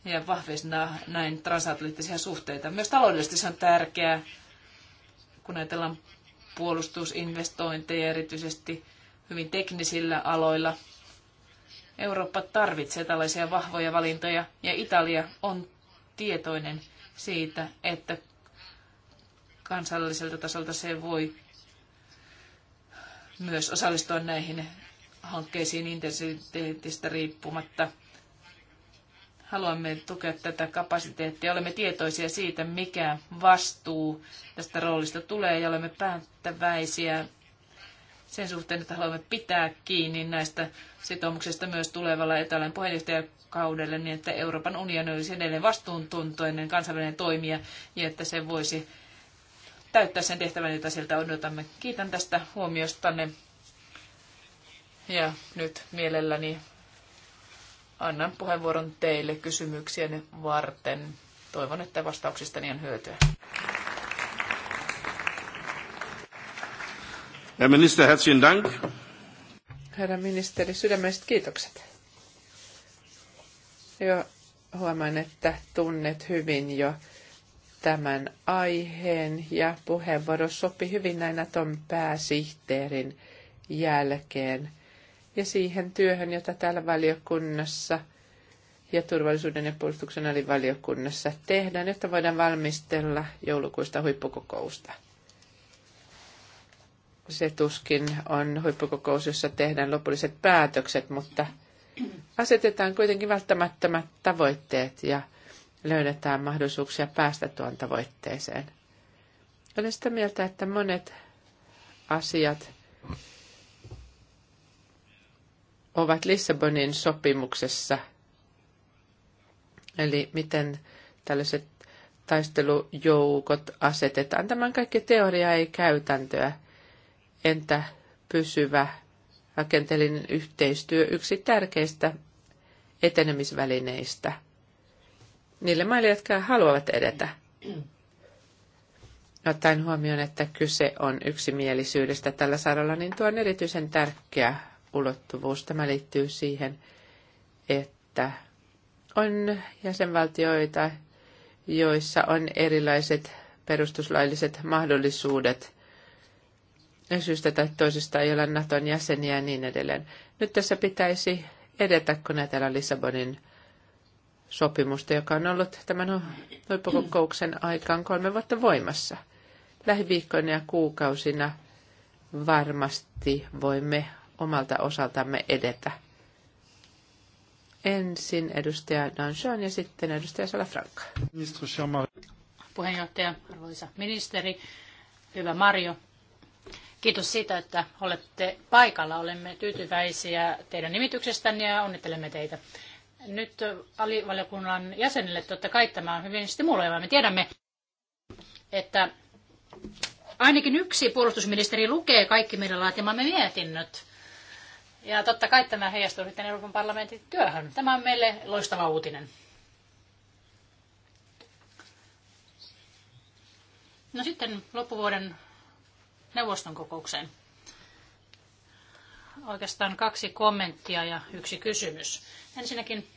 ja vahvistaa näin transatlanttisia suhteita. Myös taloudellisesti se on tärkeää, kun ajatellaan puolustusinvestointeja erityisesti hyvin teknisillä aloilla. Eurooppa tarvitsee tällaisia vahvoja valintoja ja Italia on tietoinen siitä, että kansalliselta tasolta se voi myös osallistua näihin hankkeisiin intensiteetistä riippumatta. Haluamme tukea tätä kapasiteettia. Olemme tietoisia siitä, mikä vastuu tästä roolista tulee ja olemme päättäväisiä sen suhteen, että haluamme pitää kiinni näistä sitoumuksista myös tulevalla Italian puheenjohtajakaudelle niin, että Euroopan unioni olisi edelleen vastuuntuntoinen kansainvälinen toimija ja että se voisi täyttää sen tehtävän, jota siltä odotamme. Kiitän tästä huomiostanne. Ja nyt mielelläni annan puheenvuoron teille kysymyksien varten. Toivon, että vastauksistani on hyötyä. Herra Minister, herzlichen Dank. Herra ministeri, sydämelliset kiitokset. Jo huomaan, että tunnet hyvin jo tämän aiheen ja puheenvuoro sopi hyvin näin Naton pääsihteerin jälkeen ja siihen työhön, jota täällä valiokunnassa ja turvallisuuden ja puolustuksen alivaliokunnassa tehdään, jotta voidaan valmistella joulukuista huippukokousta. Se tuskin on huippukokous, jossa tehdään lopulliset päätökset, mutta asetetaan kuitenkin välttämättömät tavoitteet ja – löydetään mahdollisuuksia päästä tuon tavoitteeseen. Olen sitä mieltä, että monet asiat ovat Lissabonin sopimuksessa. Eli miten tällaiset taistelujoukot asetetaan. Tämän kaikki teoria ei käytäntöä. Entä pysyvä rakenteellinen yhteistyö yksi tärkeistä etenemisvälineistä – niille maille, jotka haluavat edetä. Ottaen huomioon, että kyse on yksimielisyydestä tällä saralla, niin tuo on erityisen tärkeä ulottuvuus. Tämä liittyy siihen, että on jäsenvaltioita, joissa on erilaiset perustuslailliset mahdollisuudet – syystä tai toisesta ei ole Naton jäseniä ja niin edelleen. Nyt tässä pitäisi edetä, kun näitä Lissabonin sopimusta, joka on ollut tämän huippukokouksen aikaan kolme vuotta voimassa. Lähiviikkoina ja kuukausina varmasti voimme omalta osaltamme edetä. Ensin edustaja Danjean ja sitten edustaja Salafranca. Puheenjohtaja, arvoisa ministeri, hyvä Mario. Kiitos siitä, että olette paikalla. Olemme tyytyväisiä teidän nimityksestänne ja onnittelemme teitä nyt alivaliokunnan jäsenille totta kai tämä on hyvin stimuloiva. Me tiedämme, että ainakin yksi puolustusministeri lukee kaikki meidän laatimamme mietinnöt. Ja totta kai tämä heijastuu sitten Euroopan parlamentin työhön. Tämä on meille loistava uutinen. No sitten loppuvuoden neuvoston kokoukseen. Oikeastaan kaksi kommenttia ja yksi kysymys. Ensinnäkin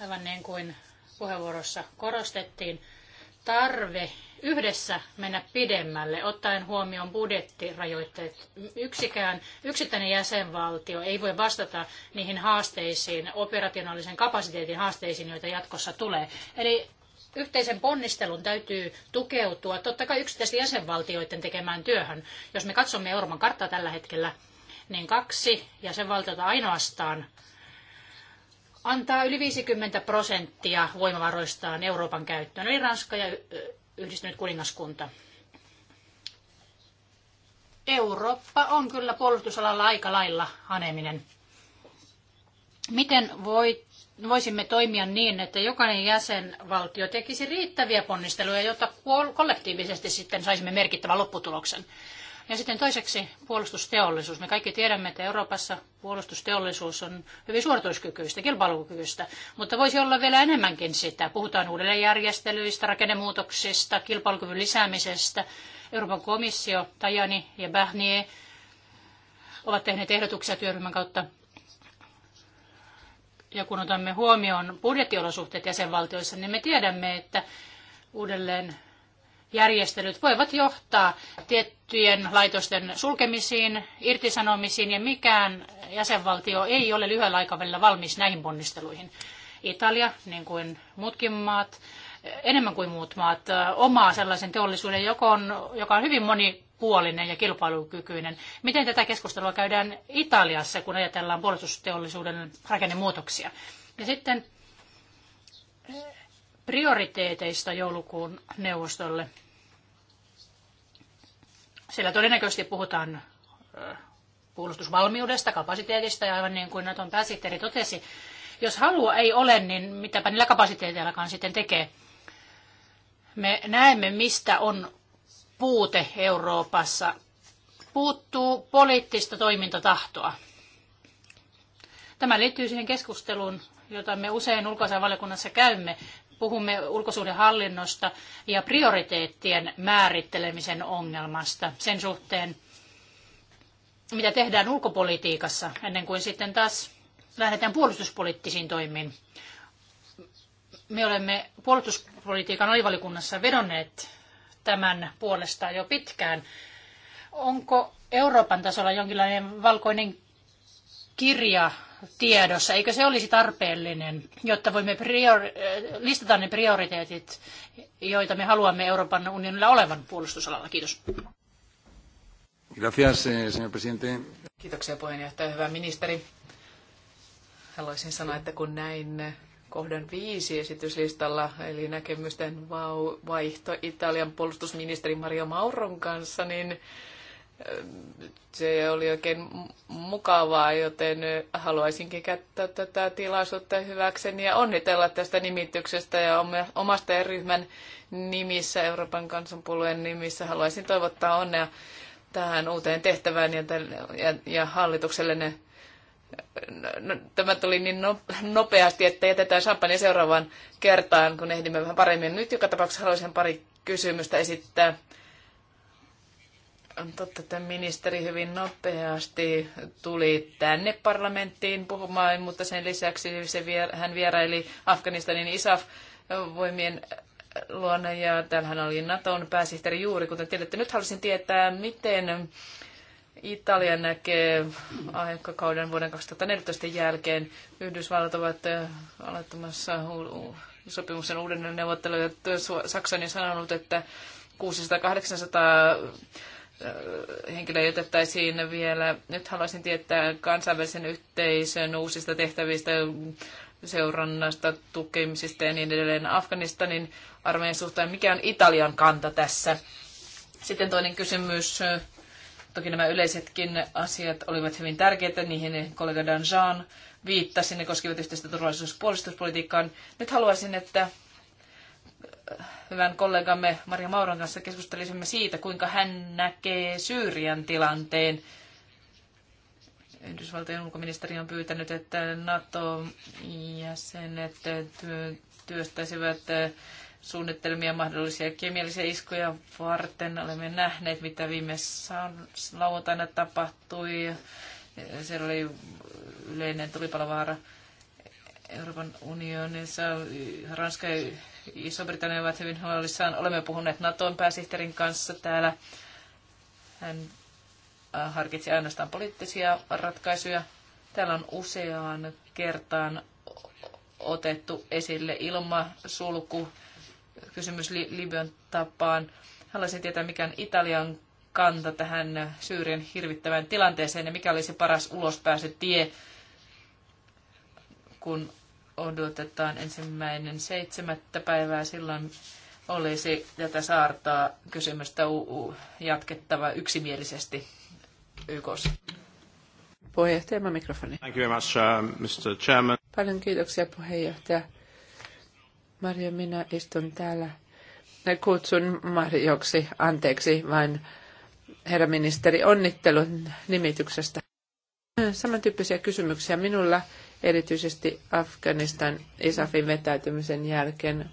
aivan niin kuin puheenvuorossa korostettiin, tarve yhdessä mennä pidemmälle, ottaen huomioon budjettirajoitteet. Yksikään yksittäinen jäsenvaltio ei voi vastata niihin haasteisiin, operationaalisen kapasiteetin haasteisiin, joita jatkossa tulee. Eli yhteisen ponnistelun täytyy tukeutua totta kai yksittäisten jäsenvaltioiden tekemään työhön. Jos me katsomme Euroopan karttaa tällä hetkellä, niin kaksi jäsenvaltiota ainoastaan antaa yli 50 prosenttia voimavaroistaan Euroopan käyttöön, eli Ranska ja yhdistynyt kuningaskunta. Eurooppa on kyllä puolustusalalla aika lailla haneminen. Miten voit voisimme toimia niin, että jokainen jäsenvaltio tekisi riittäviä ponnisteluja, jotta kollektiivisesti sitten saisimme merkittävän lopputuloksen. Ja sitten toiseksi puolustusteollisuus. Me kaikki tiedämme, että Euroopassa puolustusteollisuus on hyvin suorituskykyistä, kilpailukykyistä, mutta voisi olla vielä enemmänkin sitä. Puhutaan uudelleenjärjestelyistä, rakennemuutoksista, kilpailukyvyn lisäämisestä. Euroopan komissio, Tajani ja Barnier ovat tehneet ehdotuksia työryhmän kautta ja kun otamme huomioon budjettiolosuhteet jäsenvaltioissa, niin me tiedämme, että uudelleen järjestelyt voivat johtaa tiettyjen laitosten sulkemisiin, irtisanomisiin ja mikään jäsenvaltio ei ole lyhyellä aikavälillä valmis näihin ponnisteluihin. Italia, niin kuin muutkin maat, enemmän kuin muut maat, omaa sellaisen teollisuuden, joka on, joka on hyvin monipuolinen ja kilpailukykyinen. Miten tätä keskustelua käydään Italiassa, kun ajatellaan puolustusteollisuuden rakennemuutoksia? Ja sitten prioriteeteista joulukuun neuvostolle. Siellä todennäköisesti puhutaan puolustusvalmiudesta, kapasiteetista ja aivan niin kuin Naton pääsihteeri totesi, jos halua ei ole, niin mitäpä niillä kapasiteeteillakaan sitten tekee. Me näemme, mistä on puute Euroopassa. Puuttuu poliittista toimintatahtoa. Tämä liittyy siihen keskusteluun, jota me usein ulkoasianvaliokunnassa käymme puhumme ulkosuhdehallinnosta ja prioriteettien määrittelemisen ongelmasta sen suhteen, mitä tehdään ulkopolitiikassa, ennen kuin sitten taas lähdetään puolustuspoliittisiin toimiin. Me olemme puolustuspolitiikan alivallikunnassa vedonneet tämän puolesta jo pitkään. Onko Euroopan tasolla jonkinlainen valkoinen kirja tiedossa, eikö se olisi tarpeellinen, jotta voimme priori- äh, listata ne prioriteetit, joita me haluamme Euroopan unionilla olevan puolustusalalla. Kiitos. Gracias, eh, señor presidente. Kiitoksia puheenjohtaja, hyvä ministeri. Haluaisin sanoa, että kun näin kohdan viisi esityslistalla, eli näkemysten vaihto Italian puolustusministeri Mario Mauron kanssa, niin se oli oikein mukavaa, joten haluaisinkin käyttää tätä tilaisuutta hyväkseni ja onnitella tästä nimityksestä ja omasta ja ryhmän nimissä, Euroopan kansanpuolueen nimissä. Haluaisin toivottaa onnea tähän uuteen tehtävään ja, ja, ja hallitukselle ne no, tämä tuli niin no-, nopeasti, että jätetään champagne seuraavaan kertaan, kun ehdimme vähän paremmin. Nyt joka tapauksessa haluaisin pari kysymystä esittää. On totta, että ministeri hyvin nopeasti tuli tänne parlamenttiin puhumaan, mutta sen lisäksi se vier, hän vieraili Afganistanin ISAF-voimien luona ja täällähän oli Naton pääsihteeri juuri, kuten tiedätte. Nyt haluaisin tietää, miten Italia näkee aikakauden vuoden 2014 jälkeen. Yhdysvallat ovat äh, aloittamassa sopimuksen uudelleen neuvotteluja. Saksan on sanonut, että 600-800 Äh, henkilö jätettäisiin vielä. Nyt haluaisin tietää kansainvälisen yhteisön uusista tehtävistä, seurannasta, tukemisista ja niin edelleen Afganistanin armeijan suhteen. Mikä on Italian kanta tässä? Sitten toinen kysymys. Toki nämä yleisetkin asiat olivat hyvin tärkeitä, niihin kollega Danjean viittasi, ne koskivat yhteistä turvallisuus- ja puolustuspolitiikkaan. Nyt haluaisin, että hyvän kollegamme Maria Mauron kanssa keskustelisimme siitä, kuinka hän näkee Syyrian tilanteen. Yhdysvaltojen ulkoministeri on pyytänyt, että NATO-jäsenet työstäisivät suunnittelmia mahdollisia kemiallisia iskuja varten. Olemme nähneet, mitä viime lauantaina tapahtui. Siellä oli yleinen tulipalovaara Euroopan unionissa. Ranska ja Iso-Britannia ovat hyvin huolissaan. Olemme puhuneet Naton pääsihteerin kanssa täällä. Hän äh, harkitsi ainoastaan poliittisia ratkaisuja. Täällä on useaan kertaan otettu esille ilmasulku, kysymys Libyan tapaan. Haluaisin tietää, mikä on Italian kanta tähän Syyrien hirvittävään tilanteeseen ja mikä olisi paras ulospääsytie, kun odotetaan ensimmäinen seitsemättä päivää. Silloin olisi tätä saartaa kysymystä UU jatkettava yksimielisesti YKS. Puheenjohtaja, mikrofoni. Thank you very much, uh, Mr. Chairman. Paljon kiitoksia puheenjohtaja. Marjo, minä istun täällä. Kutsun Marjoksi, anteeksi vain herra ministeri, onnittelun nimityksestä. Samantyyppisiä kysymyksiä minulla erityisesti Afganistan ISAFin vetäytymisen jälkeen.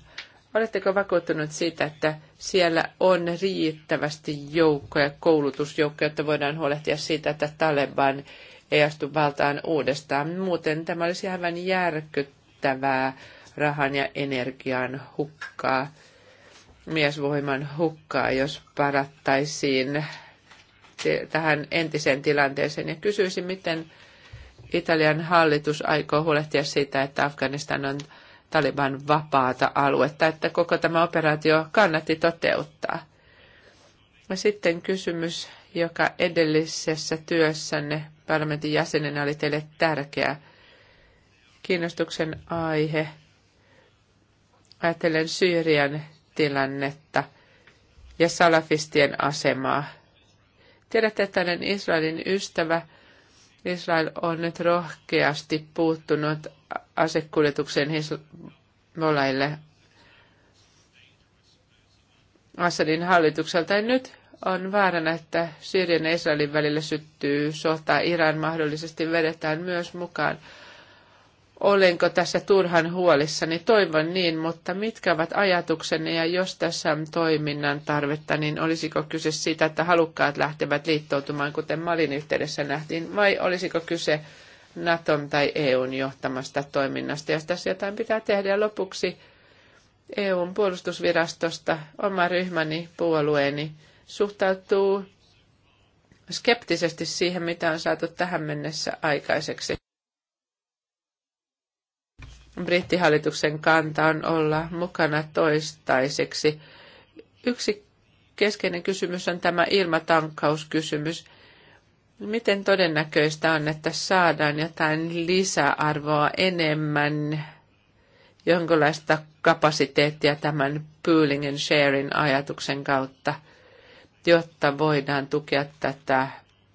Oletteko vakuuttunut siitä, että siellä on riittävästi joukkoja, koulutusjoukkoja, jotta voidaan huolehtia siitä, että Taleban ei astu valtaan uudestaan? Muuten tämä olisi aivan järkyttävää rahan ja energian hukkaa, miesvoiman hukkaa, jos parattaisiin tähän entiseen tilanteeseen. Ja kysyisin, miten Italian hallitus aikoo huolehtia siitä, että Afganistan on Taliban vapaata aluetta, että koko tämä operaatio kannatti toteuttaa. Ja sitten kysymys, joka edellisessä työssänne parlamentin jäsenenä oli teille tärkeä kiinnostuksen aihe. Ajattelen Syyrian tilannetta ja salafistien asemaa. Tiedätte, että olen Israelin ystävä – Israel on nyt rohkeasti puuttunut asekuljetukseen Hezbollahille Assadin hallitukselta. Ja nyt on vaarana, että Syyrian ja Israelin välillä syttyy sota. Iran mahdollisesti vedetään myös mukaan olenko tässä turhan huolissani. Toivon niin, mutta mitkä ovat ajatuksenne ja jos tässä on toiminnan tarvetta, niin olisiko kyse siitä, että halukkaat lähtevät liittoutumaan, kuten Malin yhteydessä nähtiin, vai olisiko kyse Naton tai EUn johtamasta toiminnasta, jos tässä jotain pitää tehdä. Ja lopuksi EUn puolustusvirastosta oma ryhmäni, puolueeni, suhtautuu skeptisesti siihen, mitä on saatu tähän mennessä aikaiseksi brittihallituksen kanta on olla mukana toistaiseksi. Yksi keskeinen kysymys on tämä ilmatankkauskysymys. Miten todennäköistä on, että saadaan jotain lisäarvoa enemmän, jonkinlaista kapasiteettia tämän pooling and sharing ajatuksen kautta, jotta voidaan tukea tätä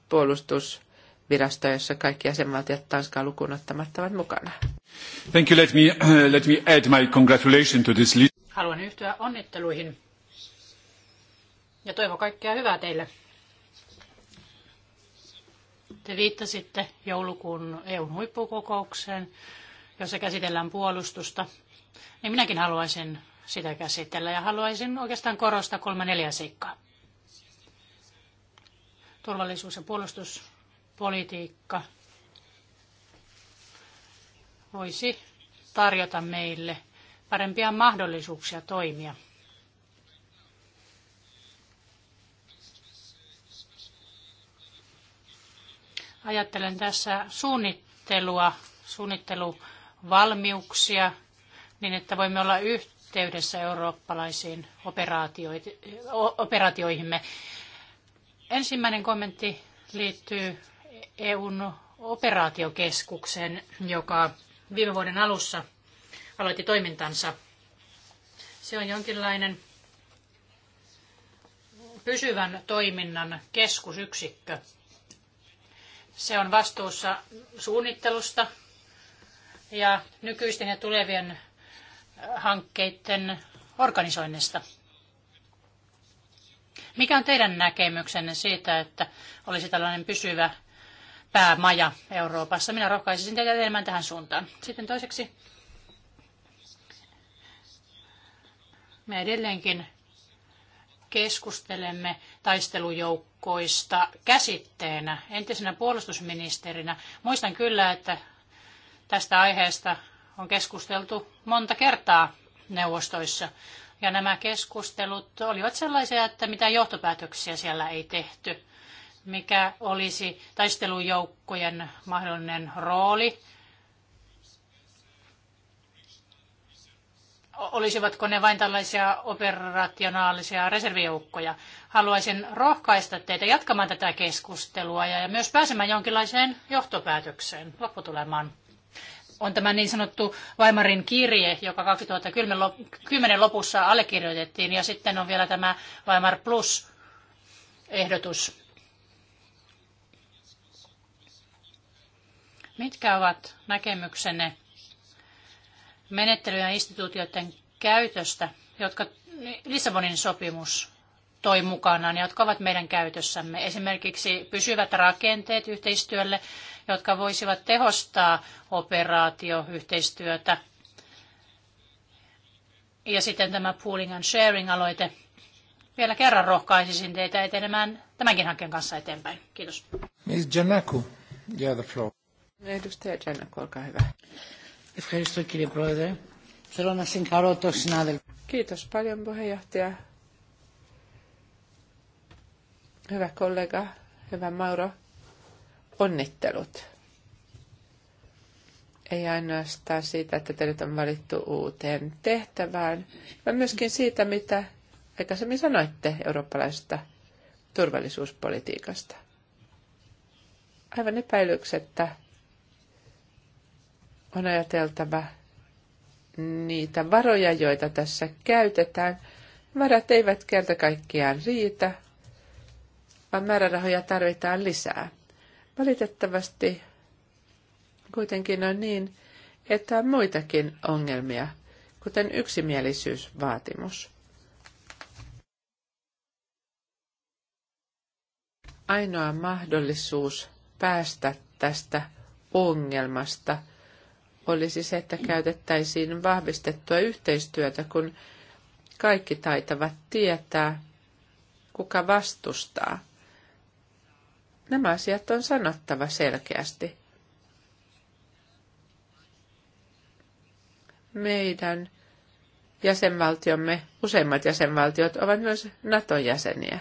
puolustusvirastoa, jossa kaikki jäsenvaltiot Tanskaa lukuun ottamatta ovat mukana? Thank you. Let me, let me add my congratulations to this list. Haluan yhtyä onnitteluihin ja toivon kaikkea hyvää teille. Te viittasitte joulukuun EUn huippukokoukseen, jossa käsitellään puolustusta. Niin minäkin haluaisin sitä käsitellä ja haluaisin oikeastaan korostaa kolme neljä seikkaa. Turvallisuus- ja puolustuspolitiikka, voisi tarjota meille parempia mahdollisuuksia toimia. Ajattelen tässä suunnittelua, suunnitteluvalmiuksia, niin että voimme olla yhteydessä eurooppalaisiin operaatioihimme. Ensimmäinen kommentti liittyy e- EUn operaatiokeskuksen, joka viime vuoden alussa aloitti toimintansa. Se on jonkinlainen pysyvän toiminnan keskusyksikkö. Se on vastuussa suunnittelusta ja nykyisten ja tulevien äh, hankkeiden organisoinnista. Mikä on teidän näkemyksenne siitä, että olisi tällainen pysyvä päämaja Euroopassa. Minä rohkaisisin teitä enemmän tähän suuntaan. Sitten toiseksi me edelleenkin keskustelemme taistelujoukkoista käsitteenä. Entisenä puolustusministerinä muistan kyllä, että tästä aiheesta on keskusteltu monta kertaa neuvostoissa. Ja nämä keskustelut olivat sellaisia, että mitään johtopäätöksiä siellä ei tehty mikä olisi taistelujoukkojen mahdollinen rooli? Olisivatko ne vain tällaisia operationaalisia reservijoukkoja? Haluaisin rohkaista teitä jatkamaan tätä keskustelua ja myös pääsemään jonkinlaiseen johtopäätökseen, lopputulemaan. On tämä niin sanottu Weimarin kirje, joka 2010 lopussa allekirjoitettiin, ja sitten on vielä tämä Weimar Plus-ehdotus Mitkä ovat näkemyksenne menettelyjä ja instituutioiden käytöstä, jotka Lissabonin sopimus toi mukanaan, jotka ovat meidän käytössämme. Esimerkiksi pysyvät rakenteet yhteistyölle, jotka voisivat tehostaa operaatioyhteistyötä. Ja sitten tämä pooling and sharing-aloite. Vielä kerran rohkaisisin teitä etenemään tämänkin hankkeen kanssa eteenpäin. Kiitos. Ms. Janaku, you have the floor. Edustaja Janak, olkaa hyvä. Kiitos paljon puheenjohtaja. Hyvä kollega, hyvä Mauro. Onnittelut. Ei ainoastaan siitä, että teidät on valittu uuteen tehtävään, vaan myöskin siitä, mitä aikaisemmin sanoitte eurooppalaisesta turvallisuuspolitiikasta. Aivan epäilyksettä on ajateltava niitä varoja, joita tässä käytetään. Varat eivät kerta kaikkiaan riitä, vaan määrärahoja tarvitaan lisää. Valitettavasti kuitenkin on niin, että on muitakin ongelmia, kuten yksimielisyysvaatimus. Ainoa mahdollisuus päästä tästä ongelmasta – olisi se, että käytettäisiin vahvistettua yhteistyötä, kun kaikki taitavat tietää, kuka vastustaa. Nämä asiat on sanottava selkeästi. Meidän jäsenvaltiomme, useimmat jäsenvaltiot ovat myös NATO-jäseniä.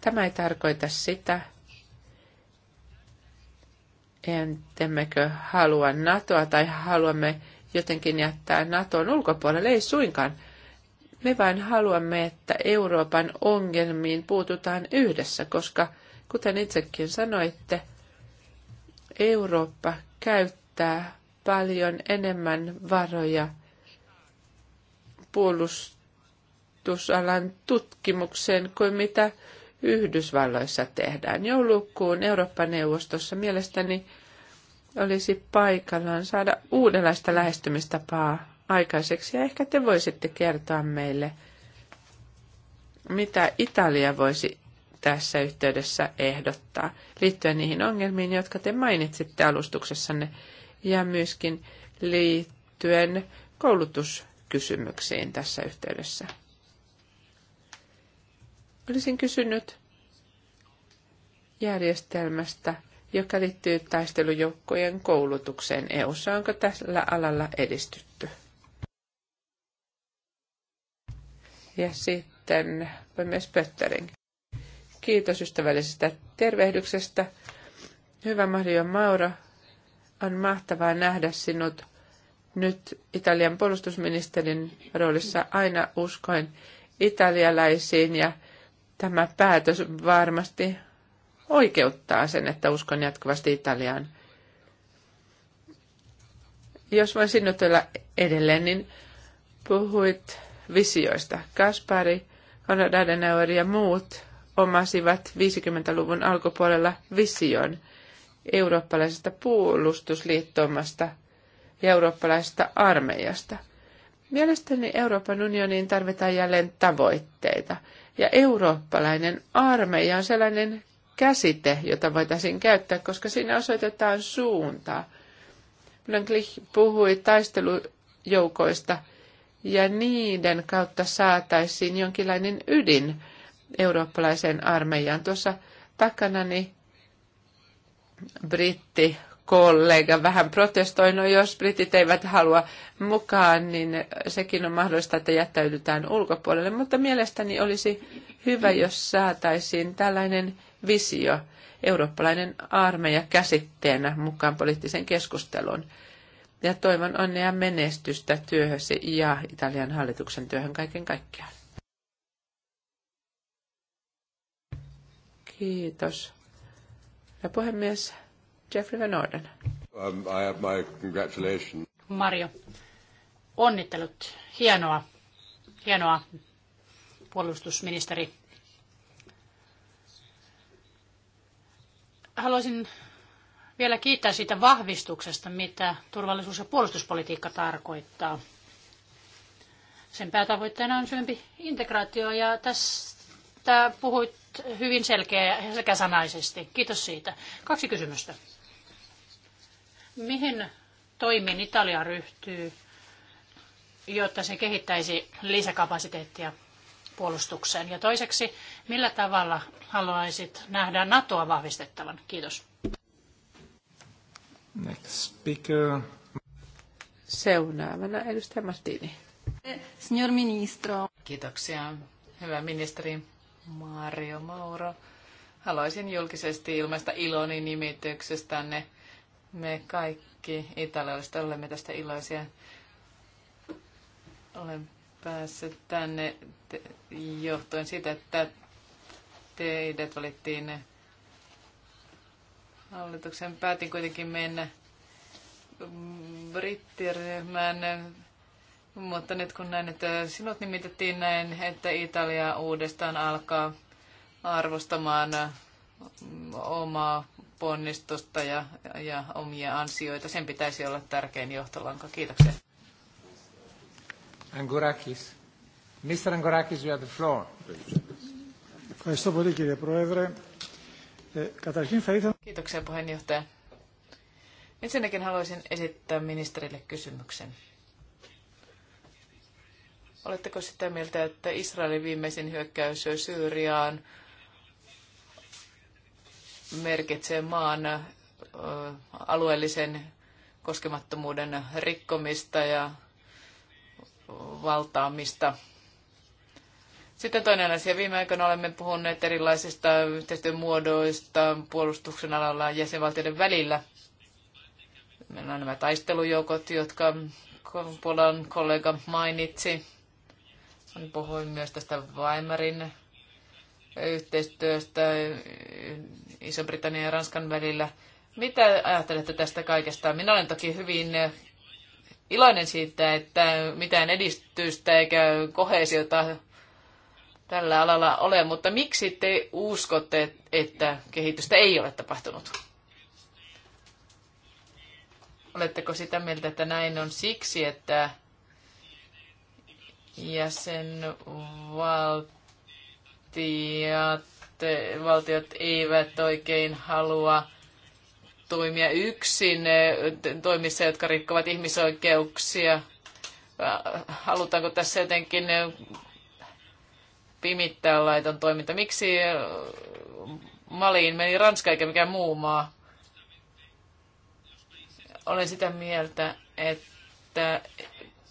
Tämä ei tarkoita sitä, Entemmekö halua NATOa tai haluamme jotenkin jättää NATOn ulkopuolelle? Ei suinkaan. Me vain haluamme, että Euroopan ongelmiin puututaan yhdessä, koska kuten itsekin sanoitte, Eurooppa käyttää paljon enemmän varoja puolustusalan tutkimukseen kuin mitä Yhdysvalloissa tehdään. Joulukuun Eurooppa-neuvostossa mielestäni olisi paikallaan saada uudenlaista lähestymistapaa aikaiseksi. Ja ehkä te voisitte kertoa meille, mitä Italia voisi tässä yhteydessä ehdottaa liittyen niihin ongelmiin, jotka te mainitsitte alustuksessanne, ja myöskin liittyen koulutuskysymyksiin tässä yhteydessä. Olisin kysynyt järjestelmästä, joka liittyy taistelujoukkojen koulutukseen EU:ssa. Onko tällä alalla edistytty? Ja sitten myös Pöttering. Kiitos ystävällisestä tervehdyksestä. Hyvä Mario Mauro, on mahtavaa nähdä sinut nyt Italian puolustusministerin roolissa. Aina uskoin italialaisiin ja tämä päätös varmasti oikeuttaa sen, että uskon jatkuvasti Italiaan. Jos voin sinnutella edelleen, niin puhuit visioista. Kaspari, Konrad Adenauer ja muut omasivat 50-luvun alkupuolella vision eurooppalaisesta puolustusliittoumasta ja eurooppalaisesta armeijasta. Mielestäni Euroopan unioniin tarvitaan jälleen tavoitteita – ja eurooppalainen armeija on sellainen käsite, jota voitaisiin käyttää, koska siinä osoitetaan suuntaa. Blanklich puhui taistelujoukoista ja niiden kautta saataisiin jonkinlainen ydin eurooppalaiseen armeijaan. Tuossa takanani britti kollega vähän protestoi, no jos britit eivät halua mukaan, niin sekin on mahdollista, että jättäydytään ulkopuolelle. Mutta mielestäni olisi hyvä, jos saataisiin tällainen visio, eurooppalainen armeija käsitteenä mukaan poliittisen keskusteluun. Ja toivon onnea menestystä työhösi ja Italian hallituksen työhön kaiken kaikkiaan. Kiitos. Ja puhemies, Jeffrey Van Orden. Um, I have my congratulations. Mario, onnittelut. Hienoa. Hienoa, puolustusministeri. Haluaisin vielä kiittää siitä vahvistuksesta, mitä turvallisuus- ja puolustuspolitiikka tarkoittaa. Sen päätavoitteena on syvempi integraatio ja tästä puhuit hyvin selkeä, sanaisesti. Kiitos siitä. Kaksi kysymystä. Mihin toimiin Italia ryhtyy, jotta se kehittäisi lisäkapasiteettia puolustukseen? Ja toiseksi, millä tavalla haluaisit nähdä NATOa vahvistettavan? Kiitos. Next speaker. Seuraavana edustaja Martini. Signor Ministro. Kiitoksia. Hyvä ministeri Mario Mauro. Haluaisin julkisesti ilmaista iloni nimityksestänne me kaikki italialaiset olemme tästä iloisia. Olen päässyt tänne johtuen siitä, että teidät valittiin hallituksen. Päätin kuitenkin mennä brittiryhmään, mutta nyt kun näin, että sinut nimitettiin näin, että Italia uudestaan alkaa arvostamaan omaa ponnistusta ja, ja omia ansioita. Sen pitäisi olla tärkein johtolanka. Kiitoksia. Angorakis. Mr. Angorakis, you have the floor. Ευχαριστώ πολύ κύριε Πρόεδρε. Kiitoksia puheenjohtaja. Ensinnäkin haluaisin esittää ministerille kysymyksen. Oletteko sitä mieltä, että Israelin viimeisin hyökkäys Syyriaan merkitsee maan alueellisen koskemattomuuden rikkomista ja valtaamista. Sitten toinen asia. Viime aikoina olemme puhuneet erilaisista yhteistyön muodoista puolustuksen alalla jäsenvaltioiden välillä. Meillä on nämä taistelujoukot, jotka Puolan kollega mainitsi. Hän puhui myös tästä Weimarin yhteistyöstä Iso-Britannian ja Ranskan välillä. Mitä ajattelette tästä kaikesta? Minä olen toki hyvin iloinen siitä, että mitään edistystä eikä kohesiota tällä alalla ole, mutta miksi te uskotte, että kehitystä ei ole tapahtunut? Oletteko sitä mieltä, että näin on siksi, että jäsenvaltio valtiot eivät oikein halua toimia yksin toimissa, jotka rikkovat ihmisoikeuksia. Halutaanko tässä jotenkin pimittää laiton toiminta? Miksi Maliin meni Ranska eikä mikään muu maa? Olen sitä mieltä, että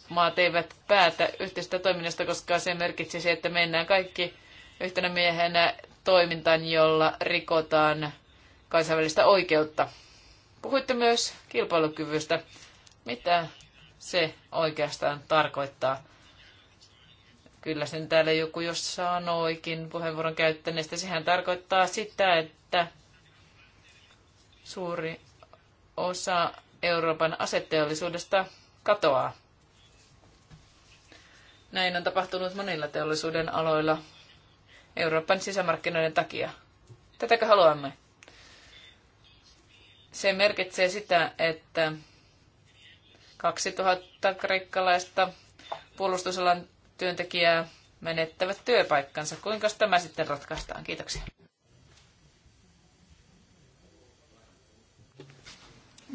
maat eivät päätä yhteistä toiminnasta, koska se merkitsisi, että mennään kaikki yhtenä miehenä toimintaan, jolla rikotaan kansainvälistä oikeutta. Puhuitte myös kilpailukyvystä. Mitä se oikeastaan tarkoittaa? Kyllä sen täällä joku jos sanoikin puheenvuoron käyttäneestä. Sehän tarkoittaa sitä, että suuri osa Euroopan aseteollisuudesta katoaa. Näin on tapahtunut monilla teollisuuden aloilla Euroopan sisämarkkinoiden takia. Tätäkö haluamme? Se merkitsee sitä, että 2000 kreikkalaista puolustusalan työntekijää menettävät työpaikkansa. Kuinka tämä sitten ratkaistaan? Kiitoksia.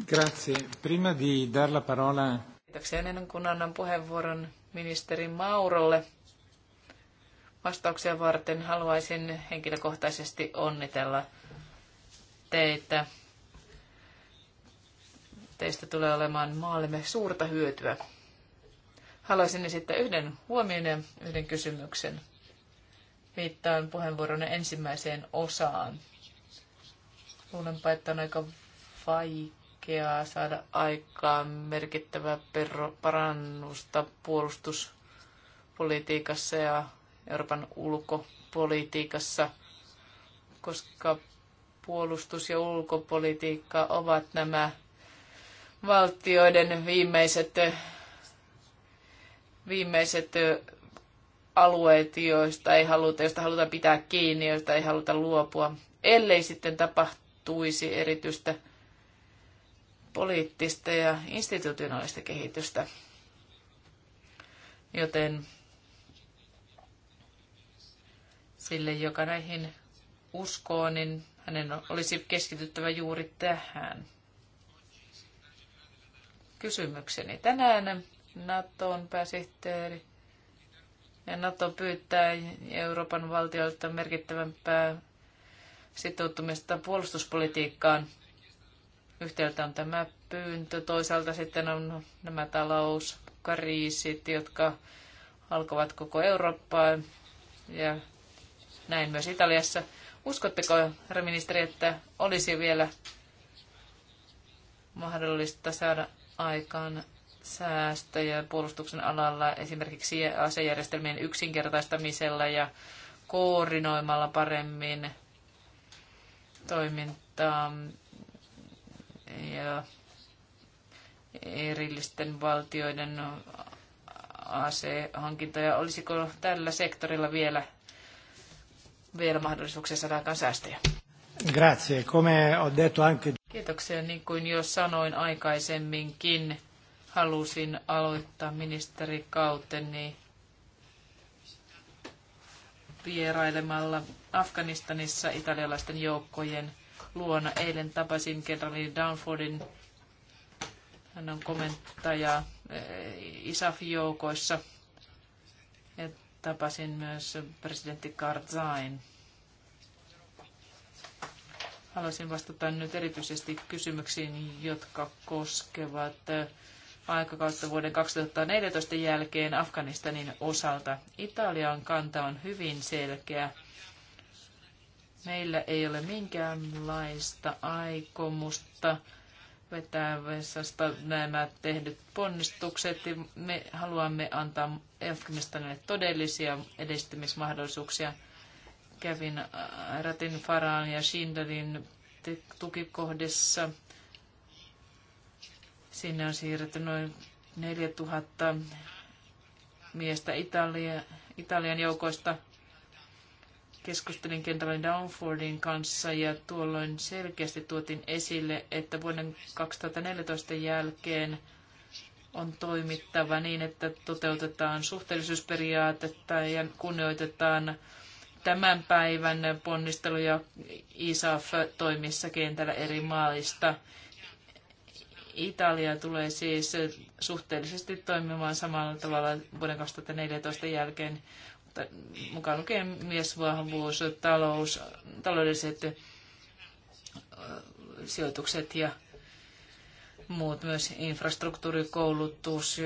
Grazie. Prima di dar la parola... Kiitoksia ennen kuin annan puheenvuoron ministeri Maurolle vastauksia varten. Haluaisin henkilökohtaisesti onnitella teitä. Teistä tulee olemaan maallemme suurta hyötyä. Haluaisin esittää yhden huomioon ja yhden kysymyksen. Viittaan puheenvuoron ensimmäiseen osaan. Luulenpa, että on aika vaikeaa saada aikaan merkittävää parannusta puolustuspolitiikassa ja Euroopan ulkopolitiikassa, koska puolustus ja ulkopolitiikka ovat nämä valtioiden viimeiset, viimeiset alueet, joista ei haluta, joista halutaan pitää kiinni, joista ei haluta luopua, ellei sitten tapahtuisi erityistä poliittista ja institutionaalista kehitystä. Joten Sille, joka näihin uskoo, niin hänen olisi keskityttävä juuri tähän kysymykseni. Tänään Naton pääsihteeri ja Nato pyytää Euroopan valtioilta merkittävämpää sitoutumista puolustuspolitiikkaan. Yhtäältä on tämä pyyntö, toisaalta sitten on nämä talouskriisit, jotka alkavat koko Eurooppaan ja näin myös Italiassa. Uskotteko, herra ministeri, että olisi vielä mahdollista saada aikaan säästöjä puolustuksen alalla esimerkiksi asejärjestelmien yksinkertaistamisella ja koordinoimalla paremmin toimintaa ja erillisten valtioiden asehankintoja. Olisiko tällä sektorilla vielä vielä mahdollisuuksia saada aikaan säästöjä. Grazie. Come ho detto anche... Kiitoksia. Niin kuin jo sanoin aikaisemminkin, halusin aloittaa ministerikauteni vierailemalla Afganistanissa italialaisten joukkojen luona. Eilen tapasin kenraali Downfordin. Hän on komentaja eh, ISAF-joukoissa Tapasin myös presidentti Karzain. Haluaisin vastata nyt erityisesti kysymyksiin, jotka koskevat aikakautta vuoden 2014 jälkeen Afganistanin osalta. Italian kanta on hyvin selkeä. Meillä ei ole minkäänlaista aikomusta vetää vessasta nämä tehdyt ponnistukset. Me haluamme antaa Afganistanille todellisia edistymismahdollisuuksia. Kävin Ratin Faraan ja Shindalin tukikohdissa. Sinne on siirretty noin 4000 miestä Italia, Italian joukoista – keskustelin kenraali Downfordin kanssa ja tuolloin selkeästi tuotiin esille, että vuoden 2014 jälkeen on toimittava niin, että toteutetaan suhteellisuusperiaatetta ja kunnioitetaan tämän päivän ponnisteluja ISAF-toimissa kentällä eri maista. Italia tulee siis suhteellisesti toimimaan samalla tavalla vuoden 2014 jälkeen mukaan lukee miesvahvuus, talous, taloudelliset sijoitukset ja muut myös infrastruktuuri, koulutus,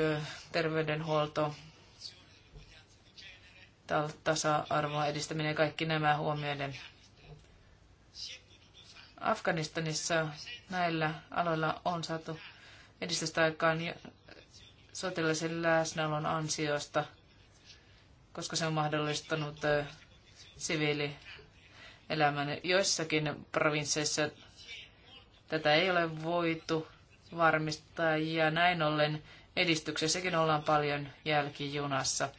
terveydenhuolto, tasa-arvoa edistäminen ja kaikki nämä huomioiden. Afganistanissa näillä aloilla on saatu edistystä aikaan sotilaisen läsnäolon ansiosta – koska se on mahdollistanut siviilielämän. Joissakin provinsseissa tätä ei ole voitu varmistaa ja näin ollen edistyksessäkin ollaan paljon jälkijunassa.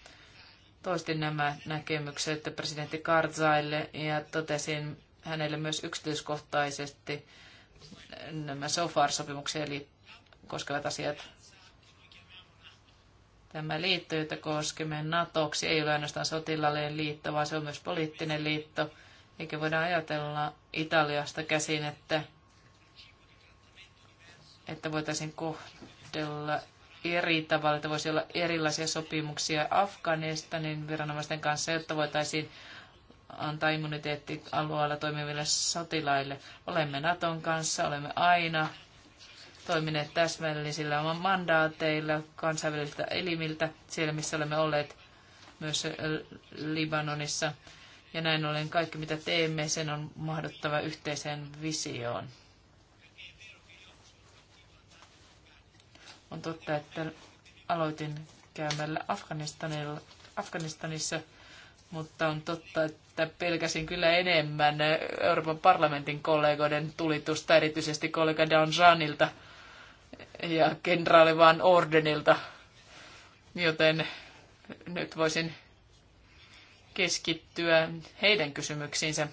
Toistin nämä näkemykset presidentti Karzaille ja totesin hänelle myös yksityiskohtaisesti nämä SOFAR-sopimuksia eli koskevat asiat. Tämä liitto, jota koskemme NATOksi, ei ole ainoastaan sotilaallinen liitto, vaan se on myös poliittinen liitto. Eikä voida ajatella Italiasta käsin, että, että voitaisiin kohdella eri tavalla, että voisi olla erilaisia sopimuksia Afganistanin viranomaisten kanssa, jotta voitaisiin antaa immuniteetti alueella toimiville sotilaille. Olemme Naton kanssa, olemme aina toimineet täsmällisillä mandaateilla kansainvälisiltä elimiltä, siellä missä olemme olleet myös Libanonissa. Ja näin ollen kaikki, mitä teemme, sen on mahdottava yhteiseen visioon. On totta, että aloitin käymällä Afganistanilla, Afganistanissa, mutta on totta, että pelkäsin kyllä enemmän Euroopan parlamentin kollegoiden tulitusta, erityisesti kollega Danjanilta – ja kenraali vaan ordenilta. Joten nyt voisin keskittyä heidän kysymyksiinsä.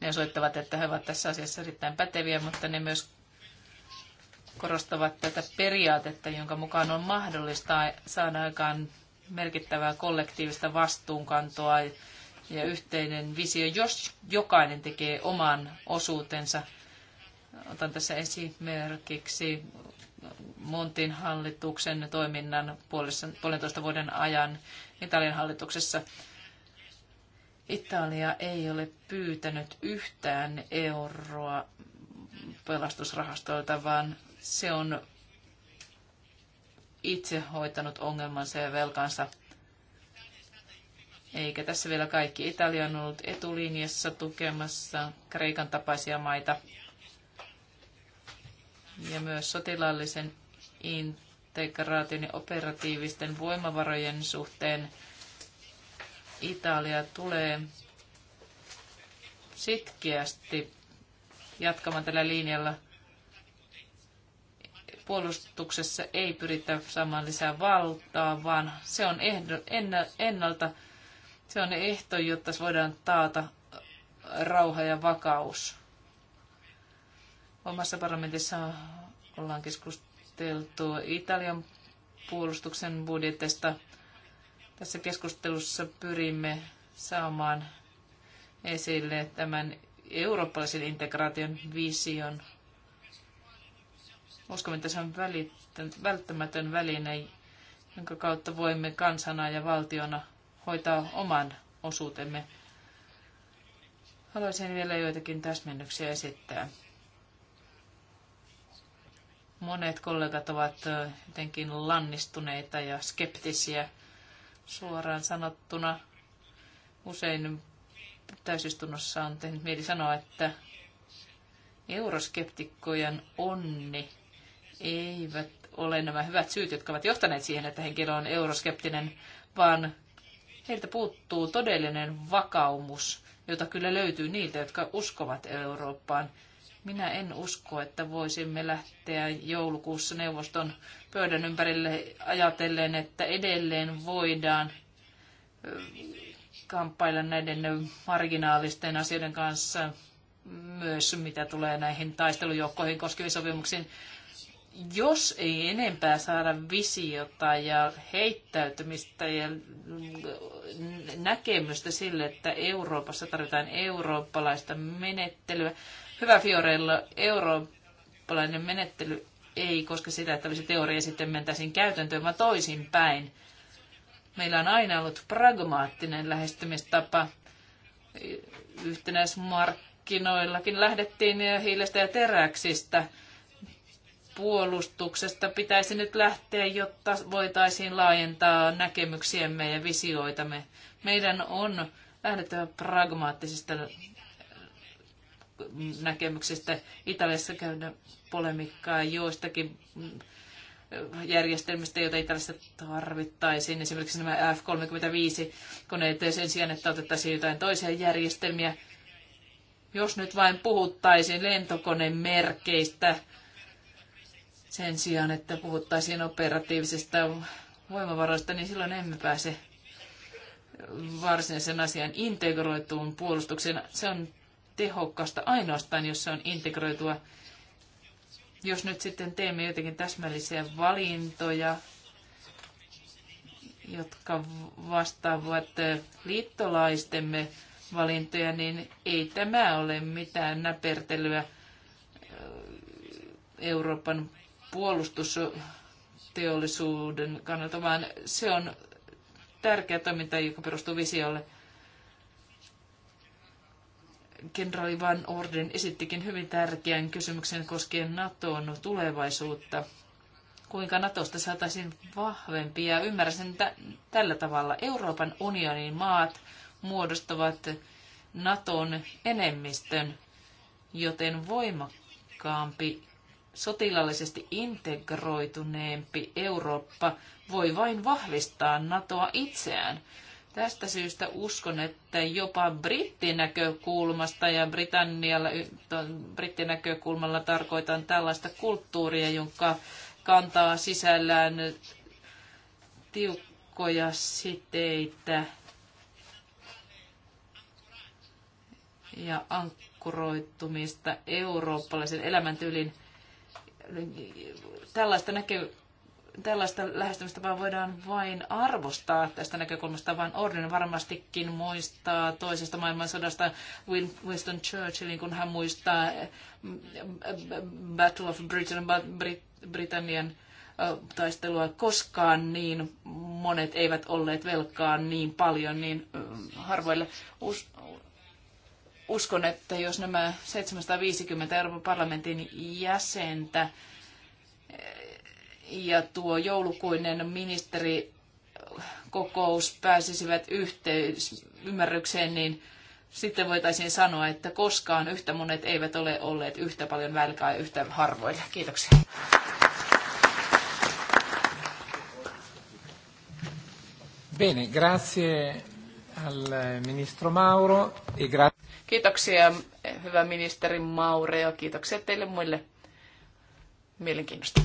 Ne osoittavat, että he ovat tässä asiassa erittäin päteviä, mutta ne myös korostavat tätä periaatetta, jonka mukaan on mahdollista saada aikaan merkittävää kollektiivista vastuunkantoa ja yhteinen visio, jos jokainen tekee oman osuutensa – Otan tässä esimerkiksi Montin hallituksen toiminnan puolentoista vuoden ajan Italian hallituksessa. Italia ei ole pyytänyt yhtään euroa pelastusrahastoilta, vaan se on itse hoitanut ongelmansa ja velkansa. Eikä tässä vielä kaikki. Italia on ollut etulinjassa tukemassa Kreikan tapaisia maita ja myös sotilaallisen integraation ja operatiivisten voimavarojen suhteen Italia tulee sitkeästi jatkamaan tällä linjalla. Puolustuksessa ei pyritä saamaan lisää valtaa, vaan se on ehdo, ennalta, se on ehto, jotta voidaan taata rauha ja vakaus. Omassa parlamentissa ollaan keskusteltu Italian puolustuksen budjetista. Tässä keskustelussa pyrimme saamaan esille tämän eurooppalaisen integraation vision. Uskomme, että se on välttämätön väline, jonka kautta voimme kansana ja valtiona hoitaa oman osuutemme. Haluaisin vielä joitakin täsmennyksiä esittää. Monet kollegat ovat jotenkin lannistuneita ja skeptisiä suoraan sanottuna. Usein täysistunnossa on tehnyt mieli sanoa, että euroskeptikkojen onni eivät ole nämä hyvät syyt, jotka ovat johtaneet siihen, että henkilö on euroskeptinen, vaan heiltä puuttuu todellinen vakaumus, jota kyllä löytyy niiltä, jotka uskovat Eurooppaan – minä en usko, että voisimme lähteä joulukuussa neuvoston pöydän ympärille ajatellen, että edelleen voidaan kamppailla näiden marginaalisten asioiden kanssa myös, mitä tulee näihin taistelujoukkoihin koskeviin sopimuksiin jos ei enempää saada visiota ja heittäytymistä ja näkemystä sille, että Euroopassa tarvitaan eurooppalaista menettelyä. Hyvä Fiorella, eurooppalainen menettely ei koska sitä, että olisi teoria sitten mentäisiin käytäntöön, vaan toisinpäin. Meillä on aina ollut pragmaattinen lähestymistapa yhtenäismarkkinoillakin. Lähdettiin hiilestä ja teräksistä puolustuksesta pitäisi nyt lähteä, jotta voitaisiin laajentaa näkemyksiämme ja visioitamme. Meidän on lähdettävä pragmaattisista näkemyksistä. Italiassa käydään polemikkaa joistakin järjestelmistä, joita Italiassa tarvittaisiin. Esimerkiksi nämä F-35-koneet sen sijaan, että otettaisiin jotain toisia järjestelmiä. Jos nyt vain puhuttaisiin lentokonemerkeistä, merkeistä, sen sijaan, että puhuttaisiin operatiivisista voimavaroista, niin silloin emme pääse varsinaisen asian integroituun puolustukseen. Se on tehokkaasta ainoastaan, jos se on integroitua. Jos nyt sitten teemme jotenkin täsmällisiä valintoja, jotka vastaavat liittolaistemme valintoja, niin ei tämä ole mitään näpertelyä Euroopan puolustusteollisuuden kannalta, vaan se on tärkeä toiminta, joka perustuu visiolle. Kenraali Van Orden esittikin hyvin tärkeän kysymyksen koskien NATOn tulevaisuutta. Kuinka NATOsta saataisiin vahvempia ja ymmärrän sen tällä tavalla. Euroopan unionin maat muodostavat NATOn enemmistön, joten voimakkaampi sotilaallisesti integroituneempi Eurooppa voi vain vahvistaa NATOa itseään. Tästä syystä uskon, että jopa brittinäkökulmasta ja Britannialla, brittinäkökulmalla tarkoitan tällaista kulttuuria, jonka kantaa sisällään tiukkoja siteitä ja ankkuroittumista eurooppalaisen elämäntyylin tällaista, näkö, tällaista lähestymistapaa voidaan vain arvostaa tästä näkökulmasta, vaan Orden varmastikin muistaa toisesta maailmansodasta Winston Churchillin, kun hän muistaa eh, eh, Battle of Britain, Britannian taistelua koskaan niin monet eivät olleet velkaan niin paljon niin harvoille uskon, että jos nämä 750 Euroopan parlamentin jäsentä eh, ja tuo joulukuinen ministerikokous pääsisivät yhteys, ymmärrykseen, niin sitten voitaisiin sanoa, että koskaan yhtä monet eivät ole olleet yhtä paljon välkää yhtä harvoilla. Kiitoksia. Bene, grazie Eh, ministro Mauro. E kiitoksia, eh, hyvä ministeri Mauro, ja kiitoksia teille muille mielenkiinnosta.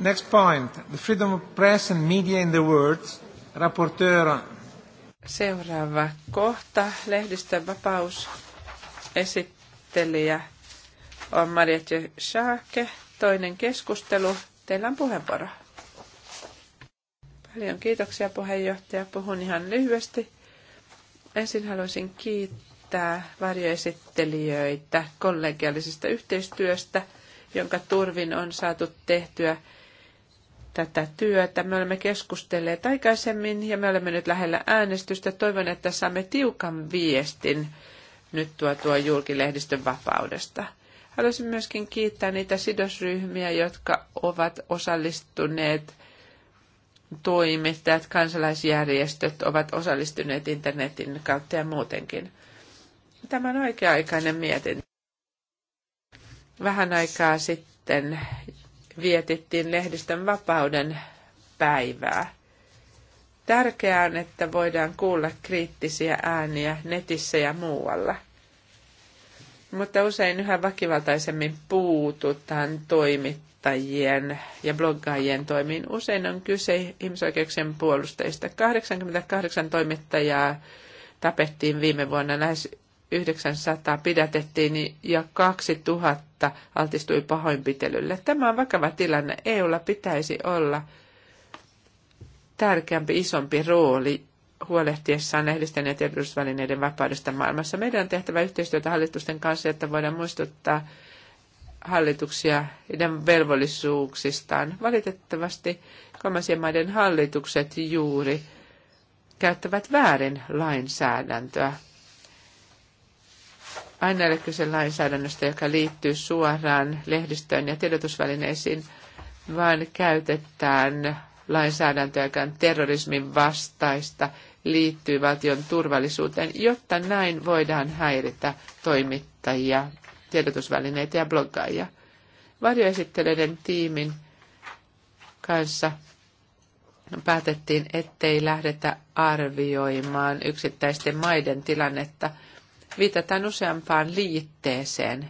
Next point, the freedom of press and media in the world, rapporteur. Seuraava kohta, lehdistön vapaus, esittelijä on Marietje Schaake, toinen keskustelu, teillä on puheenvuoro. Paljon kiitoksia puheenjohtaja, puhun ihan lyhyesti. Ensin haluaisin kiittää varjoesittelijöitä kollegiallisesta yhteistyöstä, jonka turvin on saatu tehtyä tätä työtä. Me olemme keskustelleet aikaisemmin ja me olemme nyt lähellä äänestystä. Toivon, että saamme tiukan viestin nyt tuo, tuo julkilehdistön vapaudesta. Haluaisin myöskin kiittää niitä sidosryhmiä, jotka ovat osallistuneet toimittajat, kansalaisjärjestöt ovat osallistuneet internetin kautta ja muutenkin. Tämä on oikea-aikainen mietintö. Vähän aikaa sitten vietettiin lehdistön vapauden päivää. Tärkeää on, että voidaan kuulla kriittisiä ääniä netissä ja muualla. Mutta usein yhä väkivaltaisemmin puututaan toimittajien ja bloggaajien toimiin. Usein on kyse ihmisoikeuksien puolustajista. 88 toimittajaa tapettiin viime vuonna lähes 900 pidätettiin ja 2000 altistui pahoinpitelylle. Tämä on vakava tilanne. EUlla pitäisi olla tärkeämpi, isompi rooli huolehtiessaan lehdisten ja tiedotusvälineiden vapaudesta maailmassa. Meidän on tehtävä yhteistyötä hallitusten kanssa, että voidaan muistuttaa hallituksia heidän velvollisuuksistaan. Valitettavasti kolmansien maiden hallitukset juuri käyttävät väärin lainsäädäntöä Aina kyse lainsäädännöstä, joka liittyy suoraan lehdistöön ja tiedotusvälineisiin, vaan käytetään lainsäädäntöä, joka on terrorismin vastaista, liittyy valtion turvallisuuteen, jotta näin voidaan häiritä toimittajia, tiedotusvälineitä ja bloggaajia. Varjoesittelyiden tiimin kanssa päätettiin, ettei lähdetä arvioimaan yksittäisten maiden tilannetta – viitataan useampaan liitteeseen,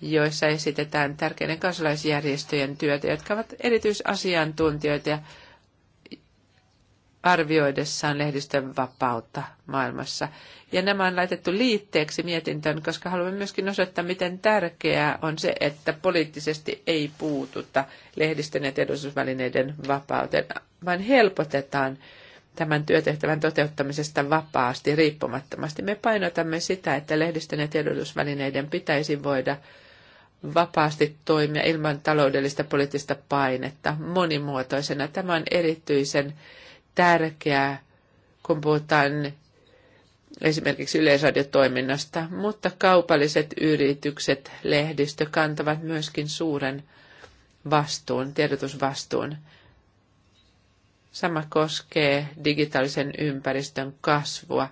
joissa esitetään tärkeiden kansalaisjärjestöjen työtä, jotka ovat erityisasiantuntijoita ja arvioidessaan lehdistön vapautta maailmassa. Ja nämä on laitettu liitteeksi mietintöön, koska haluamme myöskin osoittaa, miten tärkeää on se, että poliittisesti ei puututa lehdistön ja tiedotusvälineiden vapauteen, vaan helpotetaan tämän työtehtävän toteuttamisesta vapaasti, riippumattomasti. Me painotamme sitä, että lehdistön ja tiedotusvälineiden pitäisi voida vapaasti toimia ilman taloudellista poliittista painetta monimuotoisena. Tämä on erityisen tärkeää, kun puhutaan esimerkiksi yleisradiotoiminnasta, mutta kaupalliset yritykset, lehdistö kantavat myöskin suuren vastuun, tiedotusvastuun. Sama koskee digitaalisen ympäristön kasvua.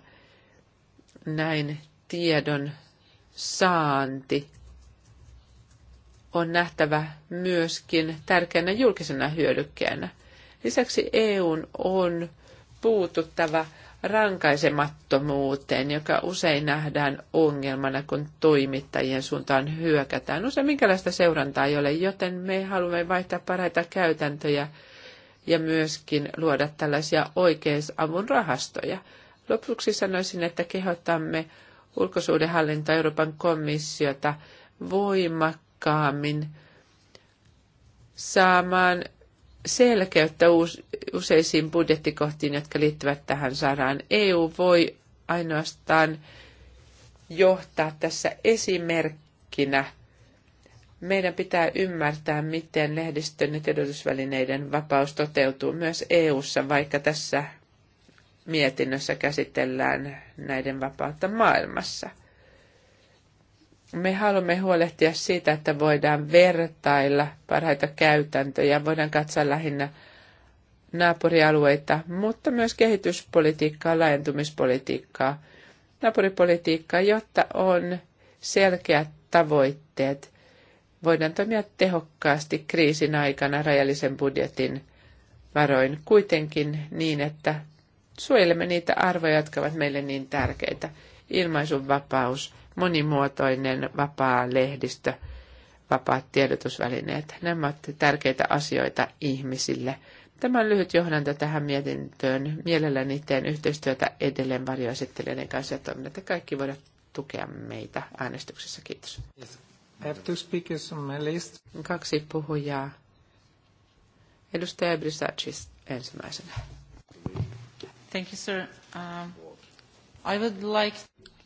Näin tiedon saanti on nähtävä myöskin tärkeänä julkisena hyödykkeenä. Lisäksi EUn on puututtava rankaisemattomuuteen, joka usein nähdään ongelmana, kun toimittajien suuntaan hyökätään. Usein minkälaista seurantaa ei ole, joten me haluamme vaihtaa parhaita käytäntöjä – ja myöskin luoda tällaisia oikeusavun rahastoja. Lopuksi sanoisin, että kehotamme ulkosuudenhallinta Euroopan komissiota voimakkaammin saamaan selkeyttä useisiin budjettikohtiin, jotka liittyvät tähän saraan. EU voi ainoastaan johtaa tässä esimerkkinä – meidän pitää ymmärtää, miten lehdistön ja tiedotusvälineiden vapaus toteutuu myös EU:ssa, vaikka tässä mietinnössä käsitellään näiden vapautta maailmassa. Me haluamme huolehtia siitä, että voidaan vertailla parhaita käytäntöjä, voidaan katsoa lähinnä naapurialueita, mutta myös kehityspolitiikkaa, laajentumispolitiikkaa, naapuripolitiikkaa, jotta on selkeät tavoitteet voidaan toimia tehokkaasti kriisin aikana rajallisen budjetin varoin kuitenkin niin, että suojelemme niitä arvoja, jotka ovat meille niin tärkeitä. Ilmaisunvapaus, monimuotoinen vapaa lehdistö, vapaat tiedotusvälineet. Nämä ovat tärkeitä asioita ihmisille. Tämä on lyhyt johdanto tähän mietintöön. Mielelläni teen yhteistyötä edelleen varjoesittelijöiden kanssa ja toivon, että kaikki voivat tukea meitä äänestyksessä. Kiitos have two speakers on my list. Kaksi puhujaa. Edustaja Brysachis ensimmäisenä. Thank you, sir. Um, I would like...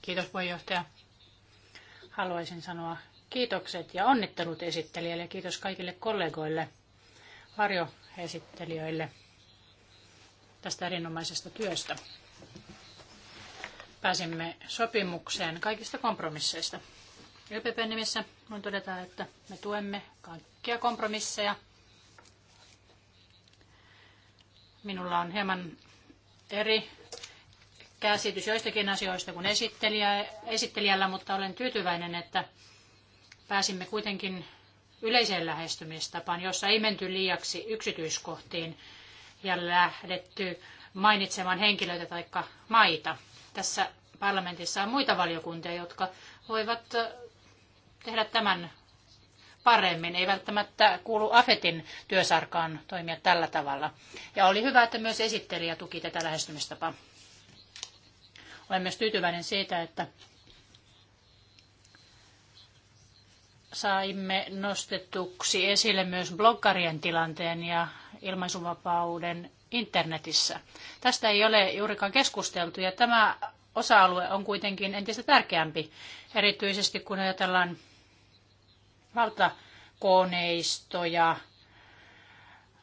Kiitos puheenjohtaja. Haluaisin sanoa kiitokset ja onnittelut esittelijälle ja kiitos kaikille kollegoille, varjoesittelijöille tästä erinomaisesta työstä. Pääsimme sopimukseen kaikista kompromisseista. YPPn nimissä voin todeta, että me tuemme kaikkia kompromisseja. Minulla on hieman eri käsitys joistakin asioista kuin esittelijä, esittelijällä, mutta olen tyytyväinen, että pääsimme kuitenkin yleiseen lähestymistapaan, jossa ei menty liiaksi yksityiskohtiin ja lähdetty mainitsemaan henkilöitä tai maita. Tässä parlamentissa on muita valiokuntia, jotka voivat tehdä tämän paremmin. Ei välttämättä kuulu AFETin työsarkaan toimia tällä tavalla. Ja oli hyvä, että myös esittelijä tuki tätä lähestymistapaa. Olen myös tyytyväinen siitä, että saimme nostetuksi esille myös bloggarien tilanteen ja ilmaisuvapauden internetissä. Tästä ei ole juurikaan keskusteltu ja tämä osa-alue on kuitenkin entistä tärkeämpi, erityisesti kun ajatellaan valtakoneistoja,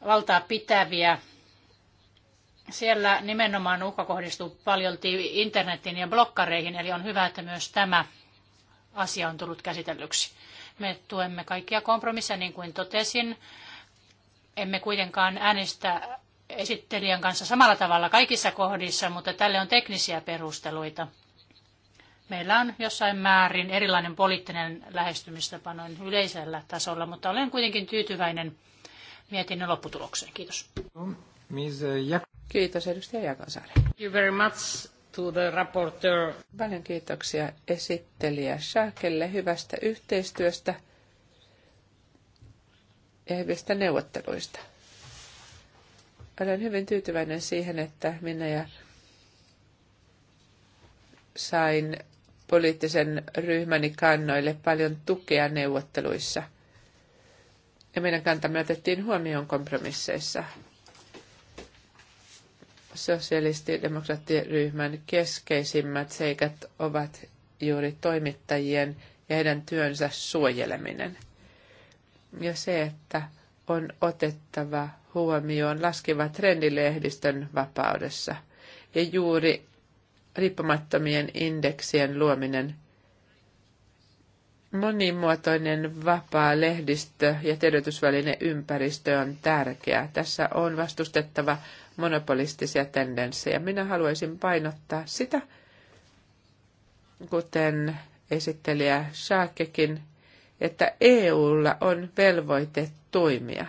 valtaa pitäviä. Siellä nimenomaan uhka kohdistuu paljon internetin ja blokkareihin, eli on hyvä, että myös tämä asia on tullut käsitellyksi. Me tuemme kaikkia kompromisseja, niin kuin totesin. Emme kuitenkaan äänestä esittelijän kanssa samalla tavalla kaikissa kohdissa, mutta tälle on teknisiä perusteluita meillä on jossain määrin erilainen poliittinen lähestymistapa noin yleisellä tasolla, mutta olen kuitenkin tyytyväinen mietinnön lopputulokseen. Kiitos. Eh, Kiitos edustaja Jakansaari. Thank you very much to the rapporteur. Paljon kiitoksia esittelijä Schakelle hyvästä yhteistyöstä ja hyvistä neuvotteluista. Olen hyvin tyytyväinen siihen, että minä ja sain poliittisen ryhmäni kannoille paljon tukea neuvotteluissa. Ja meidän kantamme otettiin huomioon kompromisseissa. Sosialistidemokraattiryhmän keskeisimmät seikat ovat juuri toimittajien ja heidän työnsä suojeleminen. Ja se, että on otettava huomioon laskeva trendilehdistön vapaudessa. Ja juuri riippumattomien indeksien luominen, monimuotoinen vapaa lehdistö ja ympäristö on tärkeää. Tässä on vastustettava monopolistisia tendenssejä. Minä haluaisin painottaa sitä, kuten esittelijä Saakekin, että EUlla on velvoite toimia.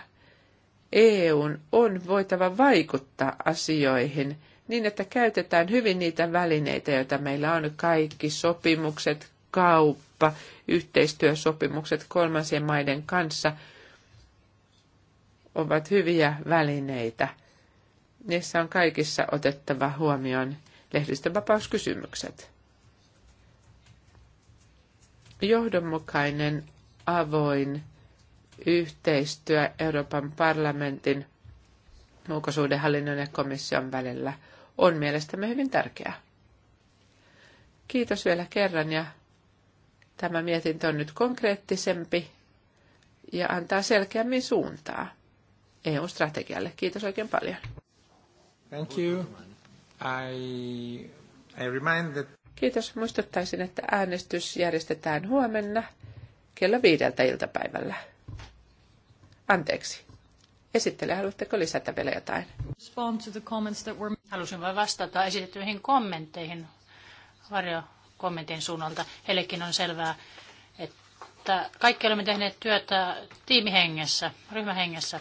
EUn on voitava vaikuttaa asioihin – niin, että käytetään hyvin niitä välineitä, joita meillä on, kaikki sopimukset, kauppa, yhteistyösopimukset kolmansien maiden kanssa ovat hyviä välineitä. Niissä on kaikissa otettava huomioon lehdistönvapauskysymykset. Johdonmukainen, avoin yhteistyö Euroopan parlamentin ulkosuudenhallinnon ja komission välillä – on mielestämme hyvin tärkeää. Kiitos vielä kerran ja tämä mietintö on nyt konkreettisempi ja antaa selkeämmin suuntaa EU-strategialle. Kiitos oikein paljon. Thank you. I, I remind that... Kiitos. Muistuttaisin, että äänestys järjestetään huomenna kello viideltä iltapäivällä. Anteeksi. Esittele, haluatteko lisätä vielä jotain? Halusin vain vastata esitettyihin kommentteihin varjokommentin suunnalta. Heillekin on selvää, että kaikki olemme tehneet työtä tiimihengessä, ryhmähengessä.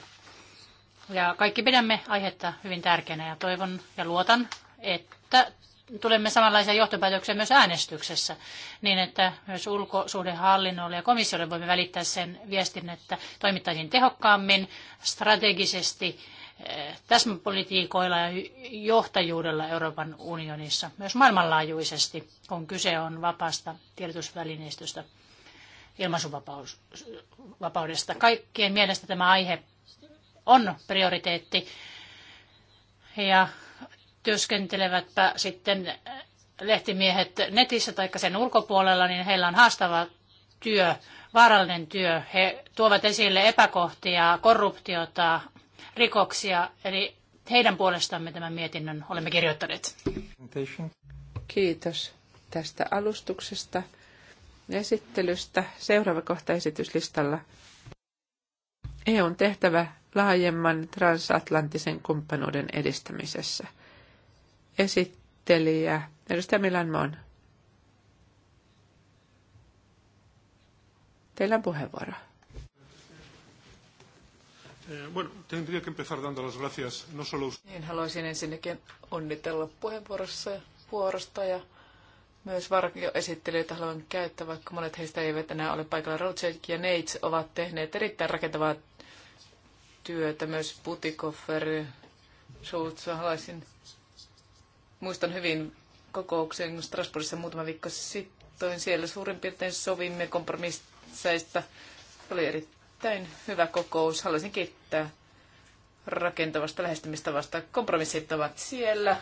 Ja kaikki pidämme aihetta hyvin tärkeänä ja toivon ja luotan, että tulemme samanlaisia johtopäätöksiä myös äänestyksessä, niin että myös ulkosuhdehallinnolle ja komissiolle voimme välittää sen viestin, että toimittaisiin tehokkaammin, strategisesti täsmäpolitiikoilla ja johtajuudella Euroopan unionissa, myös maailmanlaajuisesti, kun kyse on vapaasta tiedotusvälineistöstä, ilmaisuvapaudesta. Kaikkien mielestä tämä aihe on prioriteetti ja työskentelevätpä sitten lehtimiehet netissä tai sen ulkopuolella, niin heillä on haastava työ, vaarallinen työ. He tuovat esille epäkohtia, korruptiota, rikoksia, eli heidän puolestamme tämän mietinnön olemme kirjoittaneet. Kiitos tästä alustuksesta esittelystä. Seuraava kohta esityslistalla. E on tehtävä laajemman transatlanttisen kumppanuuden edistämisessä. Esittelijä edustaja Milan Mon. Teillä on puheenvuoro. Eh, bueno, tendría que empezar dando las gracias, no solo... Niin, haluaisin ensinnäkin onnitella puheenvuorossa ja vuorosta ja myös varjoesittelijöitä haluan käyttää, vaikka monet heistä eivät enää ole paikalla. Roger ja Neits ovat tehneet erittäin rakentavaa työtä, myös Butikoffer, Schultz, haluaisin... Muistan hyvin kokouksen Strasbourgissa muutama viikko sitten. Siellä suurin piirtein sovimme kompromisseista. oli erittäin erittäin hyvä kokous. Haluaisin kiittää rakentavasta lähestymistavasta. Kompromissit ovat siellä.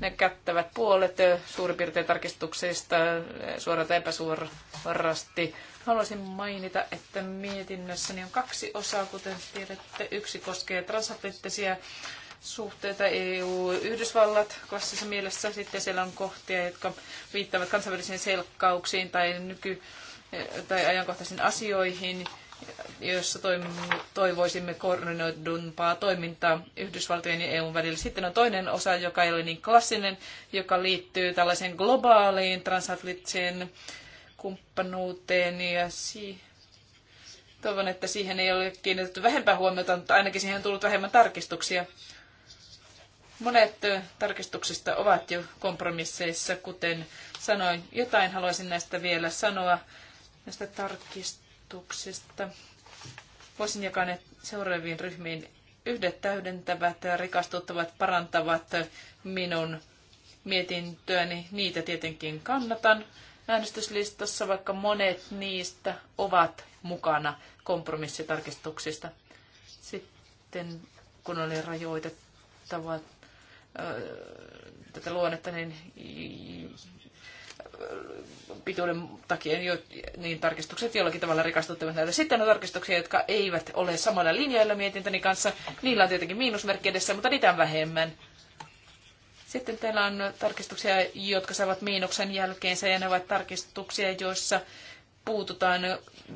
Ne kättävät puolet suurin piirtein tarkistuksista suoraan epäsuorasti. Haluaisin mainita, että mietinnössäni on kaksi osaa, kuten tiedätte. Yksi koskee transatlanttisia suhteita EU-Yhdysvallat klassisessa mielessä. Sitten siellä on kohtia, jotka viittaavat kansainvälisiin selkkauksiin tai nyky- tai ajankohtaisiin asioihin, joissa toivoisimme koordinoidumpaa toimintaa Yhdysvaltojen ja EUn välillä. Sitten on toinen osa, joka ei ole niin klassinen, joka liittyy tällaiseen globaaliin transatlanttiseen kumppanuuteen ja si- toivon, että siihen ei ole kiinnitetty vähempää huomiota, mutta ainakin siihen on tullut vähemmän tarkistuksia. Monet tarkistuksista ovat jo kompromisseissa, kuten sanoin. Jotain haluaisin näistä vielä sanoa näistä tarkistuksista. Voisin jakaa ne seuraaviin ryhmiin. Yhdet täydentävät, rikastuttavat, parantavat minun mietintöäni. Niitä tietenkin kannatan äänestyslistassa, vaikka monet niistä ovat mukana kompromissitarkistuksista. Sitten kun oli rajoitettava tätä luonnetta, niin pituuden takia niin tarkistukset jollakin tavalla rikastuttavat näitä. Sitten on tarkistuksia, jotka eivät ole samalla linjoilla mietintäni kanssa. Niillä on tietenkin miinusmerkki edessä, mutta niitä on vähemmän. Sitten teillä on tarkistuksia, jotka saavat miinuksen jälkeensä, ja ne ovat tarkistuksia, joissa puututaan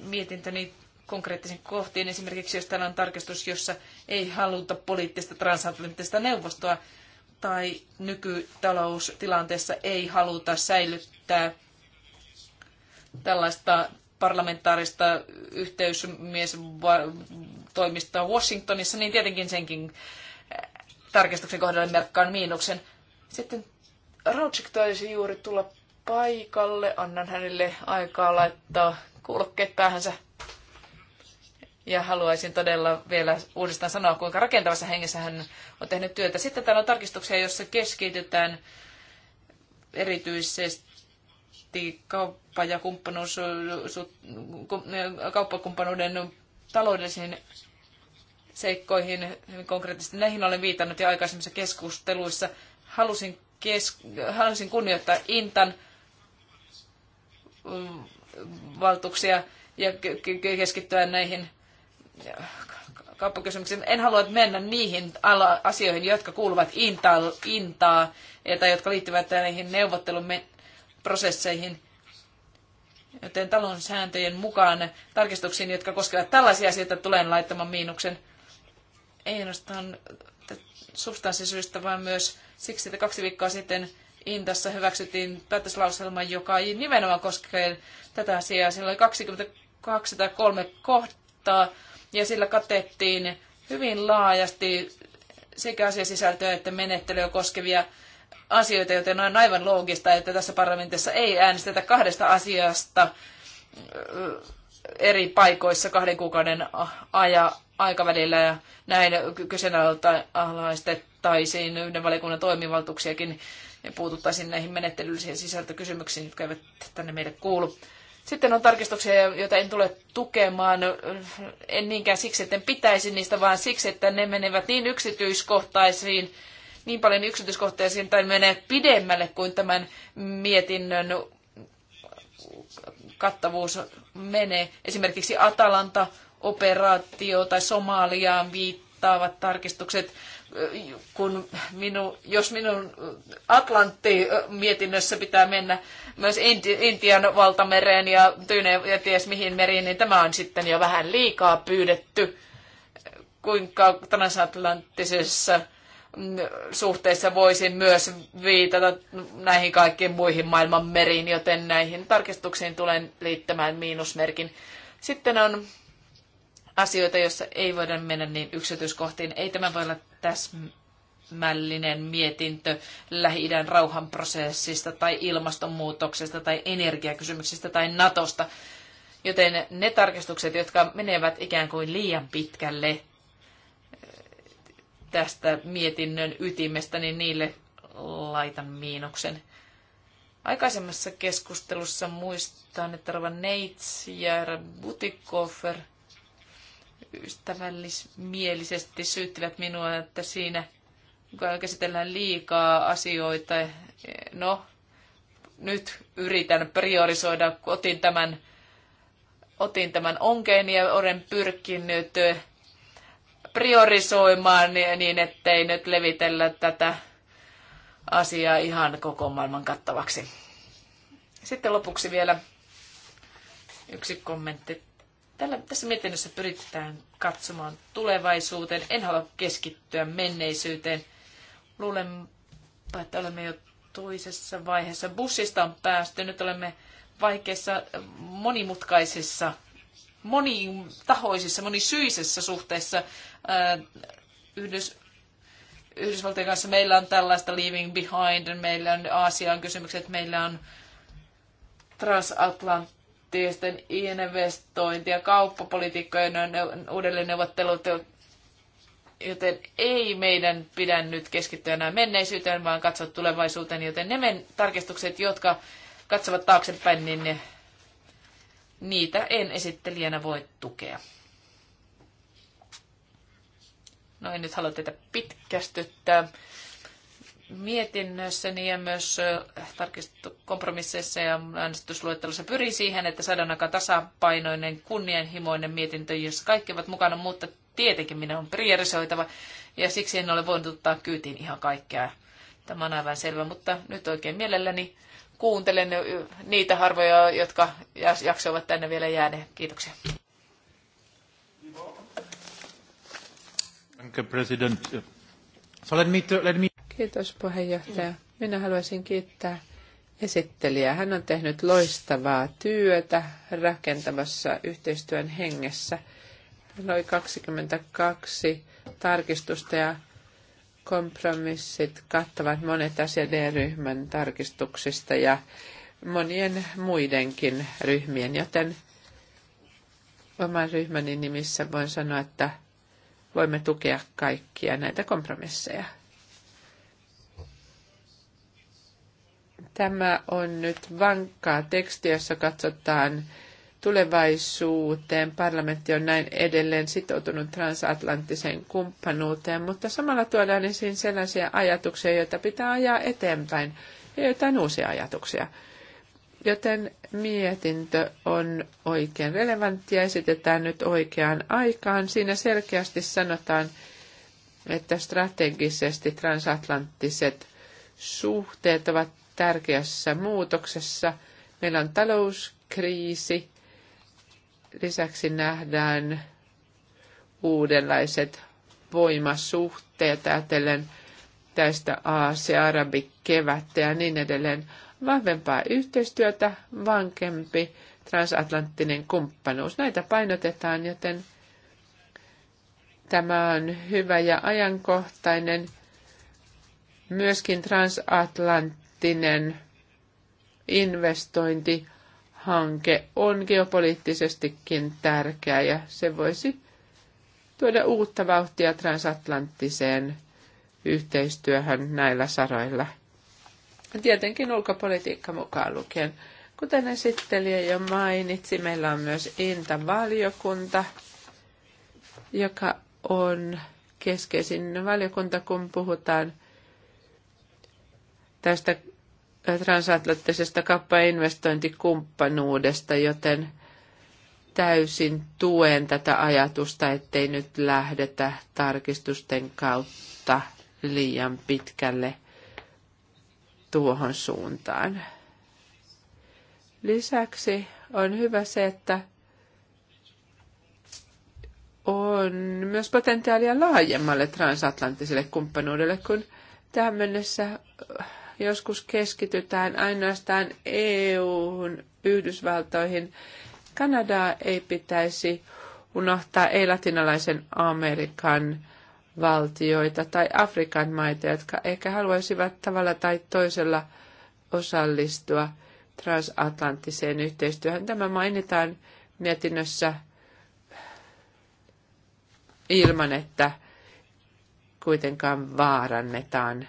mietintäni konkreettisiin kohtiin. Esimerkiksi jos täällä on tarkistus, jossa ei haluta poliittista transatlanttista neuvostoa, tai nykytaloustilanteessa ei haluta säilyttää tällaista parlamentaarista yhteysmiestoimistoa Washingtonissa, niin tietenkin senkin äh, tarkistuksen kohdalla merkkaan miinuksen. Sitten Rautsik taisi juuri tulla paikalle. Annan hänelle aikaa laittaa kuulokkeet päähänsä. Ja haluaisin todella vielä uudestaan sanoa, kuinka rakentavassa hengessä hän on tehnyt työtä. Sitten täällä on tarkistuksia, joissa keskitytään erityisesti kauppa- ja kumppanuus, kauppakumppanuuden taloudellisiin seikkoihin, hyvin konkreettisesti näihin olen viitannut jo aikaisemmissa keskusteluissa. Halusin, kes, halusin kunnioittaa Intan mm, valtuuksia ja keskittyä näihin kauppakysymyksiin. En halua mennä niihin asioihin, jotka kuuluvat intaa, intaa tai jotka liittyvät näihin neuvotteluprosesseihin. Joten talon sääntöjen mukaan tarkistuksiin, jotka koskevat tällaisia asioita, tulen laittamaan miinuksen. Ei ainoastaan substanssisyistä, vaan myös siksi, että kaksi viikkoa sitten Intassa hyväksyttiin päätöslauselma, joka nimenomaan koskee tätä asiaa. Siellä oli 22 tai 3 kohtaa, ja sillä katettiin hyvin laajasti sekä asiasisältöä että menettelyä koskevia asioita, joten on aivan loogista, että tässä parlamentissa ei äänestetä kahdesta asiasta äh, eri paikoissa kahden kuukauden aja, aikavälillä ja näin kyseenalaistettaisiin yhden valiokunnan toimivaltuuksiakin ja puututtaisiin näihin menettelyllisiin sisältökysymyksiin, jotka eivät tänne meille kuulu. Sitten on tarkistuksia, joita en tule tukemaan, en niinkään siksi, että en pitäisi niistä, vaan siksi, että ne menevät niin yksityiskohtaisiin, niin paljon yksityiskohtaisiin tai menee pidemmälle kuin tämän mietinnön kattavuus menee. Esimerkiksi Atalanta-operaatio tai Somaliaan viittaavat tarkistukset kun minu, jos minun Atlantti-mietinnössä pitää mennä myös Intian valtamereen ja Tyyne ja ties mihin meriin, niin tämä on sitten jo vähän liikaa pyydetty, kuinka transatlanttisessa suhteessa voisin myös viitata näihin kaikkiin muihin maailman meriin, joten näihin tarkistuksiin tulen liittämään miinusmerkin. Sitten on asioita, joissa ei voida mennä niin yksityiskohtiin. Ei tämä voi olla täsmällinen mietintö Lähi-idän rauhanprosessista tai ilmastonmuutoksesta tai energiakysymyksistä tai Natosta. Joten ne tarkistukset, jotka menevät ikään kuin liian pitkälle eh, tästä mietinnön ytimestä, niin niille laitan miinuksen. Aikaisemmassa keskustelussa muistan, että Rova Neits ja Butikoffer – ystävällismielisesti syyttivät minua, että siinä käsitellään liikaa asioita. No, nyt yritän priorisoida. Otin tämän, otin tämän onkeen ja olen pyrkinyt priorisoimaan niin, ettei nyt levitellä tätä asiaa ihan koko maailman kattavaksi. Sitten lopuksi vielä yksi kommentti Tällä, tässä mietinnössä pyritään katsomaan tulevaisuuteen. En halua keskittyä menneisyyteen. Luulenpa, että olemme jo toisessa vaiheessa. Bussista on päästy. Nyt olemme vaikeissa, monimutkaisissa, monitahoisissa, monisyisessä suhteessa äh, Yhdys, Yhdysvaltojen kanssa. Meillä on tällaista leaving behind, meillä on Aasian kysymykset, meillä on transatlanttiset yritysten investointi- ja kauppapolitiikkojen uudelleenneuvottelut, joten ei meidän pidä nyt keskittyä enää menneisyyteen, vaan katsoa tulevaisuuteen, joten ne men- tarkistukset, jotka katsovat taaksepäin, niin ne, niitä en esittelijänä voi tukea. No en nyt halua tätä pitkästyttää mietinnössäni ja myös tarkistettu kompromisseissa ja äänestysluettelossa pyrin siihen, että saadaan aika tasapainoinen, kunnianhimoinen mietintö, jossa kaikki ovat mukana, mutta tietenkin minä on priorisoitava ja siksi en ole voinut ottaa kyytiin ihan kaikkea. Tämä on aivan selvä, mutta nyt oikein mielelläni kuuntelen niitä harvoja, jotka jaksoivat tänne vielä jääneet. Kiitoksia. President. So let me, let me Kiitos puheenjohtaja. Minä haluaisin kiittää esittelijää. Hän on tehnyt loistavaa työtä rakentavassa yhteistyön hengessä. Noin 22 tarkistusta ja kompromissit kattavat monet ryhmän tarkistuksista ja monien muidenkin ryhmien, joten oman ryhmäni nimissä voin sanoa, että voimme tukea kaikkia näitä kompromisseja. Tämä on nyt vankkaa tekstiä, jossa katsotaan tulevaisuuteen. Parlamentti on näin edelleen sitoutunut transatlanttiseen kumppanuuteen, mutta samalla tuodaan esiin sellaisia ajatuksia, joita pitää ajaa eteenpäin ja jotain uusia ajatuksia. Joten mietintö on oikein relevantti ja esitetään nyt oikeaan aikaan. Siinä selkeästi sanotaan, että strategisesti transatlanttiset suhteet ovat tärkeässä muutoksessa. Meillä on talouskriisi, lisäksi nähdään uudenlaiset voimasuhteet, ajatellen tästä Aasia, Arabi, kevättä ja niin edelleen. Vahvempaa yhteistyötä, vankempi transatlanttinen kumppanuus. Näitä painotetaan, joten tämä on hyvä ja ajankohtainen. Myöskin transatlanttinen poliittinen investointihanke on geopoliittisestikin tärkeä ja se voisi tuoda uutta vauhtia transatlanttiseen yhteistyöhön näillä saroilla. Tietenkin ulkopolitiikka mukaan lukien. Kuten esittelijä jo mainitsi, meillä on myös Inta-valiokunta, joka on keskeisin valiokunta, kun puhutaan – tästä transatlanttisesta kappainvestointikumppanuudesta, joten täysin tuen tätä ajatusta, ettei nyt lähdetä tarkistusten kautta liian pitkälle tuohon suuntaan. Lisäksi on hyvä se, että on myös potentiaalia laajemmalle transatlanttiselle kumppanuudelle, kun tähän mennessä joskus keskitytään ainoastaan EU-hun, Yhdysvaltoihin. Kanadaa ei pitäisi unohtaa, ei latinalaisen Amerikan valtioita tai Afrikan maita, jotka ehkä haluaisivat tavalla tai toisella osallistua transatlanttiseen yhteistyöhön. Tämä mainitaan mietinnössä ilman, että kuitenkaan vaarannetaan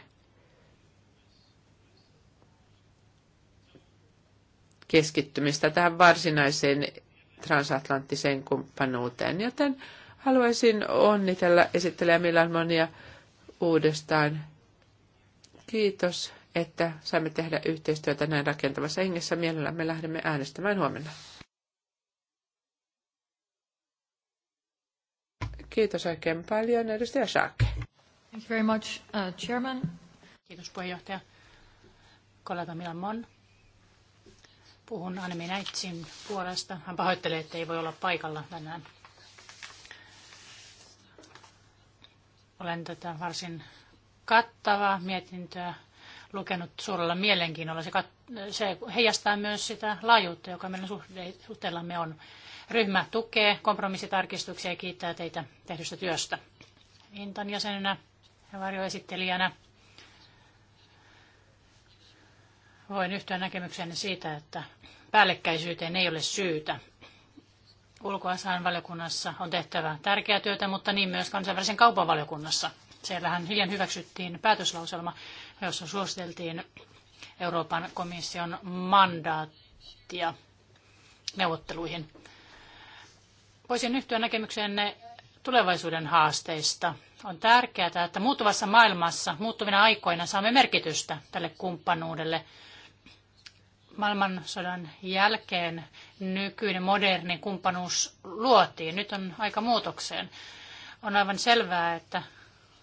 keskittymistä tähän varsinaiseen transatlanttiseen kumppanuuteen. Joten haluaisin onnitella esittelijä Milanmonia uudestaan. Kiitos, että saimme tehdä yhteistyötä näin rakentavassa hengessä. Mielellämme lähdemme äänestämään huomenna. Kiitos oikein paljon, edustaja Saake. Thank you very much, uh, Chairman. Kiitos puheenjohtaja. Kollega Milan Mon Puhun Anemi Näitsin puolesta. Hän pahoittelee, että ei voi olla paikalla tänään. Olen tätä varsin kattavaa mietintöä lukenut suurella mielenkiinnolla. Se, kat- se heijastaa myös sitä laajuutta, joka meidän suhteellamme on. Ryhmä tukee kompromissitarkistuksia ja kiittää teitä tehdystä työstä. Intan jäsenenä ja varjoesittelijänä Voin yhtyä näkemykseen siitä, että päällekkäisyyteen ei ole syytä. Ulkoasiainvaliokunnassa on tehtävä tärkeää työtä, mutta niin myös kansainvälisen kaupan valiokunnassa. Siellähän hiljan hyväksyttiin päätöslauselma, jossa suositeltiin Euroopan komission mandaattia neuvotteluihin. Voisin yhtyä näkemykseenne tulevaisuuden haasteista. On tärkeää, että muuttuvassa maailmassa, muuttuvina aikoina saamme merkitystä tälle kumppanuudelle – maailmansodan jälkeen nykyinen moderni kumppanuus luotiin. Nyt on aika muutokseen. On aivan selvää, että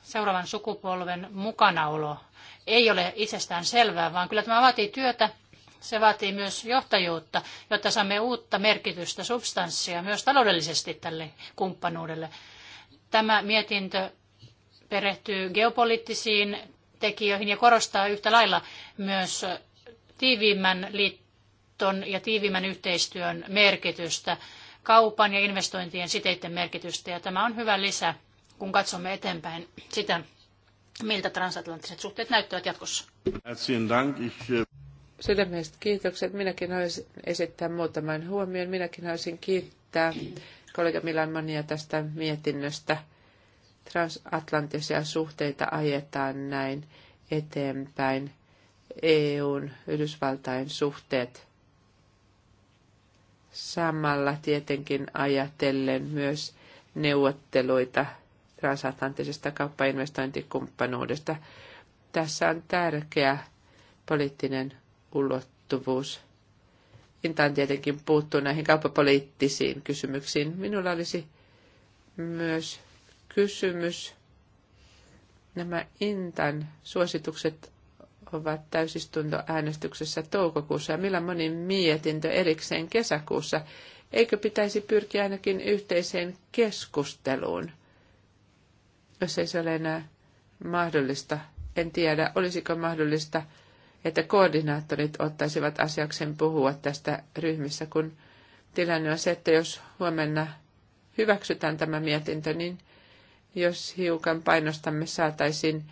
seuraavan sukupolven mukanaolo ei ole itsestään selvää, vaan kyllä tämä vaatii työtä. Se vaatii myös johtajuutta, jotta saamme uutta merkitystä, substanssia myös taloudellisesti tälle kumppanuudelle. Tämä mietintö perehtyy geopoliittisiin tekijöihin ja korostaa yhtä lailla myös tiiviimmän liiton ja tiiviimmän yhteistyön merkitystä, kaupan ja investointien siteiden merkitystä. Ja tämä on hyvä lisä, kun katsomme eteenpäin sitä, miltä transatlanttiset suhteet näyttävät jatkossa. Äh, Sydämestä kiitokset. Minäkin haluaisin esittää muutaman huomion. Minäkin haluaisin kiittää kollega Milanmania Mania tästä mietinnöstä. Transatlanttisia suhteita ajetaan näin eteenpäin EUn, Yhdysvaltain suhteet. Samalla tietenkin ajatellen myös neuvotteluita transatlanttisesta kauppainvestointikumppanuudesta. Tässä on tärkeä poliittinen ulottuvuus. Intaan tietenkin puuttuu näihin kauppapoliittisiin kysymyksiin. Minulla olisi myös kysymys. Nämä Intan suositukset ovat täysistuntoäänestyksessä toukokuussa ja millä moni mietintö erikseen kesäkuussa. Eikö pitäisi pyrkiä ainakin yhteiseen keskusteluun, jos ei se ole enää mahdollista? En tiedä, olisiko mahdollista, että koordinaattorit ottaisivat asiakseen puhua tästä ryhmissä, kun tilanne on se, että jos huomenna hyväksytään tämä mietintö, niin jos hiukan painostamme saataisiin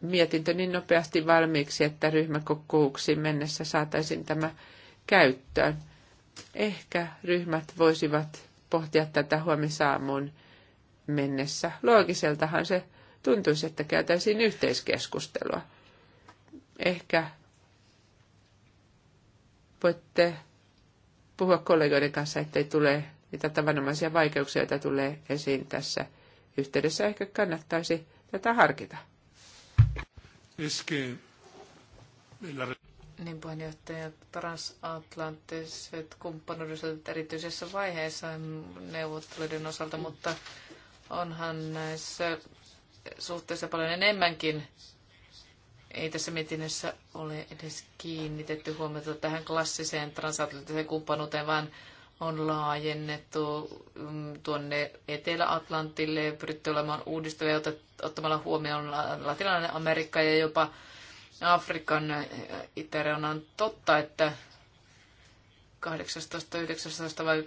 mietintö niin nopeasti valmiiksi, että ryhmäkokouksiin mennessä saataisiin tämä käyttöön. Ehkä ryhmät voisivat pohtia tätä huomisaamuun mennessä. Loogiseltahan se tuntuisi, että käytäisiin yhteiskeskustelua. Ehkä voitte puhua kollegoiden kanssa, ettei tule niitä tavanomaisia vaikeuksia, joita tulee esiin tässä yhteydessä. Ehkä kannattaisi tätä harkita. Niin puheenjohtaja, transatlanttiset kumppanuudet erityisessä vaiheessa neuvotteluiden osalta, mutta onhan näissä suhteessa paljon enemmänkin. Ei tässä mietinnössä ole edes kiinnitetty huomiota tähän klassiseen transatlanttiseen kumppanuuteen, vaan on laajennettu mm, tuonne Etelä-Atlantille, pyritty olemaan uudistuvia ottamalla huomioon latinalainen Amerikka ja jopa Afrikan itäreunan. Totta, että 18, 19 vai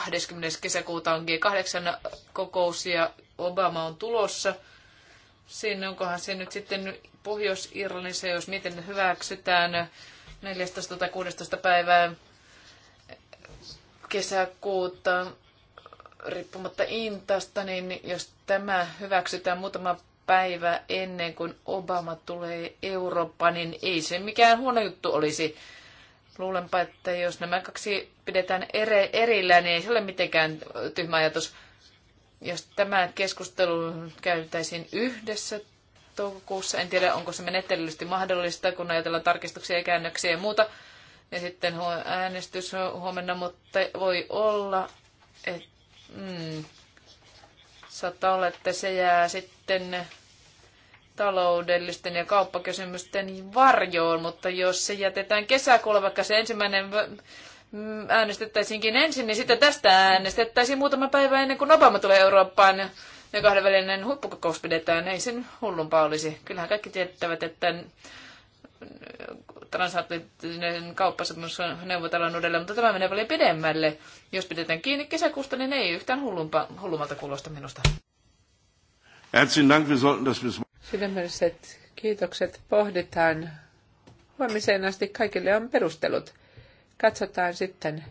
20. kesäkuuta on G8-kokous ja Obama on tulossa. Siinä onkohan se nyt sitten Pohjois-Irlannissa, jos miten hyväksytään 14 tai 16 päivää kesäkuuta riippumatta Intasta, niin jos tämä hyväksytään muutama päivä ennen kuin Obama tulee Eurooppaan, niin ei se mikään huono juttu olisi. Luulenpa, että jos nämä kaksi pidetään eri erillään, niin ei se ole mitenkään tyhmä ajatus. Jos tämä keskustelu käytäisiin yhdessä toukokuussa, en tiedä onko se menettelyllisesti mahdollista, kun ajatellaan tarkistuksia ja käännöksiä ja muuta, ja sitten äänestys huomenna, mutta voi olla, että mm, saattaa olla, että se jää sitten taloudellisten ja kauppakysymysten varjoon, mutta jos se jätetään kesäkuulla, vaikka se ensimmäinen mm, äänestettäisiinkin ensin, niin sitten tästä äänestettäisiin muutama päivä ennen kuin Obama tulee Eurooppaan ja kahdenvälinen huippukokous pidetään. Ei sen hullumpaa olisi. Kyllähän kaikki tietävät, että transatlanttinen kauppasopimus neuvotellaan uudelleen, mutta tämä menee paljon pidemmälle. Jos pidetään kiinni kesäkuusta, niin ei yhtään hullumpa, hullumalta kuulosta minusta. Sydämelliset kiitokset pohditaan. Huomiseen asti kaikille on perustelut. Katsotaan sitten,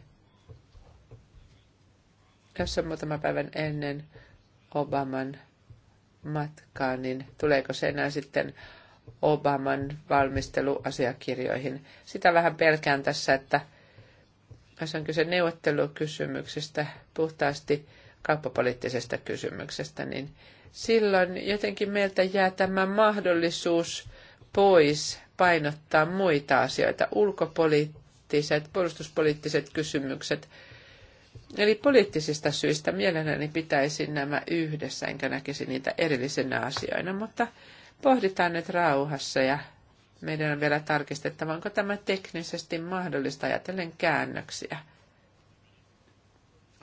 jos on muutama päivän ennen Obaman matkaa, niin tuleeko se enää sitten Obaman valmisteluasiakirjoihin. Sitä vähän pelkään tässä, että tässä on kyse neuvottelukysymyksestä, puhtaasti kauppapoliittisesta kysymyksestä, niin silloin jotenkin meiltä jää tämä mahdollisuus pois painottaa muita asioita, ulkopoliittiset, puolustuspoliittiset kysymykset. Eli poliittisista syistä mielelläni pitäisin nämä yhdessä, enkä näkisi niitä erillisenä asioina, mutta pohditaan nyt rauhassa ja meidän on vielä tarkistettava, onko tämä teknisesti mahdollista ajatellen käännöksiä.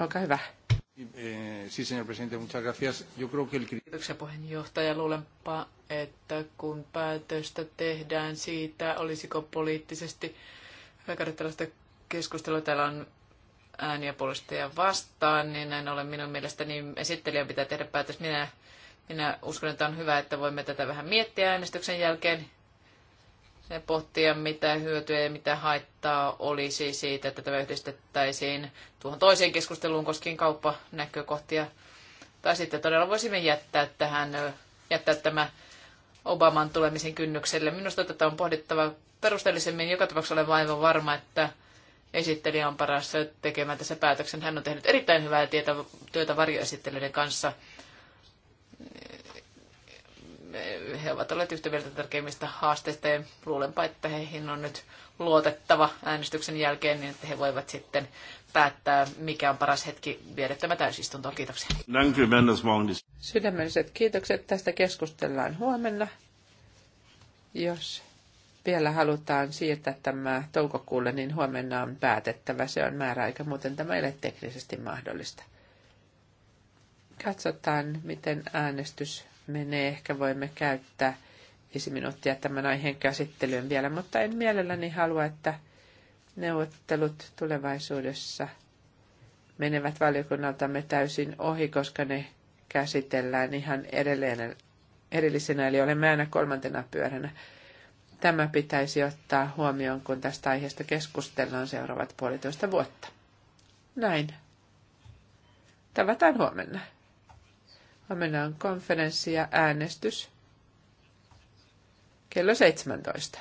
Olkaa hyvä. Eh, sí, señor presidente, muchas gracias. Yo creo que el... Kiitoksia puheenjohtaja. Luulenpa, että kun päätöstä tehdään siitä, olisiko poliittisesti tällaista keskustelua, täällä on ääniä puolesta ja vastaan, niin näin ollen minun mielestäni esittelijän pitää tehdä päätös. Minä minä uskon, että on hyvä, että voimme tätä vähän miettiä äänestyksen jälkeen ja pohtia, mitä hyötyä ja mitä haittaa olisi siitä, että tämä yhdistettäisiin tuohon toiseen keskusteluun koskien kauppanäkökohtia. Tai sitten todella voisimme jättää, tähän, jättää tämä Obaman tulemisen kynnykselle. Minusta tätä on pohdittava perusteellisemmin. Joka tapauksessa olen vaivan varma, että esittelijä on paras tekemään tässä päätöksen. Hän on tehnyt erittäin hyvää tietä, työtä varjoesittelijöiden kanssa – he ovat olleet yhtä mieltä tärkeimmistä haasteista ja luulenpa, että heihin on nyt luotettava äänestyksen jälkeen, niin että he voivat sitten päättää, mikä on paras hetki viedä tämä täysistunto. Kiitoksia. Sydämelliset kiitokset. Tästä keskustellaan huomenna. Jos vielä halutaan siirtää tämä toukokuulle, niin huomenna on päätettävä. Se on määräaika, muuten tämä ei ole teknisesti mahdollista. Katsotaan, miten äänestys menee. Ehkä voimme käyttää viisi minuuttia tämän aiheen käsittelyyn vielä, mutta en mielelläni halua, että neuvottelut tulevaisuudessa menevät valiokunnaltamme täysin ohi, koska ne käsitellään ihan edelleen, erillisenä, eli olemme aina kolmantena pyöränä. Tämä pitäisi ottaa huomioon, kun tästä aiheesta keskustellaan seuraavat puolitoista vuotta. Näin. Tavataan huomenna. Huomenna on konferenssi ja äänestys kello 17.